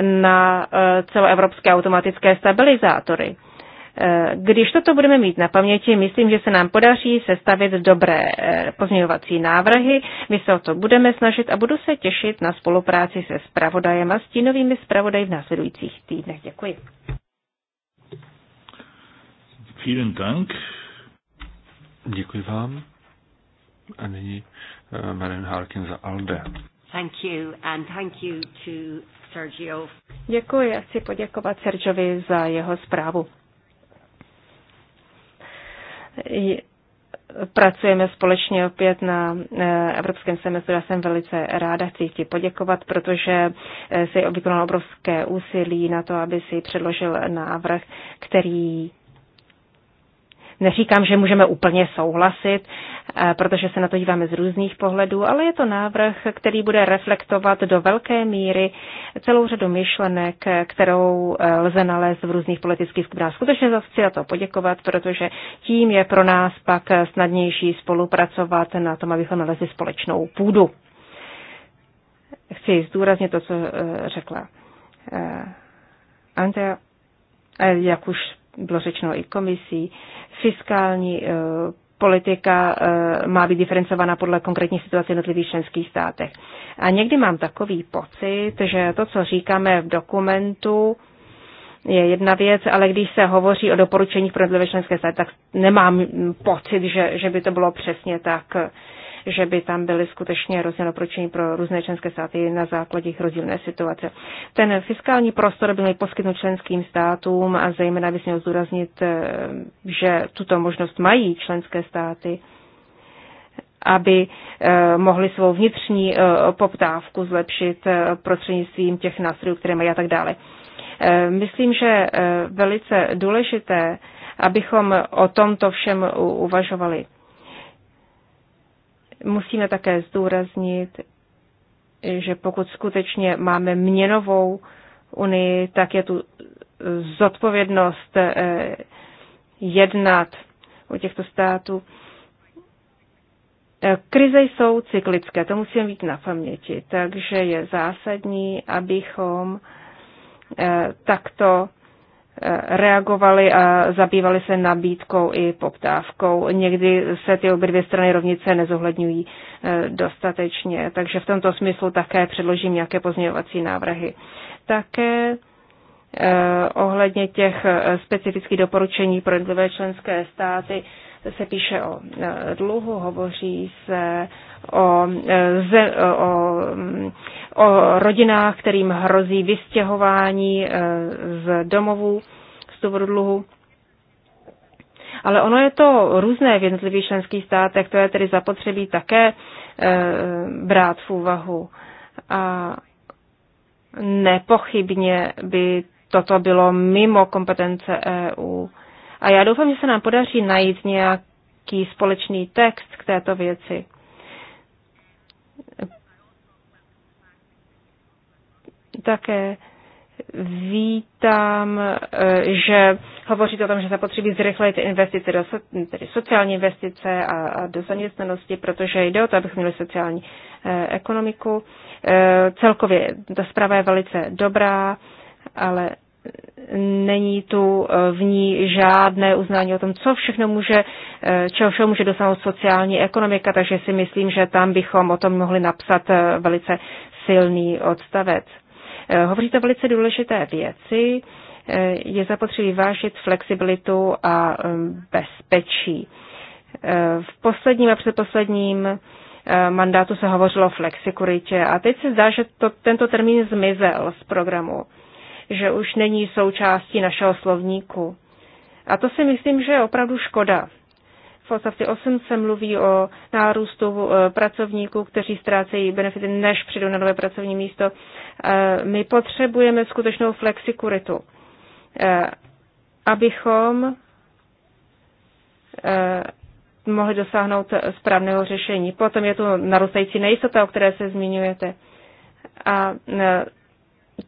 na eh, celoevropské automatické stabilizátory Eh, když toto budeme mít na paměti, myslím, že se nám podaří sestavit dobré eh, pozměňovací návrhy. My se o to budeme snažit a budu se těšit na spolupráci se spravodajem a stínovými spravodaji v následujících týdnech. Děkuji. Vielen Dank. Děkuji vám. A nyní eh, Marin Harkin za ALDE. Thank you and thank you to Sergio. Děkuji a chci poděkovat Sergiovi za jeho zprávu pracujeme společně opět na e, Evropském semestru. Já jsem velice ráda, chci ti poděkovat, protože e, si vykonal obrovské úsilí na to, aby si předložil návrh, který Neříkám, že můžeme úplně souhlasit, eh, protože se na to díváme z různých pohledů, ale je to návrh, který bude reflektovat do velké míry celou řadu myšlenek, kterou eh, lze nalézt v různých politických skupinách. Skutečně za chci za to poděkovat, protože tím je pro nás pak snadnější spolupracovat na tom, abychom nalezli společnou půdu. Chci zdůraznit to, co eh, řekla Andrea. jak už bylo řečeno i komisí, fiskální eh, politika eh, má být diferencovaná podle konkrétní situace v jednotlivých členských státech. A někdy mám takový pocit, že to, co říkáme v dokumentu, je jedna věc, ale když se hovoří o doporučeních pro jednotlivé členské státy, tak nemám pocit, že, že by to bylo přesně tak že by tam byly skutečně rozdílné doporučení pro různé členské státy na základě jejich rozdílné situace. Ten fiskální prostor by měl poskytnout členským státům a zejména by měl zdůraznit, eh, že tuto možnost mají členské státy aby eh, mohli svou vnitřní eh, poptávku zlepšit prostřednictvím těch nástrojů, které mají a tak dále. Myslím, že velice důležité, abychom o tomto všem uvažovali. Musíme také zdůraznit, že pokud skutečně máme měnovou unii, tak je tu zodpovědnost eh, jednat u těchto států. Eh, krize jsou cyklické, to musíme být na paměti, takže je zásadní, abychom eh, takto reagovali a zabývali se nabídkou i poptávkou. Někdy se ty obě dvě strany rovnice nezohledňují eh, dostatečně, takže v tomto smyslu také předložím nějaké pozměňovací návrhy. Také eh, ohledně těch eh, specifických doporučení pro jednotlivé členské státy se píše o dluhu, hovoří se o, e, ze, o, o rodinách, kterým hrozí vystěhování e, z domovů z důvodu dluhu. Ale ono je to různé v jednotlivých členských státech, to je tedy zapotřebí také e, brát v úvahu. A nepochybně by toto bylo mimo kompetence EU. A já doufám, že se nám podaří najít nějaký společný text k této věci. Také vítám, e, že hovoříte o tom, že zapotřebí zrychlit investice do tedy sociální investice a, a do zaměstnanosti, protože jde o to, abychom měli sociální e, ekonomiku. E, celkově ta zpráva je velice dobrá, ale není tu v ní žádné uznání o tom, co všechno může, čeho všeho může dosáhnout sociální ekonomika, takže si myslím, že tam bychom o tom mohli napsat velice silný odstavec. Eh, hovoříte velice důležité věci. Eh, je zapotřebí vážit flexibilitu a eh, bezpečí. V posledním a předposledním mandátu se hovořilo o flexikuritě a teď se zdá, že to, tento termín zmizel z programu, že už není součástí našeho slovníku. A to si myslím, že je opravdu škoda v odstavci 8 se mluví o nárůstu eh, pracovníků, kteří ztrácejí benefity, než přijdou na nové pracovní místo. Eh, my potřebujeme skutečnou flexikuritu, eh, abychom mohli dosáhnout správného řešení. Potom je tu narůstající nejistota, o které se zmiňujete. A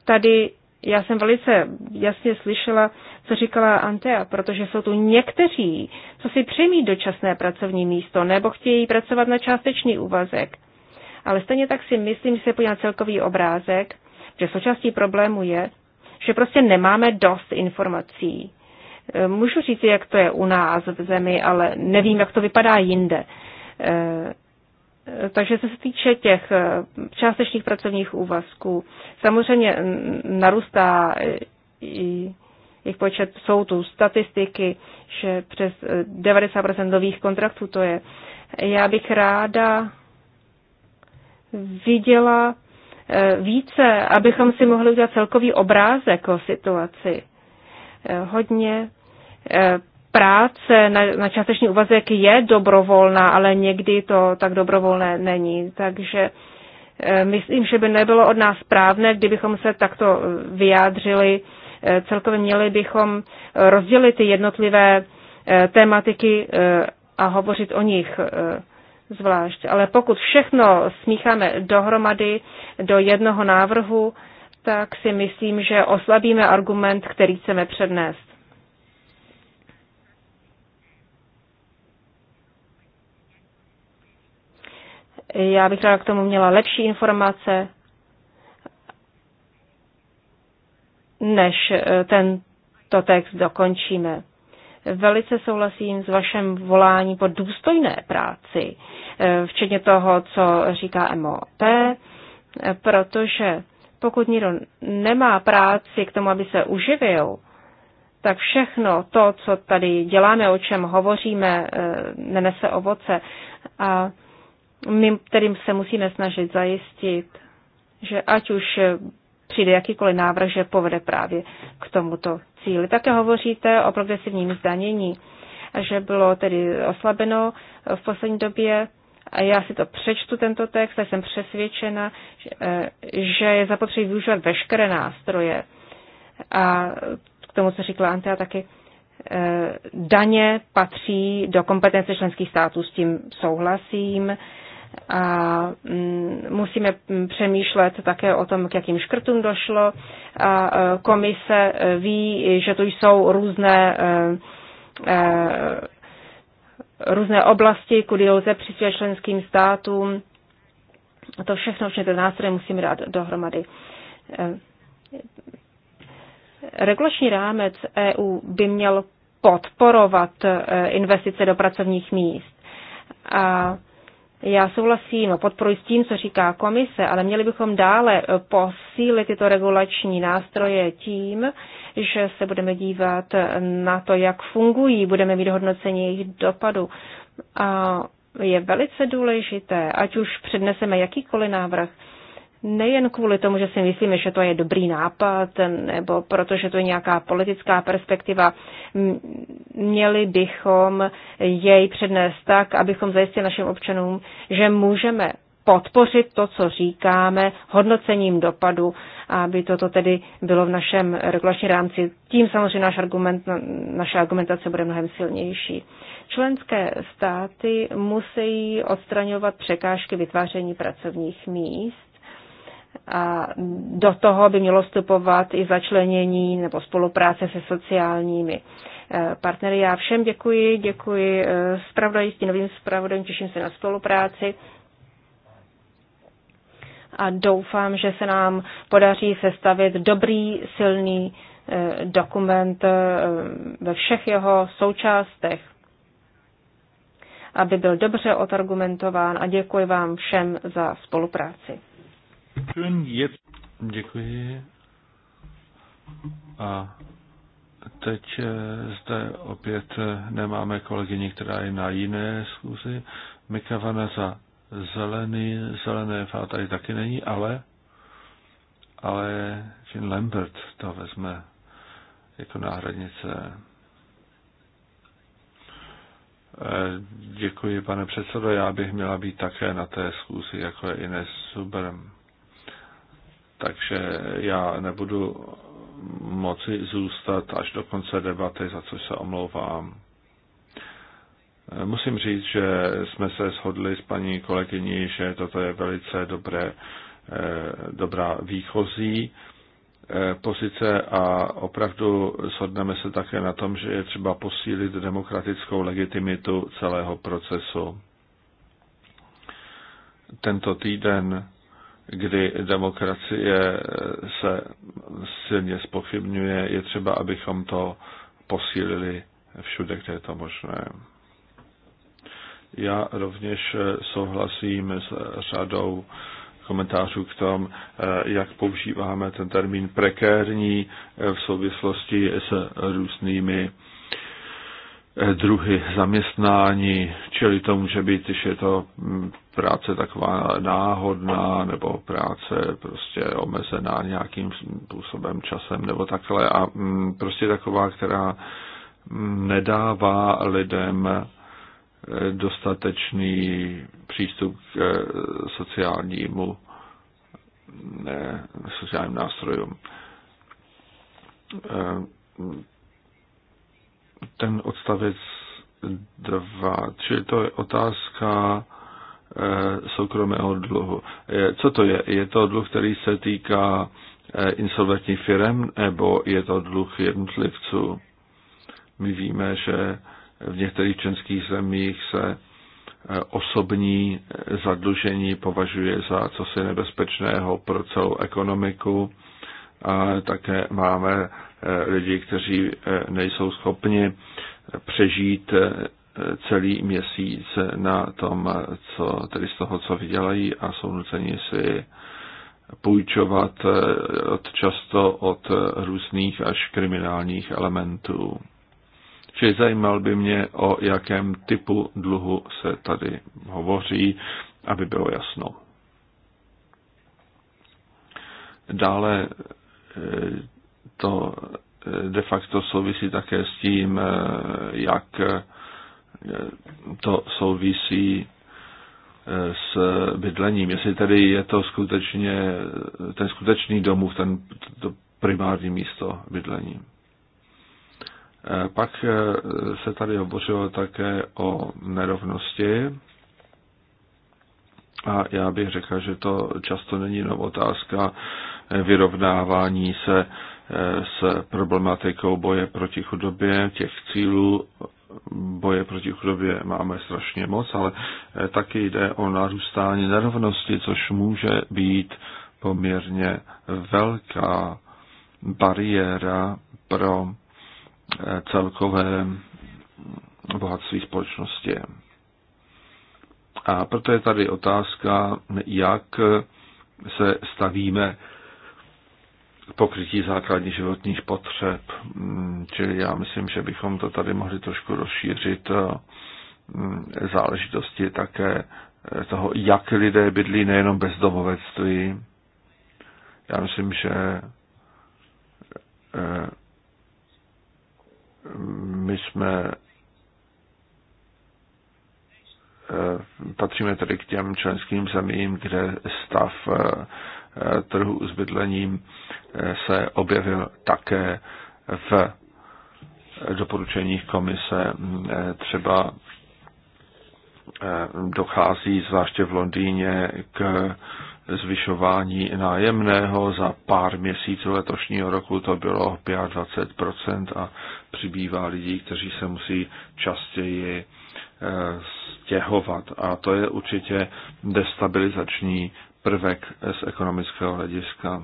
tady já jsem velice jasně slyšela co říkala Antea, protože jsou tu někteří, co si přijmí dočasné pracovní místo nebo chtějí pracovat na částečný úvazek. Ale stejně tak si myslím, že se podívá celkový obrázek, že součástí problému je, že prostě nemáme dost informací. E, můžu říct, jak to je u nás v zemi, ale nevím, jak to vypadá jinde. E, takže co se týče těch e, částečných pracovních úvazků, samozřejmě narůstá i jejich počet jsou tu statistiky, že přes 90% eh, nových kontraktů to je. Já bych ráda viděla eh, více, abychom si mohli udělat celkový obrázek o situaci. Eh, hodně práce na, na částečný úvazek je dobrovolná, ale někdy to tak dobrovolné není. Takže myslím, že by nebylo od nás správné, kdybychom se takto vyjádřili Eh, celkově měli bychom eh, rozdělit ty jednotlivé eh, tématiky a hovořit o nich zvlášť. Ale pokud všechno smícháme dohromady do jednoho návrhu, tak si myslím, že oslabíme argument, který chceme přednést. Já bych ráda k tomu měla lepší informace, než eh, tento text dokončíme. Velice souhlasím s vašem volání po důstojné práci, eh, včetně toho, co říká MOP, eh, protože pokud někdo nemá práci k tomu, aby se uživil, tak všechno to, co tady děláme, o čem hovoříme, nenese ovoce. A my tedy se musíme snažit zajistit, že ať už přijde jakýkoliv návrh, že povede právě k tomuto cíli. Také hovoříte o progresivním zdanění, že bylo tedy oslabeno v poslední době. A já si to přečtu, tento text, a jsem přesvědčena, že eh, je zapotřebí využívat veškeré nástroje. A k tomu, co říkala Antea, taky eh, daně patří do kompetence členských států, s tím souhlasím a mm, musíme přemýšlet také o tom, k jakým škrtům došlo. A e, komise e, ví, že tu jsou různé e, různé oblasti, kudy lze přispět členským státům. To všechno, všechny ty nástroje musíme dát dohromady. Regulační rámec EU by měl podporovat investice do pracovních míst. A já souhlasím a podporuji s tím, co říká komise, ale měli bychom dále posílit tyto regulační nástroje tím, že se budeme dívat na to, jak fungují, budeme mít hodnocení jejich dopadu. A je velice důležité, ať už předneseme jakýkoliv návrh, Nejen kvůli tomu, že si myslíme, že to je dobrý nápad, nebo protože to je nějaká politická perspektiva, měli bychom jej přednést tak, abychom zajistili našim občanům, že můžeme podpořit to, co říkáme, hodnocením dopadu, aby toto tedy bylo v našem regulačním rámci. Tím samozřejmě náš argument, naše argumentace bude mnohem silnější. Členské státy musí odstraňovat překážky vytváření pracovních míst a do toho by mělo vstupovat i začlenění nebo spolupráce se sociálními eh, partnery. Já všem děkuji, děkuji eh, zpravodaji, novým zpravodajům, těším se na spolupráci a doufám, že se nám podaří sestavit dobrý, silný eh, dokument ve všech jeho součástech, aby byl dobře odargumentován a děkuji vám všem za spolupráci. Děkuji. A teď eh, zde opět eh, nemáme kolegyni, která je na jiné schůzi. Mikavana za zelený, zelené fá tady taky není, ale ale Jean Lambert to vezme jako náhradnice. Eh, děkuji, pane předsedo. Já bych měla být také na té schůzi, jako je Ines Suberm takže já nebudu moci zůstat až do konce debaty, za což se omlouvám. Musím říct, že jsme se shodli s paní kolegyní, že toto je velice dobré, eh, dobrá výchozí eh, pozice a opravdu shodneme se také na tom, že je třeba posílit demokratickou legitimitu celého procesu. Tento týden kdy demokracie se silně spochybňuje, je třeba, abychom to posílili všude, kde je to možné. Já rovněž souhlasím s řadou komentářů k tomu, jak používáme ten termín prekérní v souvislosti s různými druhy zaměstnání, čili to může být, že je to práce taková náhodná nebo práce prostě omezená nějakým způsobem, časem nebo takhle a mm, prostě taková, která mm, nedává lidem eh, dostatečný přístup k eh, sociálnímu ne, eh, sociálním nástrojům. Ten odstavec dva, čili to je otázka Eh, soukromého dluhu. Eh, co to je? Je to dluh, který se týká eh, insolventních firm, nebo je to dluh jednotlivců? My víme, že v některých členských zemích se osobní zadlužení považuje za co nebezpečného pro celou ekonomiku. A také máme lidi, kteří nejsou schopni přežít celý měsíc na tom, co, tedy z toho, co vydělají a jsou nuceni si půjčovat eh, od často od různých až kriminálních elementů. Čili zajímal by mě, o jakém typu dluhu se tady hovoří, aby bylo jasno. Dále eh, to eh, de facto souvisí také s tím, jak to souvisí eh, s bydlením. Jestli tedy je to skutečně ten skutečný domov, ten, to primární místo bydlení. Eh, pak eh, se tady hovořilo také o nerovnosti. A já bych řekl, že to často není jenom otázka vyrovnávání se s problematikou boje proti chudobě. Těch cílů boje proti chudobě máme strašně moc, ale eh, taky jde o narůstání nerovnosti, což může být poměrně velká bariéra pro eh, celkové bohatství společnosti. A proto je tady otázka, jak se stavíme pokrytí základních životních potřeb. Mm, čili já myslím, že bychom to tady mohli trošku rozšířit eh, mm, záležitosti také eh, toho, jak lidé bydlí nejenom bezdomovectví. Já myslím, že eh, my jsme patříme tedy k těm členským zemím, kde stav trhu s bydlením eh, se objevil také v doporučeních komise. Mm, eh, třeba eh, dochází zvláště v Londýně k zvyšování nájemného. Za pár měsíců letošního roku to bylo 25% a přibývá lidí, kteří se musí častěji stěhovat. A to je určitě destabilizační prvek z ekonomického hlediska.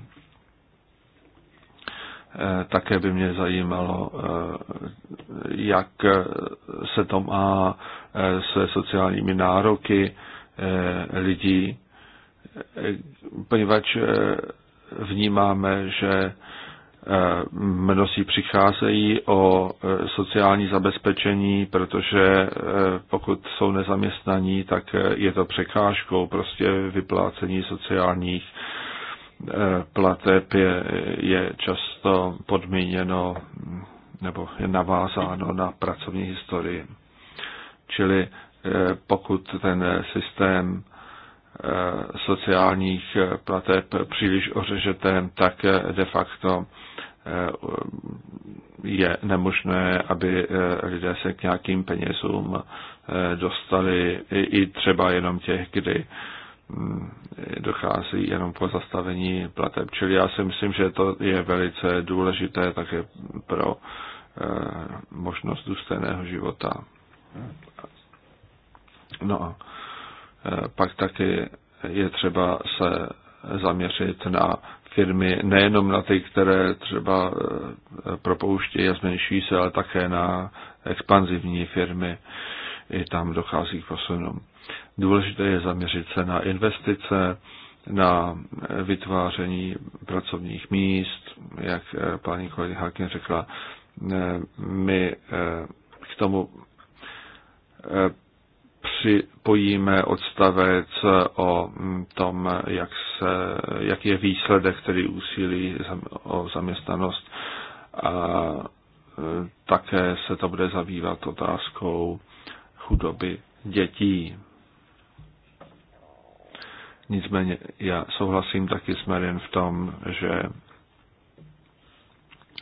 Eh, také by mě zajímalo, eh, jak se to má eh, se sociálními nároky lidí, poněvadž vnímáme, že mnozí přicházejí o e, sociální zabezpečení, protože e, pokud jsou nezaměstnaní, tak e, je to překážkou. Prostě vyplácení sociálních plateb je, je často podmíněno nebo je navázáno na pracovní historii. Čili pokud ten systém sociálních plateb příliš ořežete, tak de facto je nemožné, aby eh, lidé se k nějakým penězům eh, dostali i třeba jenom těch, kdy mm, dochází jenom po zastavení plateb. Čili já si myslím, že to je velice důležité také pro eh, možnost důstojného života. No a pak taky je třeba se zaměřit na firmy, nejenom na ty, které třeba eh, propouštějí a zmenšují se, ale také na expanzivní firmy. I tam dochází k posunům. Důležité je zaměřit se na investice, na vytváření pracovních míst, jak eh, paní kolegy Harkin řekla, eh, my k tomu připojíme odstavec o tom, jak, se, jak je výsledek, který úsilí o zaměstnanost. A e, také se to bude zabývat otázkou chudoby dětí. Nicméně já souhlasím taky s Marin v tom, že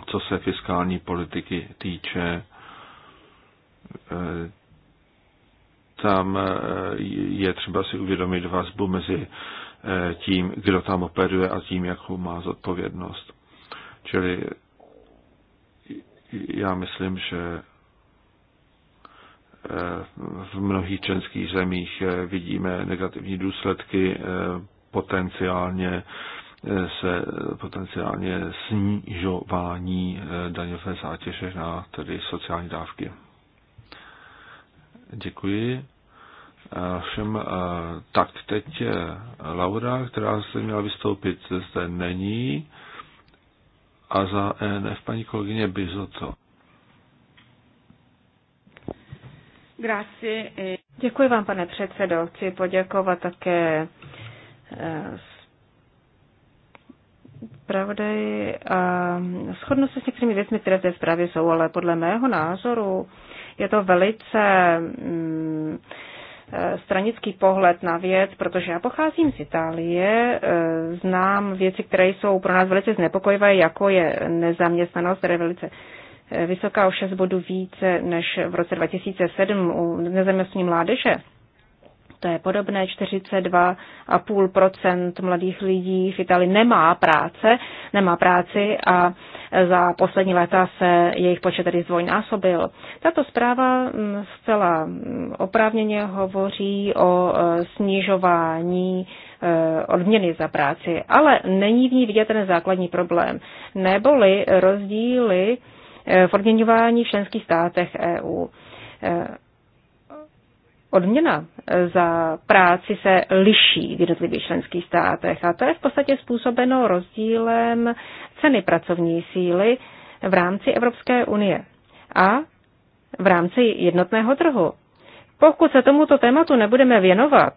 co se fiskální politiky týče, e, tam eh, je třeba si uvědomit vazbu mezi eh, tím, kdo tam operuje a tím, jakou má zodpovědnost. Čili já myslím, že eh, v mnohých členských zemích vidíme negativní důsledky potenciálně se potenciálně snižování daňové zátěže na tedy sociální dávky. Děkuji. Všem, eh, tak teď Laura, která se měla vystoupit, zde není. A za ENF paní kolegyně Bizoto. Děkuji vám, pane předsedo. Chci poděkovat také eh, zpravodaji. Shodnu se s některými věcmi, které v té zprávě jsou, ale podle mého názoru je to velice mm, Eh, stranický pohled na věc, protože já pocházím z Itálie, eh, znám věci, které jsou pro nás velice znepokojivé, jako je nezaměstnanost, která je velice eh, vysoká o 6 bodů více než v roce 2007 u nezaměstní mládeže to je podobné, 42,5% mladých lidí v Itálii nemá práce, nemá práci a za poslední léta se jejich počet tedy zdvojnásobil. Tato zpráva mm, zcela mm, oprávněně hovoří o e, snižování e, odměny za práci, ale není v ní vidět ten základní problém, neboli rozdíly e, v odměňování v členských státech EU. Odměna eh, za práci se liší v jednotlivých členských státech a to je v podstatě způsobeno rozdílem ceny pracovní síly v rámci Evropské unie a v rámci jednotného trhu. Pokud se tomuto tématu nebudeme věnovat,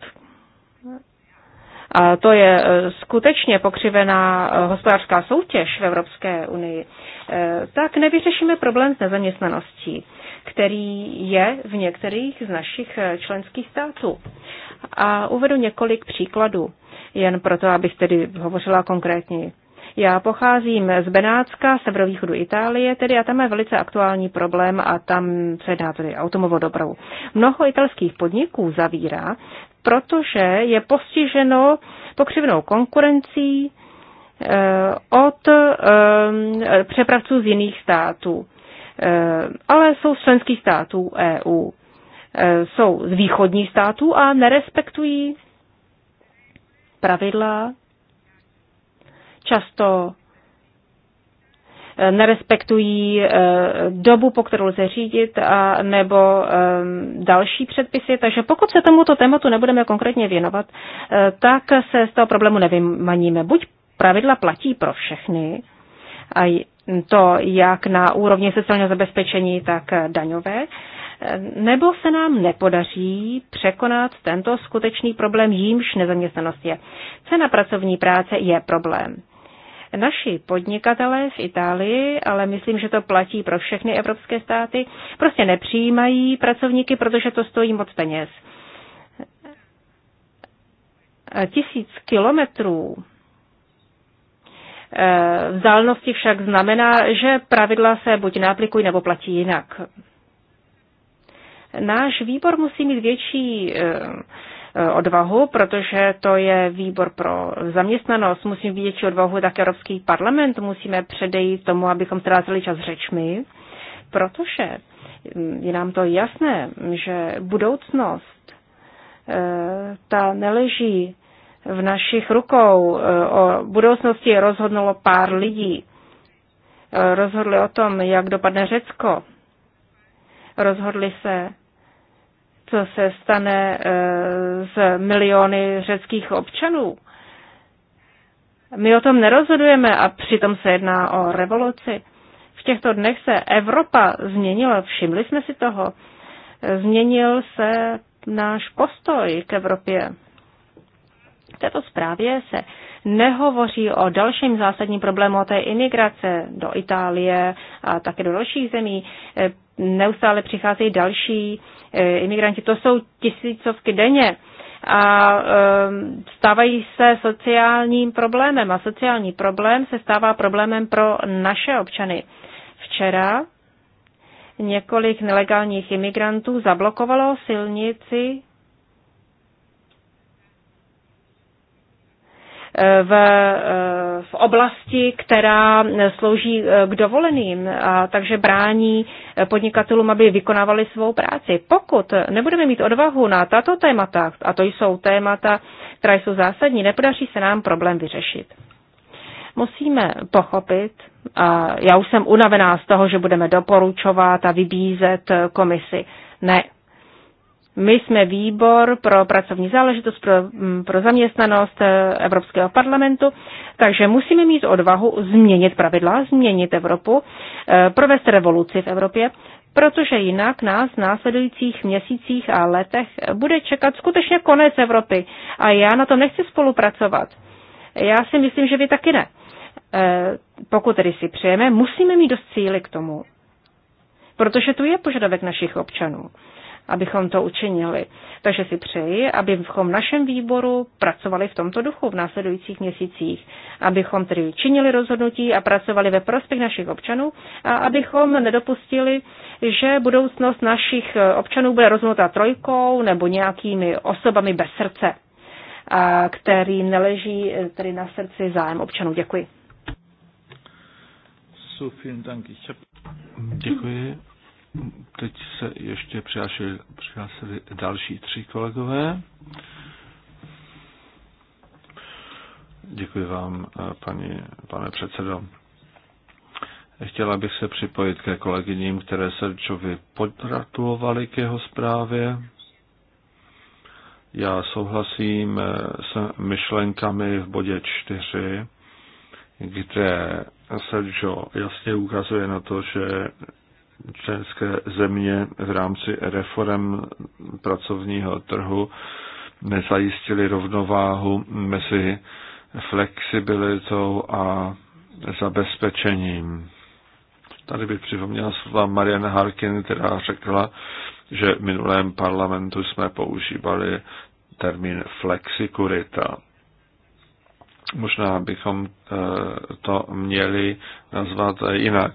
a to je eh, skutečně pokřivená eh, hospodářská soutěž v Evropské unii, tak nevyřešíme problém s nezaměstnaností který je v některých z našich eh, členských států. A uvedu několik příkladů, jen proto, abych tedy hovořila konkrétně. Já pocházím z Benátska, severovýchodu Itálie, tedy a tam je velice aktuální problém a tam se dá tedy automovou dopravu. Mnoho italských podniků zavírá, protože je postiženo pokřivnou konkurencí eh, od eh, přepravců z jiných států. Eh, ale jsou z členských států EU. Eh, jsou z východních států a nerespektují pravidla, často eh, nerespektují dobu, po kterou lze řídit, a nebo další předpisy. Takže pokud se tomuto tématu nebudeme konkrétně věnovat, tak se z toho problému nevymaníme. Buď pravidla platí pro všechny, a to jak na úrovni sociálního zabezpečení, tak daňové, nebo se nám nepodaří překonat tento skutečný problém, jímž nezaměstnanost je. Cena pracovní práce je problém. Naši podnikatelé v Itálii, ale myslím, že to platí pro všechny evropské státy, prostě nepřijímají pracovníky, protože to stojí moc peněz. Tisíc kilometrů Eh, vzdálenosti však znamená, že pravidla se buď neaplikují nebo platí jinak. Náš výbor musí mít větší eh, odvahu, protože to je výbor pro zaměstnanost. Musíme mít větší odvahu, tak Evropský parlament musíme předejít tomu, abychom ztráceli čas řečmi, protože hm, je nám to jasné, že budoucnost eh, ta neleží v našich rukou. O budoucnosti rozhodnulo pár lidí. Rozhodli o tom, jak dopadne Řecko. Rozhodli se, co se stane z e, miliony řeckých občanů. My o tom nerozhodujeme a přitom se jedná o revoluci. V těchto dnech se Evropa změnila, všimli jsme si toho. Změnil se náš postoj k Evropě. V této zprávě se nehovoří o dalším zásadním problému, a to je imigrace do Itálie a také do dalších zemí. Neustále přicházejí další e, imigranti, to jsou tisícovky denně a e, stávají se sociálním problémem a sociální problém se stává problémem pro naše občany. Včera několik nelegálních imigrantů zablokovalo silnici v, v oblasti, která slouží eh, k dovoleným a takže brání eh, podnikatelům, aby vykonávali svou práci. Pokud nebudeme mít odvahu na tato témata, a to jsou témata, která jsou zásadní, nepodaří se nám problém vyřešit. Musíme pochopit, a já už jsem unavená z toho, že budeme doporučovat a vybízet komisi. Ne, my jsme výbor pro pracovní záležitost, pro, mm, pro zaměstnanost eh, Evropského parlamentu, takže musíme mít odvahu změnit pravidla, změnit Evropu, eh, provést revoluci v Evropě, protože jinak nás v následujících měsících a letech bude čekat skutečně konec Evropy a já na to nechci spolupracovat. Já si myslím, že vy taky ne. Eh, pokud tedy si přejeme, musíme mít dost síly k tomu, protože tu je požadavek našich občanů abychom to učinili. Takže si přeji, abychom v našem výboru pracovali v tomto duchu v následujících měsících, abychom tedy činili rozhodnutí a pracovali ve prospěch našich občanů a abychom nedopustili, že budoucnost našich občanů bude rozhodnuta trojkou nebo nějakými osobami bez srdce, kterým neleží tedy na srdci zájem občanů. Děkuji. Děkuji. Teď se ještě přihlásili, přihlásili další tři kolegové. Děkuji vám, paní, pane předsedo. Chtěla bych se připojit ke kolegyním, které Serčovi pogratulovali k jeho zprávě. Já souhlasím s myšlenkami v bodě 4, kde Sergio jasně ukazuje na to, že členské země v rámci reform pracovního trhu nezajistili rovnováhu mezi flexibilitou a zabezpečením. Tady bych připomněla slova Marianne Harkin, která řekla, že v minulém parlamentu jsme používali termín flexikurita. Možná bychom eh, to měli nazvat eh, jinak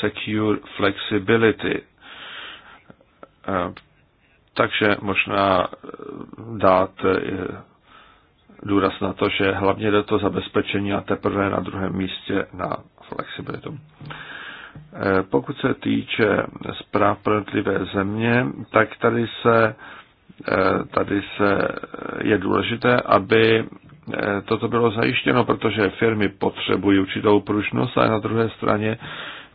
Secure Flexibility. Eh, takže možná eh, dát eh, důraz na to, že hlavně jde to zabezpečení a teprve na druhém místě na flexibilitu. Pokud se týče zpráv pro země, tak tady se, tady se je důležité, aby toto bylo zajištěno, protože firmy potřebují určitou pružnost, ale na druhé straně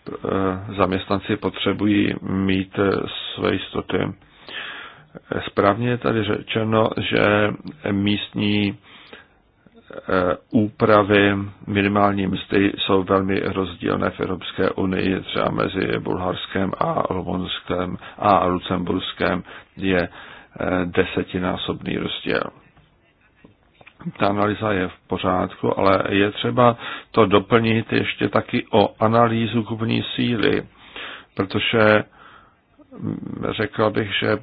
Eh, zaměstnanci potřebují mít eh, své jistoty. Eh, správně je tady řečeno, že místní úpravy minimální mzdy jsou velmi rozdílné v Evropské unii, třeba mezi Bulharskem a Rumunskem a Lucemburskem je desetinásobný rozdíl ta analýza je v pořádku, ale je třeba to doplnit ještě taky o analýzu kupní síly, protože mm, řekl bych, že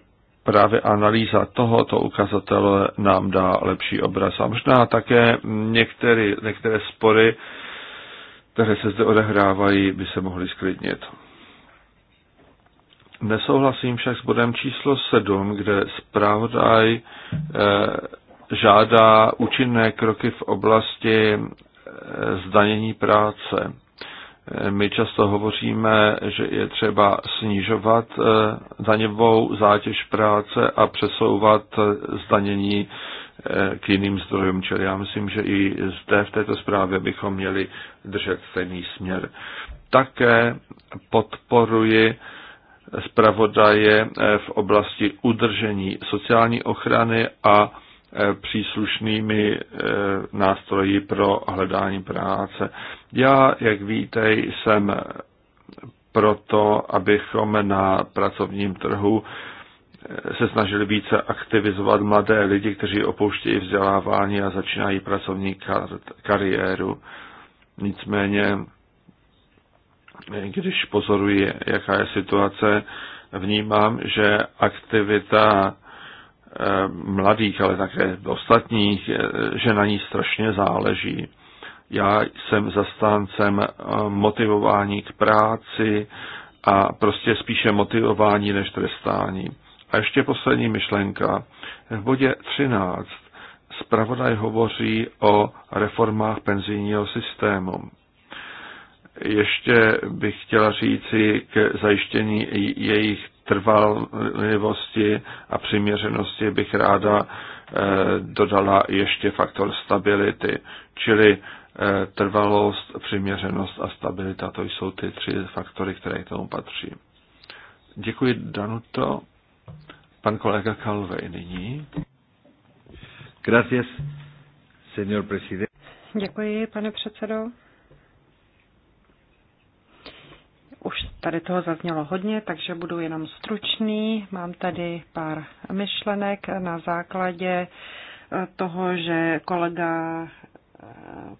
právě analýza tohoto ukazatele nám dá lepší obraz. A možná také některé, některé spory, které se zde odehrávají, by se mohly sklidnit. Nesouhlasím však s bodem číslo 7, kde zpravodaj eh, žádá účinné kroky v oblasti eh, zdanění práce. Eh, my často hovoříme, že je třeba snižovat eh, daňovou zátěž práce a přesouvat zdanění k jiným zdrojům. Čili já myslím, že i zde v této zprávě bychom měli držet stejný směr. Také podporuji zpravodaje v oblasti udržení sociální ochrany a Eh, příslušnými eh, nástroji pro hledání práce. Já, jak víte, jsem proto, abychom na pracovním trhu eh, se snažili více aktivizovat mladé lidi, kteří opouštějí vzdělávání a začínají pracovní kar- kariéru. Nicméně, když pozoruji, jaká je situace, vnímám, že aktivita Eh, mladých, ale také ostatních, že na ní strašně záleží. Já jsem zastáncem eh, motivování k práci a prostě spíše motivování než trestání. A ještě poslední myšlenka. V bodě 13 zpravodaj hovoří o reformách penzijního systému. Ještě bych chtěla říci k zajištění jejich trvalivosti a přiměřenosti bych ráda eh, dodala ještě faktor stability, čili eh, trvalost, přiměřenost a stabilita. To jsou ty tři faktory, které k tomu patří. Děkuji, Danuto. Pan kolega Kalvej nyní. Gracias, señor presidente. Děkuji, pane předsedo. Už tady toho zaznělo hodně, takže budu jenom stručný. Mám tady pár myšlenek na základě eh, toho, že kolega eh,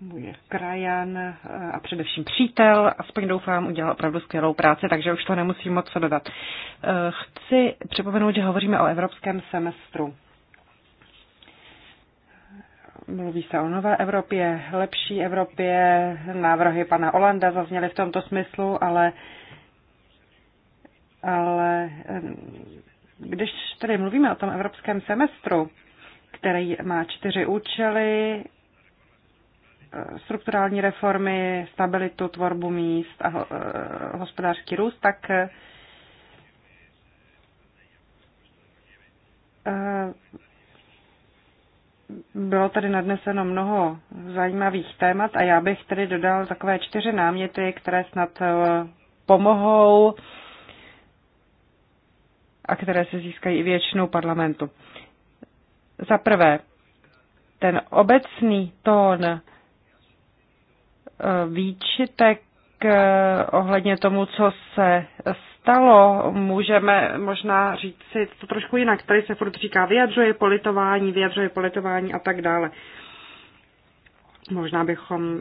můj krajan eh, a především přítel, aspoň doufám, udělal opravdu skvělou práci, takže už to nemusím moc dodat. Chci připomenout, že hovoříme o evropském semestru. Mluví se o nové Evropě, lepší Evropě. Návrhy pana Olanda zazněly v tomto smyslu, ale, ale eh, když tedy mluvíme o tom evropském semestru, který má čtyři účely, eh, strukturální reformy, stabilitu, tvorbu míst a eh, hospodářský růst, tak bylo tady nadneseno mnoho zajímavých témat a já bych tedy dodal takové čtyři náměty, které snad eh, pomohou a které se získají i většinou parlamentu. Za prvé, ten obecný tón eh, výčitek eh, ohledně tomu, co se stalo, můžeme možná říct si to trošku jinak. Tady se furt říká vyjadřuje politování, vyjadřuje politování a tak dále. Možná bychom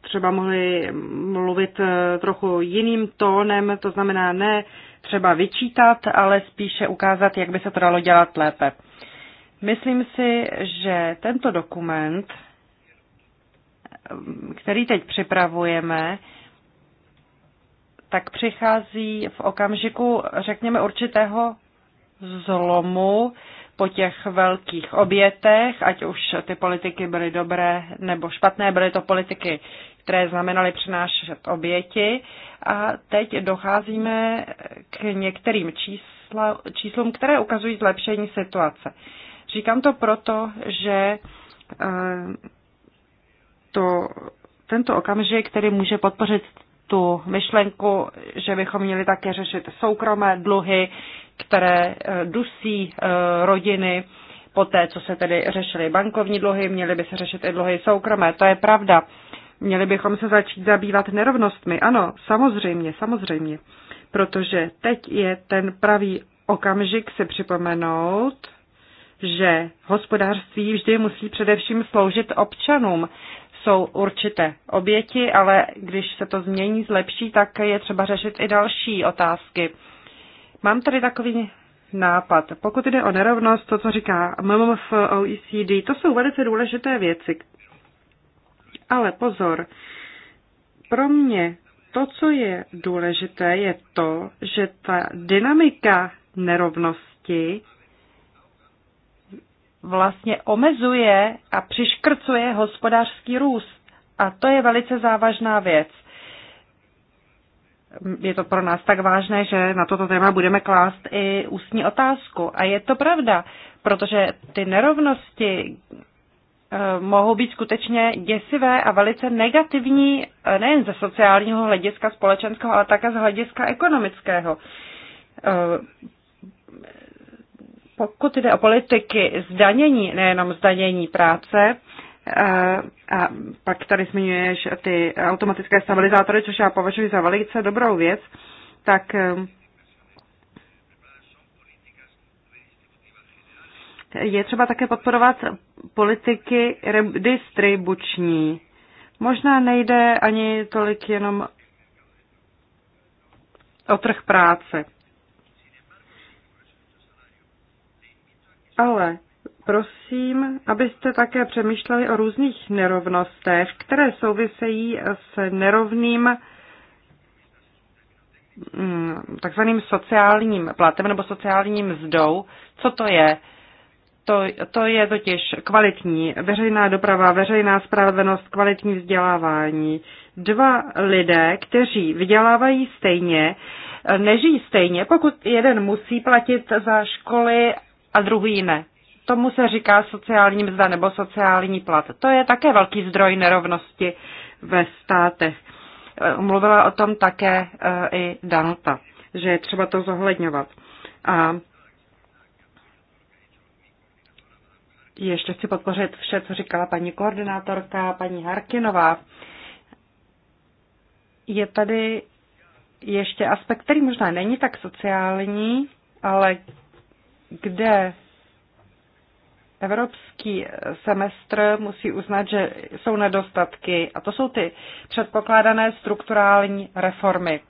třeba mohli mluvit eh, trochu jiným tónem, to znamená ne třeba vyčítat, ale spíše ukázat, jak by se to dalo dělat lépe. Myslím si, že tento dokument, eh, který teď připravujeme, tak přichází v okamžiku, řekněme, určitého zlomu po těch velkých obětech, ať už ty politiky byly dobré nebo špatné, byly to politiky, které znamenaly přinášet oběti. A teď docházíme k některým čísla, číslům, které ukazují zlepšení situace. Říkám to proto, že eh, to, tento okamžik, který může podpořit tu myšlenku, že bychom měli také řešit soukromé dluhy, které e, dusí e, rodiny. Poté, co se tedy řešily bankovní dluhy, měly by se řešit i dluhy soukromé. To je pravda. Měli bychom se začít zabývat nerovnostmi. Ano, samozřejmě, samozřejmě. Protože teď je ten pravý okamžik si připomenout, že hospodářství vždy musí především sloužit občanům jsou určité oběti, ale když se to změní, zlepší, tak je třeba řešit i další otázky. Mám tady takový nápad. Pokud jde o nerovnost, to, co říká MMF OECD, to jsou velice důležité věci. Ale pozor, pro mě to, co je důležité, je to, že ta dynamika nerovnosti vlastně omezuje a přiškrcuje hospodářský růst. A to je velice závažná věc. Je to pro nás tak vážné, že na toto téma budeme klást i ústní otázku. A je to pravda, protože ty nerovnosti eh, mohou být skutečně děsivé a velice negativní eh, nejen ze sociálního hlediska společenského, ale také z hlediska ekonomického eh, pokud jde o politiky zdanění, nejenom zdanění práce, eh, a pak tady zmiňuješ ty automatické stabilizátory, což já považuji za velice dobrou věc, tak eh, je třeba také podporovat politiky redistribuční. Možná nejde ani tolik jenom o trh práce. ale prosím, abyste také přemýšleli o různých nerovnostech, které souvisejí s nerovným mm, takzvaným sociálním platem nebo sociálním mzdou. Co to je? To, to je totiž kvalitní veřejná doprava, veřejná spravedlnost, kvalitní vzdělávání. Dva lidé, kteří vydělávají stejně, nežijí stejně, pokud jeden musí platit za školy a druhý ne. Tomu se říká sociální mzda nebo sociální plat. To je také velký zdroj nerovnosti ve státech. Mluvila o tom také e, i Danuta, že je třeba to zohledňovat. A ještě chci podpořit vše, co říkala paní koordinátorka, paní Harkinová. Je tady ještě aspekt, který možná není tak sociální, ale kde evropský semestr musí uznat, že jsou nedostatky a to jsou ty předpokládané strukturální reformy.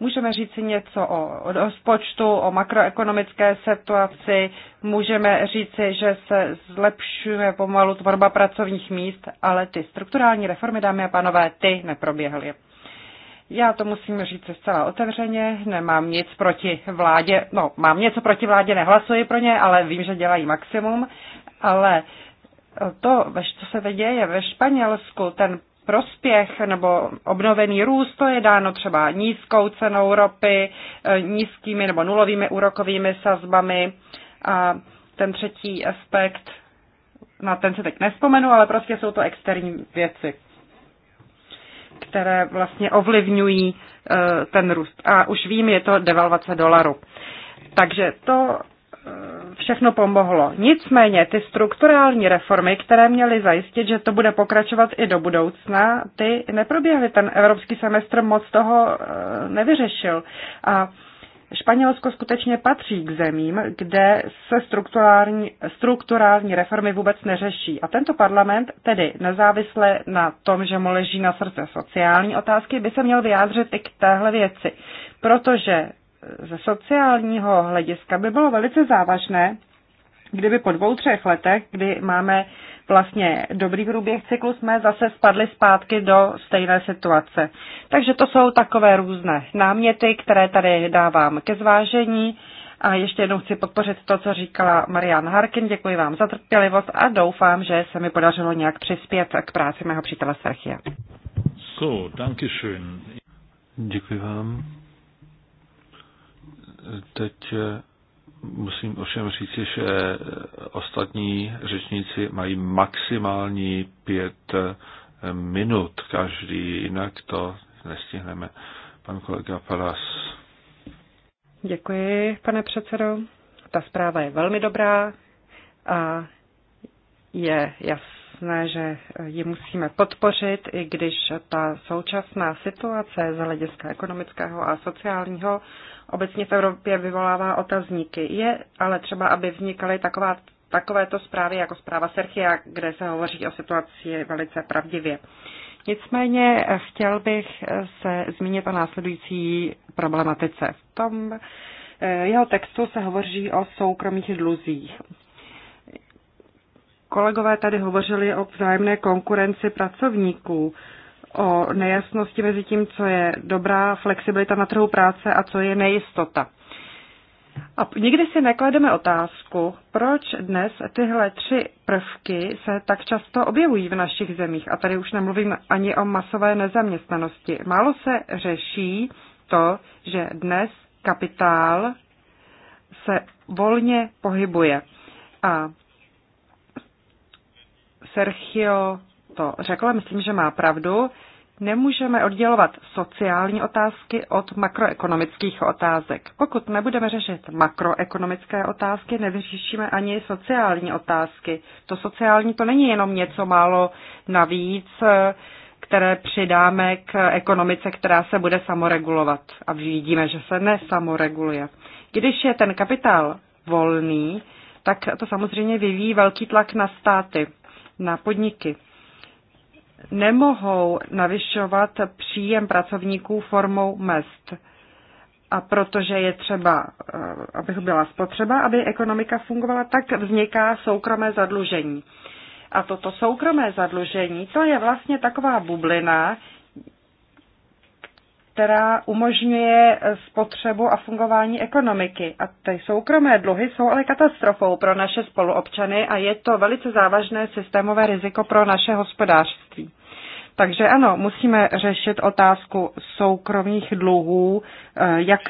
Můžeme říct něco o rozpočtu, o makroekonomické situaci, můžeme říci, že se zlepšuje pomalu tvorba pracovních míst, ale ty strukturální reformy, dámy a pánové, ty neproběhly. Já to musím říct zcela otevřeně, nemám nic proti vládě, no mám něco proti vládě, nehlasuji pro ně, ale vím, že dělají maximum, ale to, co se děje ve Španělsku, ten prospěch nebo obnovený růst, to je dáno třeba nízkou cenou ropy, eh, nízkými nebo nulovými úrokovými sazbami. A ten třetí aspekt, na ten se teď nespomenu, ale prostě jsou to externí věci které vlastně ovlivňují eh, ten růst. A už vím, je to devalvace dolaru. Takže to eh, všechno pomohlo. Nicméně ty strukturální reformy, které měly zajistit, že to bude pokračovat i do budoucna, ty neproběhly. Ten evropský semestr moc toho eh, nevyřešil. A Španělsko skutečně patří k zemím, kde se strukturální, strukturální reformy vůbec neřeší. A tento parlament, tedy nezávisle na tom, že mu leží na srdce sociální otázky, by se měl vyjádřit i k téhle věci. Protože ze sociálního hlediska by bylo velice závažné, kdyby po dvou, třech letech, kdy máme vlastně dobrý průběh cyklu, jsme zase spadli zpátky do stejné situace. Takže to jsou takové různé náměty, které tady dávám ke zvážení. A ještě jednou chci podpořit to, co říkala Marian Harkin. Děkuji vám za trpělivost a doufám, že se mi podařilo nějak přispět k práci mého přítele Serchia. So, danke schön. Děkuji vám. Teď eh, Musím ovšem říct, že ostatní řečníci mají maximální pět minut každý, jinak to nestihneme. Pan kolega Paras. Děkuji, pane předsedo. Ta zpráva je velmi dobrá a je jas, jasné, že ji musíme podpořit, i když ta současná situace z hlediska ekonomického a sociálního obecně v Evropě vyvolává otazníky. Je ale třeba, aby vznikaly taková, takovéto zprávy jako zpráva Serchia, kde se hovoří o situaci velice pravdivě. Nicméně chtěl bych se zmínit o následující problematice. V tom eh, jeho textu se hovoří o soukromých dluzích. Kolegové tady hovořili o vzájemné konkurenci pracovníků, o nejasnosti mezi tím, co je dobrá flexibilita na trhu práce a co je nejistota. A nikdy si neklademe otázku, proč dnes tyhle tři prvky se tak často objevují v našich zemích. A tady už nemluvím ani o masové nezaměstnanosti. Málo se řeší to, že dnes kapitál se volně pohybuje. A Sergio to řekl, myslím, že má pravdu, nemůžeme oddělovat sociální otázky od makroekonomických otázek. Pokud nebudeme řešit makroekonomické otázky, nevyřešíme ani sociální otázky. To sociální to není jenom něco málo navíc, které přidáme k ekonomice, která se bude samoregulovat. A vidíme, že se nesamoreguluje. Když je ten kapitál volný, tak to samozřejmě vyvíjí velký tlak na státy na podniky. Nemohou navyšovat příjem pracovníků formou mest. A protože je třeba, eh, aby byla spotřeba, aby ekonomika fungovala, tak vzniká soukromé zadlužení. A toto soukromé zadlužení, to je vlastně taková bublina, která umožňuje spotřebu a fungování ekonomiky. A ty soukromé dluhy jsou ale katastrofou pro naše spoluobčany a je to velice závažné systémové riziko pro naše hospodářství. Takže ano, musíme řešit otázku soukromých dluhů, eh, jak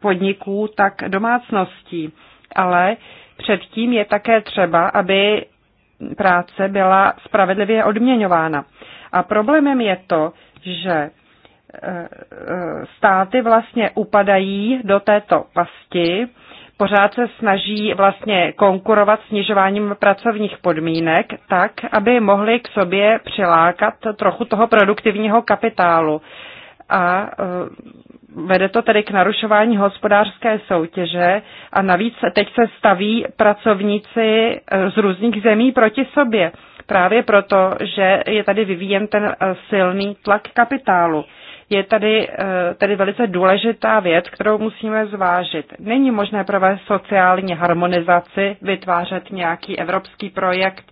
podniků, tak domácností. Ale předtím je také třeba, aby práce byla spravedlivě odměňována. A problémem je to, že státy vlastně upadají do této pasti, pořád se snaží vlastně konkurovat snižováním pracovních podmínek tak, aby mohli k sobě přilákat trochu toho produktivního kapitálu. A e, vede to tedy k narušování hospodářské soutěže a navíc teď se staví pracovníci e, z různých zemí proti sobě. Právě proto, že je tady vyvíjen ten e, silný tlak kapitálu je tady, eh, tady velice důležitá věc, kterou musíme zvážit. Není možné provést sociální harmonizaci, vytvářet nějaký evropský projekt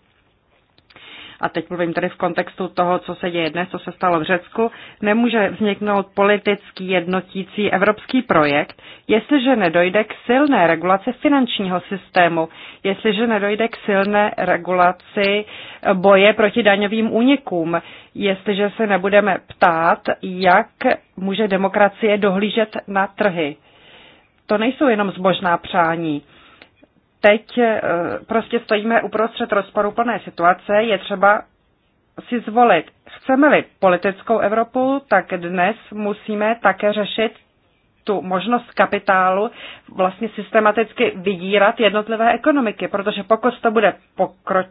a teď mluvím tady v kontextu toho, co se děje dnes, co se stalo v Řecku, nemůže vzniknout politický jednotící evropský projekt, jestliže nedojde k silné regulaci finančního systému, jestliže nedojde k silné regulaci eh, boje proti daňovým únikům, jestliže se nebudeme ptát, jak může demokracie dohlížet na trhy. To nejsou jenom zbožná přání teď eh, prostě stojíme uprostřed rozporuplné situace, je třeba si zvolit. Chceme-li politickou Evropu, tak dnes musíme také řešit tu možnost kapitálu vlastně systematicky vydírat jednotlivé ekonomiky, protože pokud to bude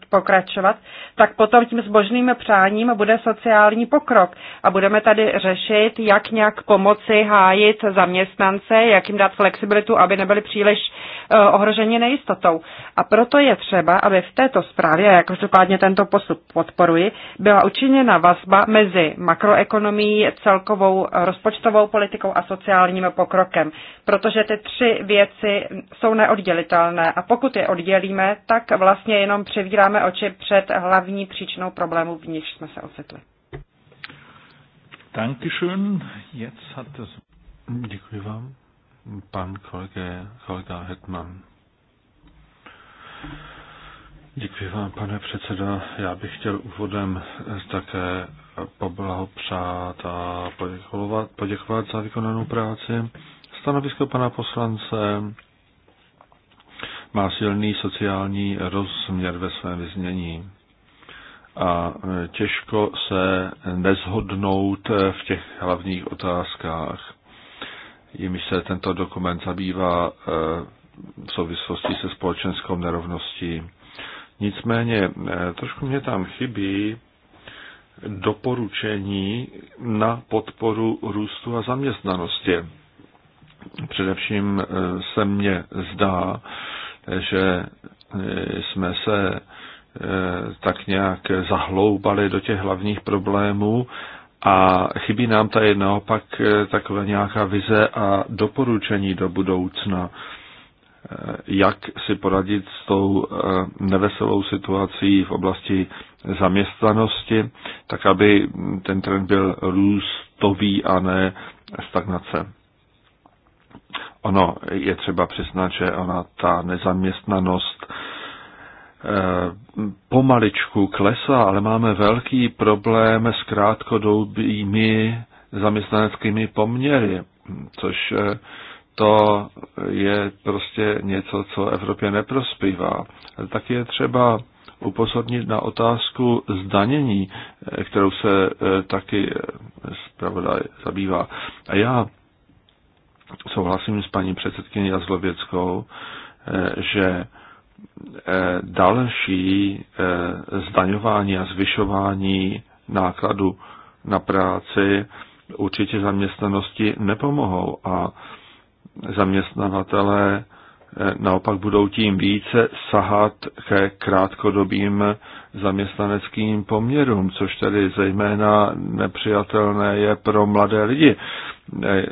pokračovat, tak potom tím zbožným přáním bude sociální pokrok a budeme tady řešit, jak nějak pomoci hájit zaměstnance, jak jim dát flexibilitu, aby nebyly příliš eh, ohroženi nejistotou. A proto je třeba, aby v této zprávě, a jak každopádně tento postup podporuji, byla učiněna vazba mezi makroekonomií, celkovou rozpočtovou politikou a sociálním pokrokem pokrokem, protože ty tři věci jsou neoddělitelné a pokud je oddělíme, tak vlastně jenom převíráme oči před hlavní příčnou problému, v níž jsme se ocitli. Dankeschön. Jetzt hat das... Děkuji vám. Pan kolega, kolega Hetman. Děkuji vám, pane předseda. Já bych chtěl úvodem také poblahopřát a poděkovat, poděkovat za vykonanou práci. Stanovisko pana poslance má silný sociální rozměr ve svém vyznění a těžko se nezhodnout v těch hlavních otázkách, jimi se tento dokument zabývá eh, v souvislosti se společenskou nerovností. Nicméně eh, trošku mě tam chybí doporučení na podporu růstu a zaměstnanosti. Především eh, se mně zdá, že eh, jsme se eh, tak nějak zahloubali do těch hlavních problémů a chybí nám tady naopak taková nějaká vize a doporučení do budoucna, jak si poradit s tou neveselou situací v oblasti zaměstnanosti, tak aby ten trend byl růstový a ne stagnace. Ono je třeba přiznat, že ona ta nezaměstnanost eh, pomaličku klesá, ale máme velký problém s krátkodobými zaměstnaneckými poměry, což eh, to je prostě něco, co Evropě neprospívá. Tak je třeba upozornit na otázku zdanění, eh, kterou se eh, taky eh, zpravodaj zabývá. A já souhlasím s paní předsedkyní Jazlověckou, že další zdaňování a zvyšování nákladu na práci určitě zaměstnanosti nepomohou a zaměstnavatelé Eh, naopak budou tím více sahat ke krátkodobým zaměstnaneckým poměrům, což tedy zejména nepřijatelné je pro mladé lidi. Eh,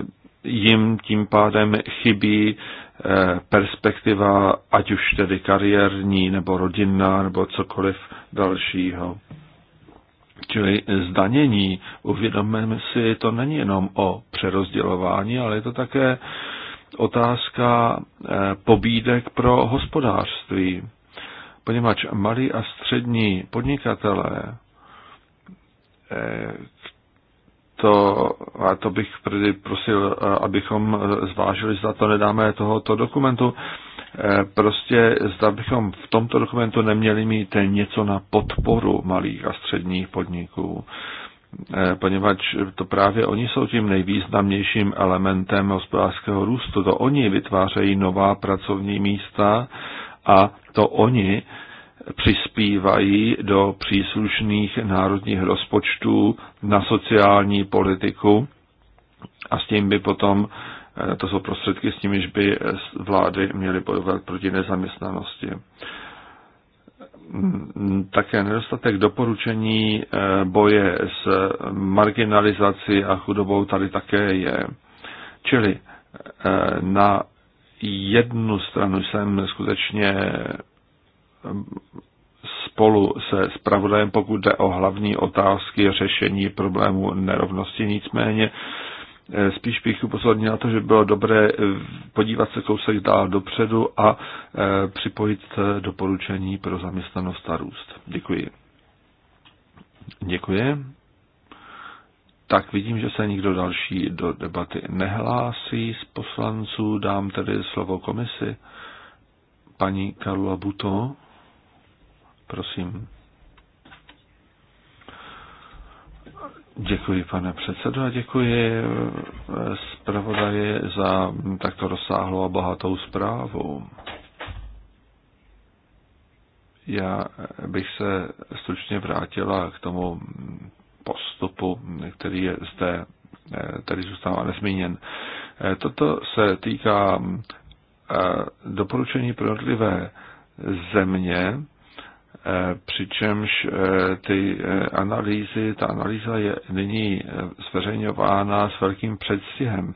jim tím pádem chybí eh, perspektiva, ať už tedy kariérní, nebo rodinná, nebo cokoliv dalšího. Čili zdanění, uvědomme si, to není jenom o přerozdělování, ale je to také otázka eh, pobídek pro hospodářství, poněvadž malí a střední podnikatelé, eh, to, a to bych prosil, eh, abychom zvážili, zda to nedáme tohoto dokumentu, prostě zda bychom v tomto dokumentu neměli mít něco na podporu malých a středních podniků. Eh, poněvadž to právě oni jsou tím nejvýznamnějším elementem hospodářského růstu. To oni vytvářejí nová pracovní místa a to oni přispívají do příslušných národních rozpočtů na sociální politiku a s tím by potom, eh, to jsou prostředky, s nimiž by vlády měly bojovat proti nezaměstnanosti také nedostatek doporučení eh, boje s marginalizací a chudobou tady také je. Čili eh, na jednu stranu jsem skutečně eh, spolu se spravodajem, pokud jde o hlavní otázky řešení problému nerovnosti. Nicméně Eh, spíš bych upozornil na to, že bylo dobré eh, podívat se kousek dál dopředu a eh, připojit doporučení pro zaměstnanost a růst. Děkuji. Děkuji. Tak vidím, že se nikdo další do debaty nehlásí z poslanců. Dám tedy slovo komisi. Paní Karla Buto, prosím. Děkuji, pane předsedo, a děkuji eh, zpravodaji za takto rozsáhlou a bohatou zprávu. Já bych se stručně vrátila k tomu postupu, který je zde, eh, tady zůstává nezmíněn. Eh, toto se týká doporučení pro země, Eh, přičemž eh, ty eh, analýzy, ta analýza je nyní zveřejňována s velkým předstihem,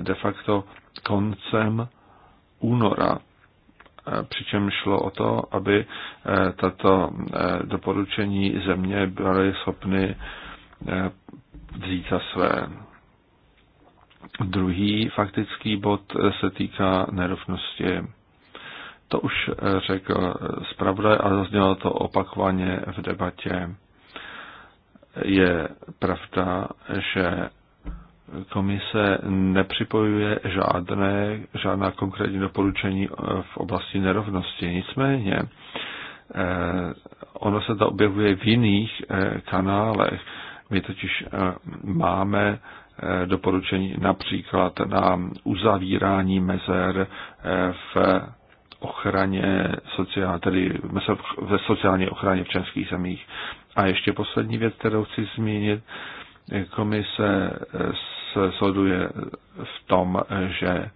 de facto koncem února. Přičemž šlo o to, aby tato doporučení země byly schopny vzít za své. Druhý faktický bod se týká nerovnosti to už řekl zpravodaj a zaznělo to opakovaně v debatě. Je pravda, že komise nepřipojuje žádné, žádná konkrétní doporučení v oblasti nerovnosti. Nicméně eh, ono se to objevuje v jiných eh, kanálech. My totiž eh, máme doporučení například na uzavírání mezer v ochraně, sociál, tedy ve sociální ochraně v českých zemích. A ještě poslední věc, kterou chci zmínit, komise eh, se shoduje v tom, že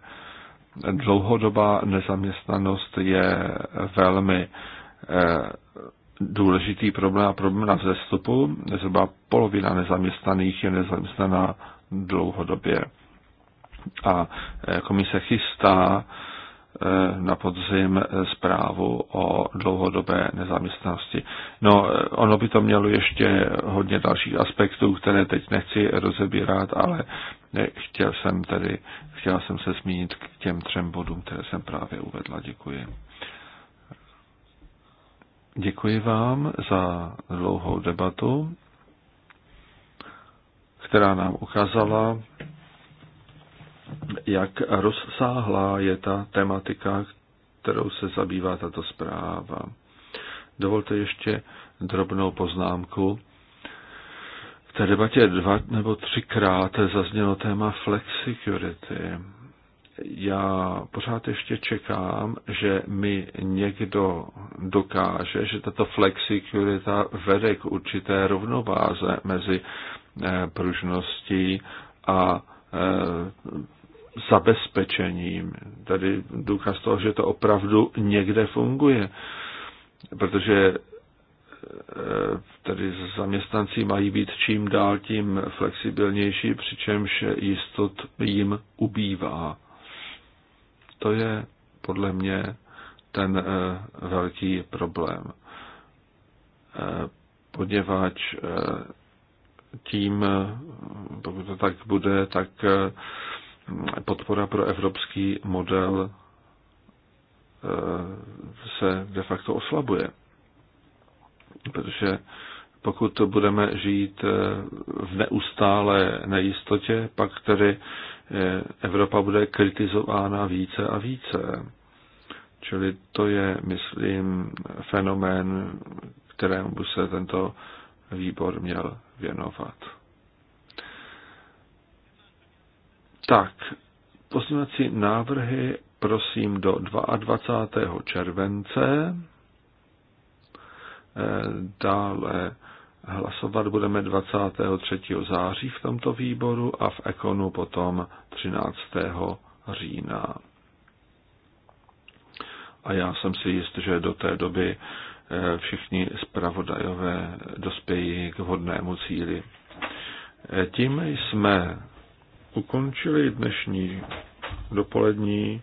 dlouhodobá nezaměstnanost je velmi eh, důležitý problém a problém na vzestupu. Zhruba polovina nezaměstnaných je nezaměstnaná dlouhodobě. A eh, komise chystá Eh, na podzim eh, zprávu o dlouhodobé nezaměstnanosti. No, eh, ono by to mělo ještě hodně dalších aspektů, které teď nechci rozebírat, ale chtěl jsem tedy, chtěl jsem se zmínit k těm třem bodům, které jsem právě uvedla. Děkuji. Děkuji vám za dlouhou debatu, která nám ukázala, jak rozsáhlá je ta tematika, kterou se zabývá tato zpráva. Dovolte ještě drobnou poznámku. V té debatě dva nebo třikrát zaznělo téma flexicurity. Já pořád ještě čekám, že mi někdo dokáže, že tato flexicurita vede k určité rovnováze mezi eh, pružností a eh, zabezpečením. Tady důkaz toho, že to opravdu někde funguje, protože e, tedy zaměstnanci mají být čím dál tím flexibilnější, přičemž jistot jim ubývá. To je podle mě ten e, velký problém. E, poněvadž tím, pokud to tak bude, tak podpora pro evropský model eh, se de facto oslabuje. Protože pokud budeme žít eh, v neustále nejistotě, pak tedy eh, Evropa bude kritizována více a více. Čili to je, myslím, fenomén, kterému by se tento výbor měl věnovat. Tak, pozměňovací návrhy prosím do 22. července. Eh, dále hlasovat budeme 23. září v tomto výboru a v Ekonu potom 13. října. A já jsem si jist, že do té doby eh, všichni zpravodajové dospějí k vhodnému cíli. Eh, tím jsme ukončili dnešní dopolední eh,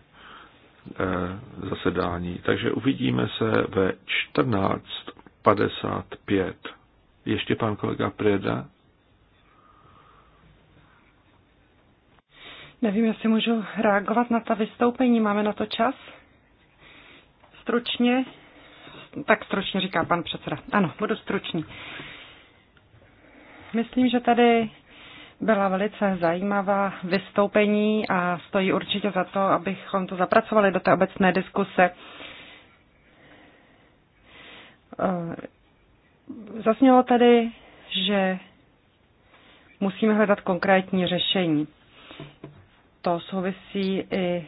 zasedání. Takže uvidíme se ve 14.55. Ještě pan kolega Preda. Nevím, jestli můžu reagovat na ta vystoupení. Máme na to čas? Stručně? Tak stručně říká pan předseda. Ano, budu stručný. Myslím, že tady byla velice zajímavá vystoupení a stojí určitě za to, abychom to zapracovali do té obecné diskuse. Eh, Zasnělo tedy, že musíme hledat konkrétní řešení. To souvisí i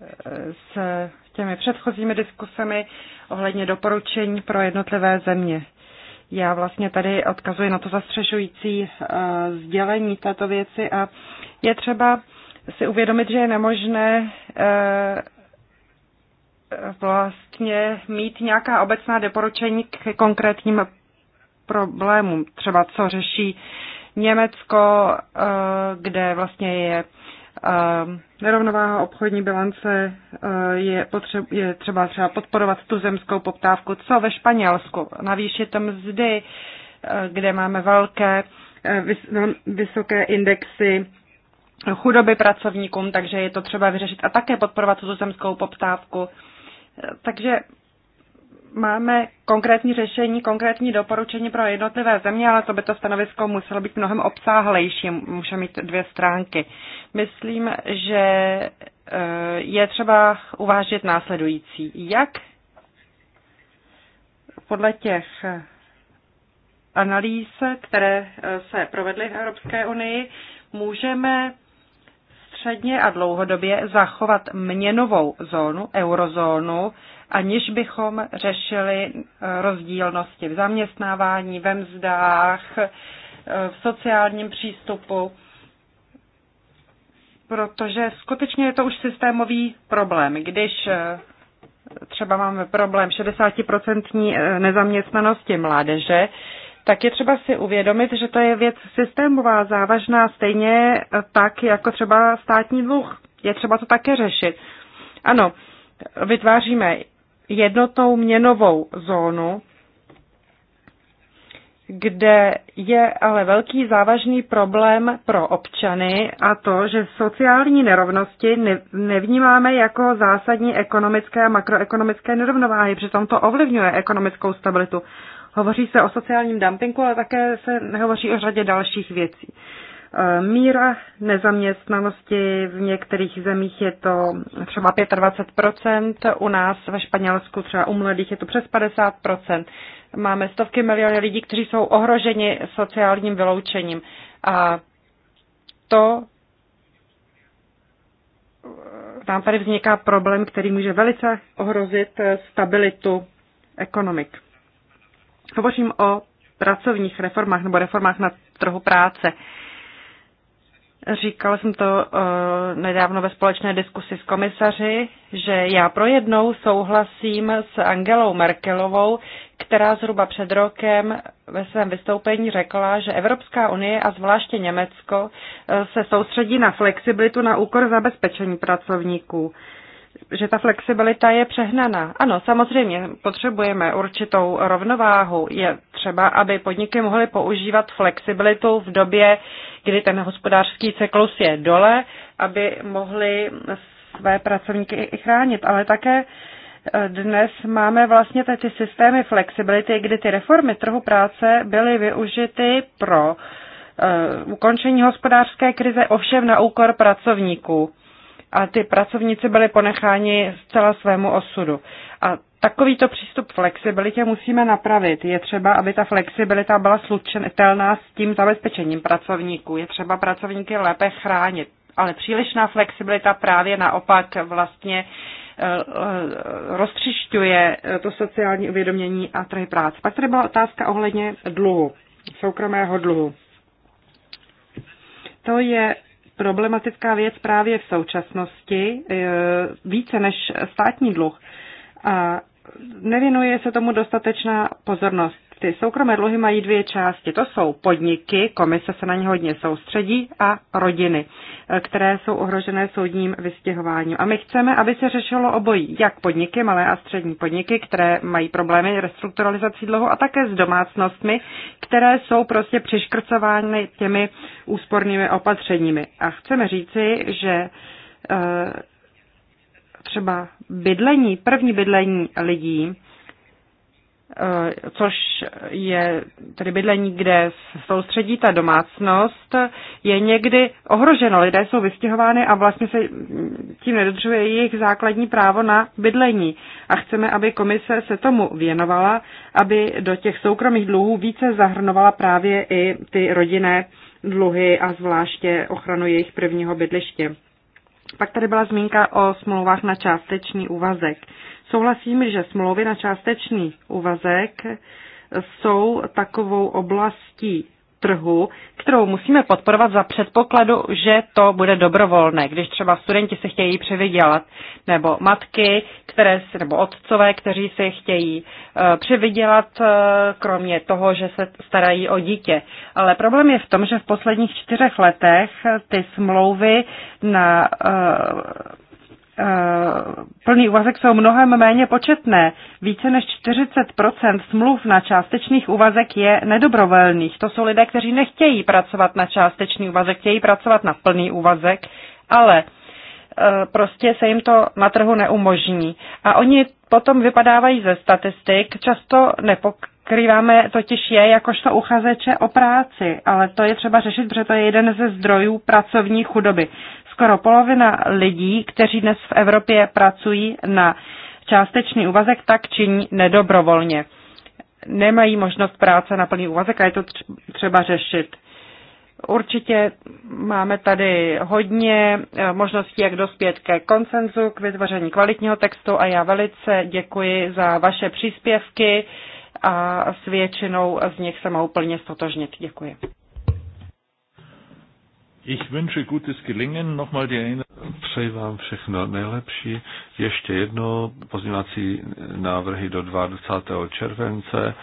eh, s těmi předchozími diskusemi ohledně doporučení pro jednotlivé země. Já vlastně tady odkazuji na to zastřešující eh, sdělení této věci a je třeba si uvědomit, že je nemožné eh, vlastně mít nějaká obecná doporučení k konkrétním problémům, třeba co řeší Německo, eh, kde vlastně je nerovnováha obchodní bilance e, je, potřeb, je třeba třeba podporovat tu zemskou poptávku, co ve Španělsku, navýšit mzdy, e, kde máme velké, e, vysoké indexy chudoby pracovníkům, takže je to třeba vyřešit a také podporovat tu zemskou poptávku. Takže máme konkrétní řešení, konkrétní doporučení pro jednotlivé země, ale to by to stanovisko muselo být mnohem obsáhlejší, může mít dvě stránky. Myslím, že eh, je třeba uvážit následující. Jak podle těch eh, analýz, které eh, se provedly v Evropské unii, můžeme středně a dlouhodobě zachovat měnovou zónu, eurozónu, aniž bychom řešili eh, rozdílnosti v zaměstnávání, ve mzdách, eh, v sociálním přístupu, protože skutečně je to už systémový problém. Když eh, třeba máme problém 60% nezaměstnanosti mládeže, tak je třeba si uvědomit, že to je věc systémová, závažná, stejně tak jako třeba státní dluh. Je třeba to také řešit. Ano, vytváříme jednotnou měnovou zónu, kde je ale velký závažný problém pro občany a to, že sociální nerovnosti nevnímáme jako zásadní ekonomické a makroekonomické nerovnováhy, přitom to ovlivňuje ekonomickou stabilitu. Hovoří se o sociálním dumpingu, ale také se nehovoří o řadě dalších věcí. E, míra nezaměstnanosti v některých zemích je to třeba 25%, u nás ve Španělsku třeba u mladých je to přes 50%. Máme stovky milionů lidí, kteří jsou ohroženi sociálním vyloučením. A to nám tady vzniká problém, který může velice ohrozit stabilitu ekonomik. Hovořím o pracovních reformách nebo reformách na trhu práce. Říkala jsem to uh, nedávno ve společné diskusi s komisaři, že já pro jednou souhlasím s Angelou Merkelovou, která zhruba před rokem ve svém vystoupení řekla, že Evropská unie a zvláště Německo eh, se soustředí na flexibilitu na úkor zabezpečení pracovníků že ta flexibilita je přehnaná. Ano, samozřejmě potřebujeme určitou rovnováhu. Je třeba, aby podniky mohly používat flexibilitu v době, kdy ten hospodářský cyklus je dole, aby mohly své pracovníky i chránit. Ale také eh, dnes máme vlastně ty systémy flexibility, kdy ty reformy trhu práce byly využity pro eh, ukončení hospodářské krize, ovšem na úkor pracovníků a ty pracovníci byly ponecháni zcela svému osudu. A takovýto přístup flexibilitě musíme napravit. Je třeba, aby ta flexibilita byla slučitelná s tím zabezpečením pracovníků. Je třeba pracovníky lépe chránit. Ale přílišná flexibilita právě naopak vlastně eh, eh, roztřišťuje eh, to sociální uvědomění a trhy práce. Pak tady byla otázka ohledně dluhu, soukromého dluhu. To je problematická věc právě v současnosti, e, více než státní dluh. A nevěnuje se tomu dostatečná pozornost. Ty soukromé dluhy mají dvě části. To jsou podniky, komise se na ně hodně soustředí, a rodiny, eh, které jsou ohrožené soudním vystěhováním. A my chceme, aby se řešilo obojí, jak podniky, malé a střední podniky, které mají problémy restrukturalizací dluhu a také s domácnostmi, které jsou prostě přiškrcovány těmi úspornými opatřeními. A chceme říci, že eh, třeba bydlení, první bydlení lidí, Eh, což je tedy bydlení, kde soustředí ta domácnost, je někdy ohroženo. Lidé jsou vystěhovány a vlastně se tím nedodržuje jejich základní právo na bydlení. A chceme, aby komise se tomu věnovala, aby do těch soukromých dluhů více zahrnovala právě i ty rodinné dluhy a zvláště ochranu jejich prvního bydliště. Pak tady byla zmínka o smlouvách na částečný úvazek. Souhlasím, že smlouvy na částečný úvazek jsou takovou oblastí trhu, kterou musíme podporovat za předpokladu, že to bude dobrovolné, když třeba studenti se chtějí přivydělat, nebo matky, které, nebo otcové, kteří se chtějí eh, přivydělat, eh, kromě toho, že se starají o dítě. Ale problém je v tom, že v posledních čtyřech letech ty smlouvy na eh, Eh, plný úvazek jsou mnohem méně početné. Více než 40% smluv na částečných úvazek je nedobrovolných. To jsou lidé, kteří nechtějí pracovat na částečný úvazek, chtějí pracovat na plný úvazek, ale eh, prostě se jim to na trhu neumožní. A oni potom vypadávají ze statistik, často nepok- skrýváme totiž je jakožto uchazeče o práci, ale to je třeba řešit, protože to je jeden ze zdrojů pracovní chudoby. Skoro polovina lidí, kteří dnes v Evropě pracují na částečný úvazek, tak činí nedobrovolně. Nemají možnost práce na plný úvazek a je to třeba řešit. Určitě máme tady hodně eh, možností, jak dospět ke konsenzu, k vytvoření kvalitního textu a já velice děkuji za vaše příspěvky a s většinou z nich se mohu plně stotožnit. Děkuji. Ich wünsche gutes Gelingen, nochmal die Erinnerung. Přeji vám všechno nejlepší. Ještě jedno, pozměňovací návrhy do 22. července.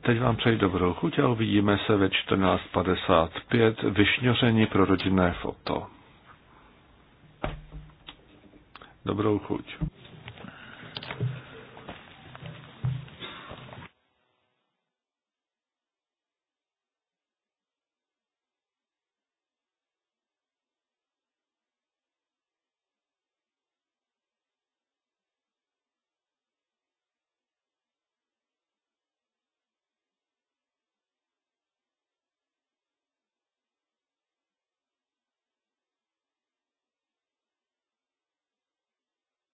Teď vám přeji dobrou chuť a uvidíme se ve 14.55 vyšňoření pro rodinné foto. Dobrou chuť.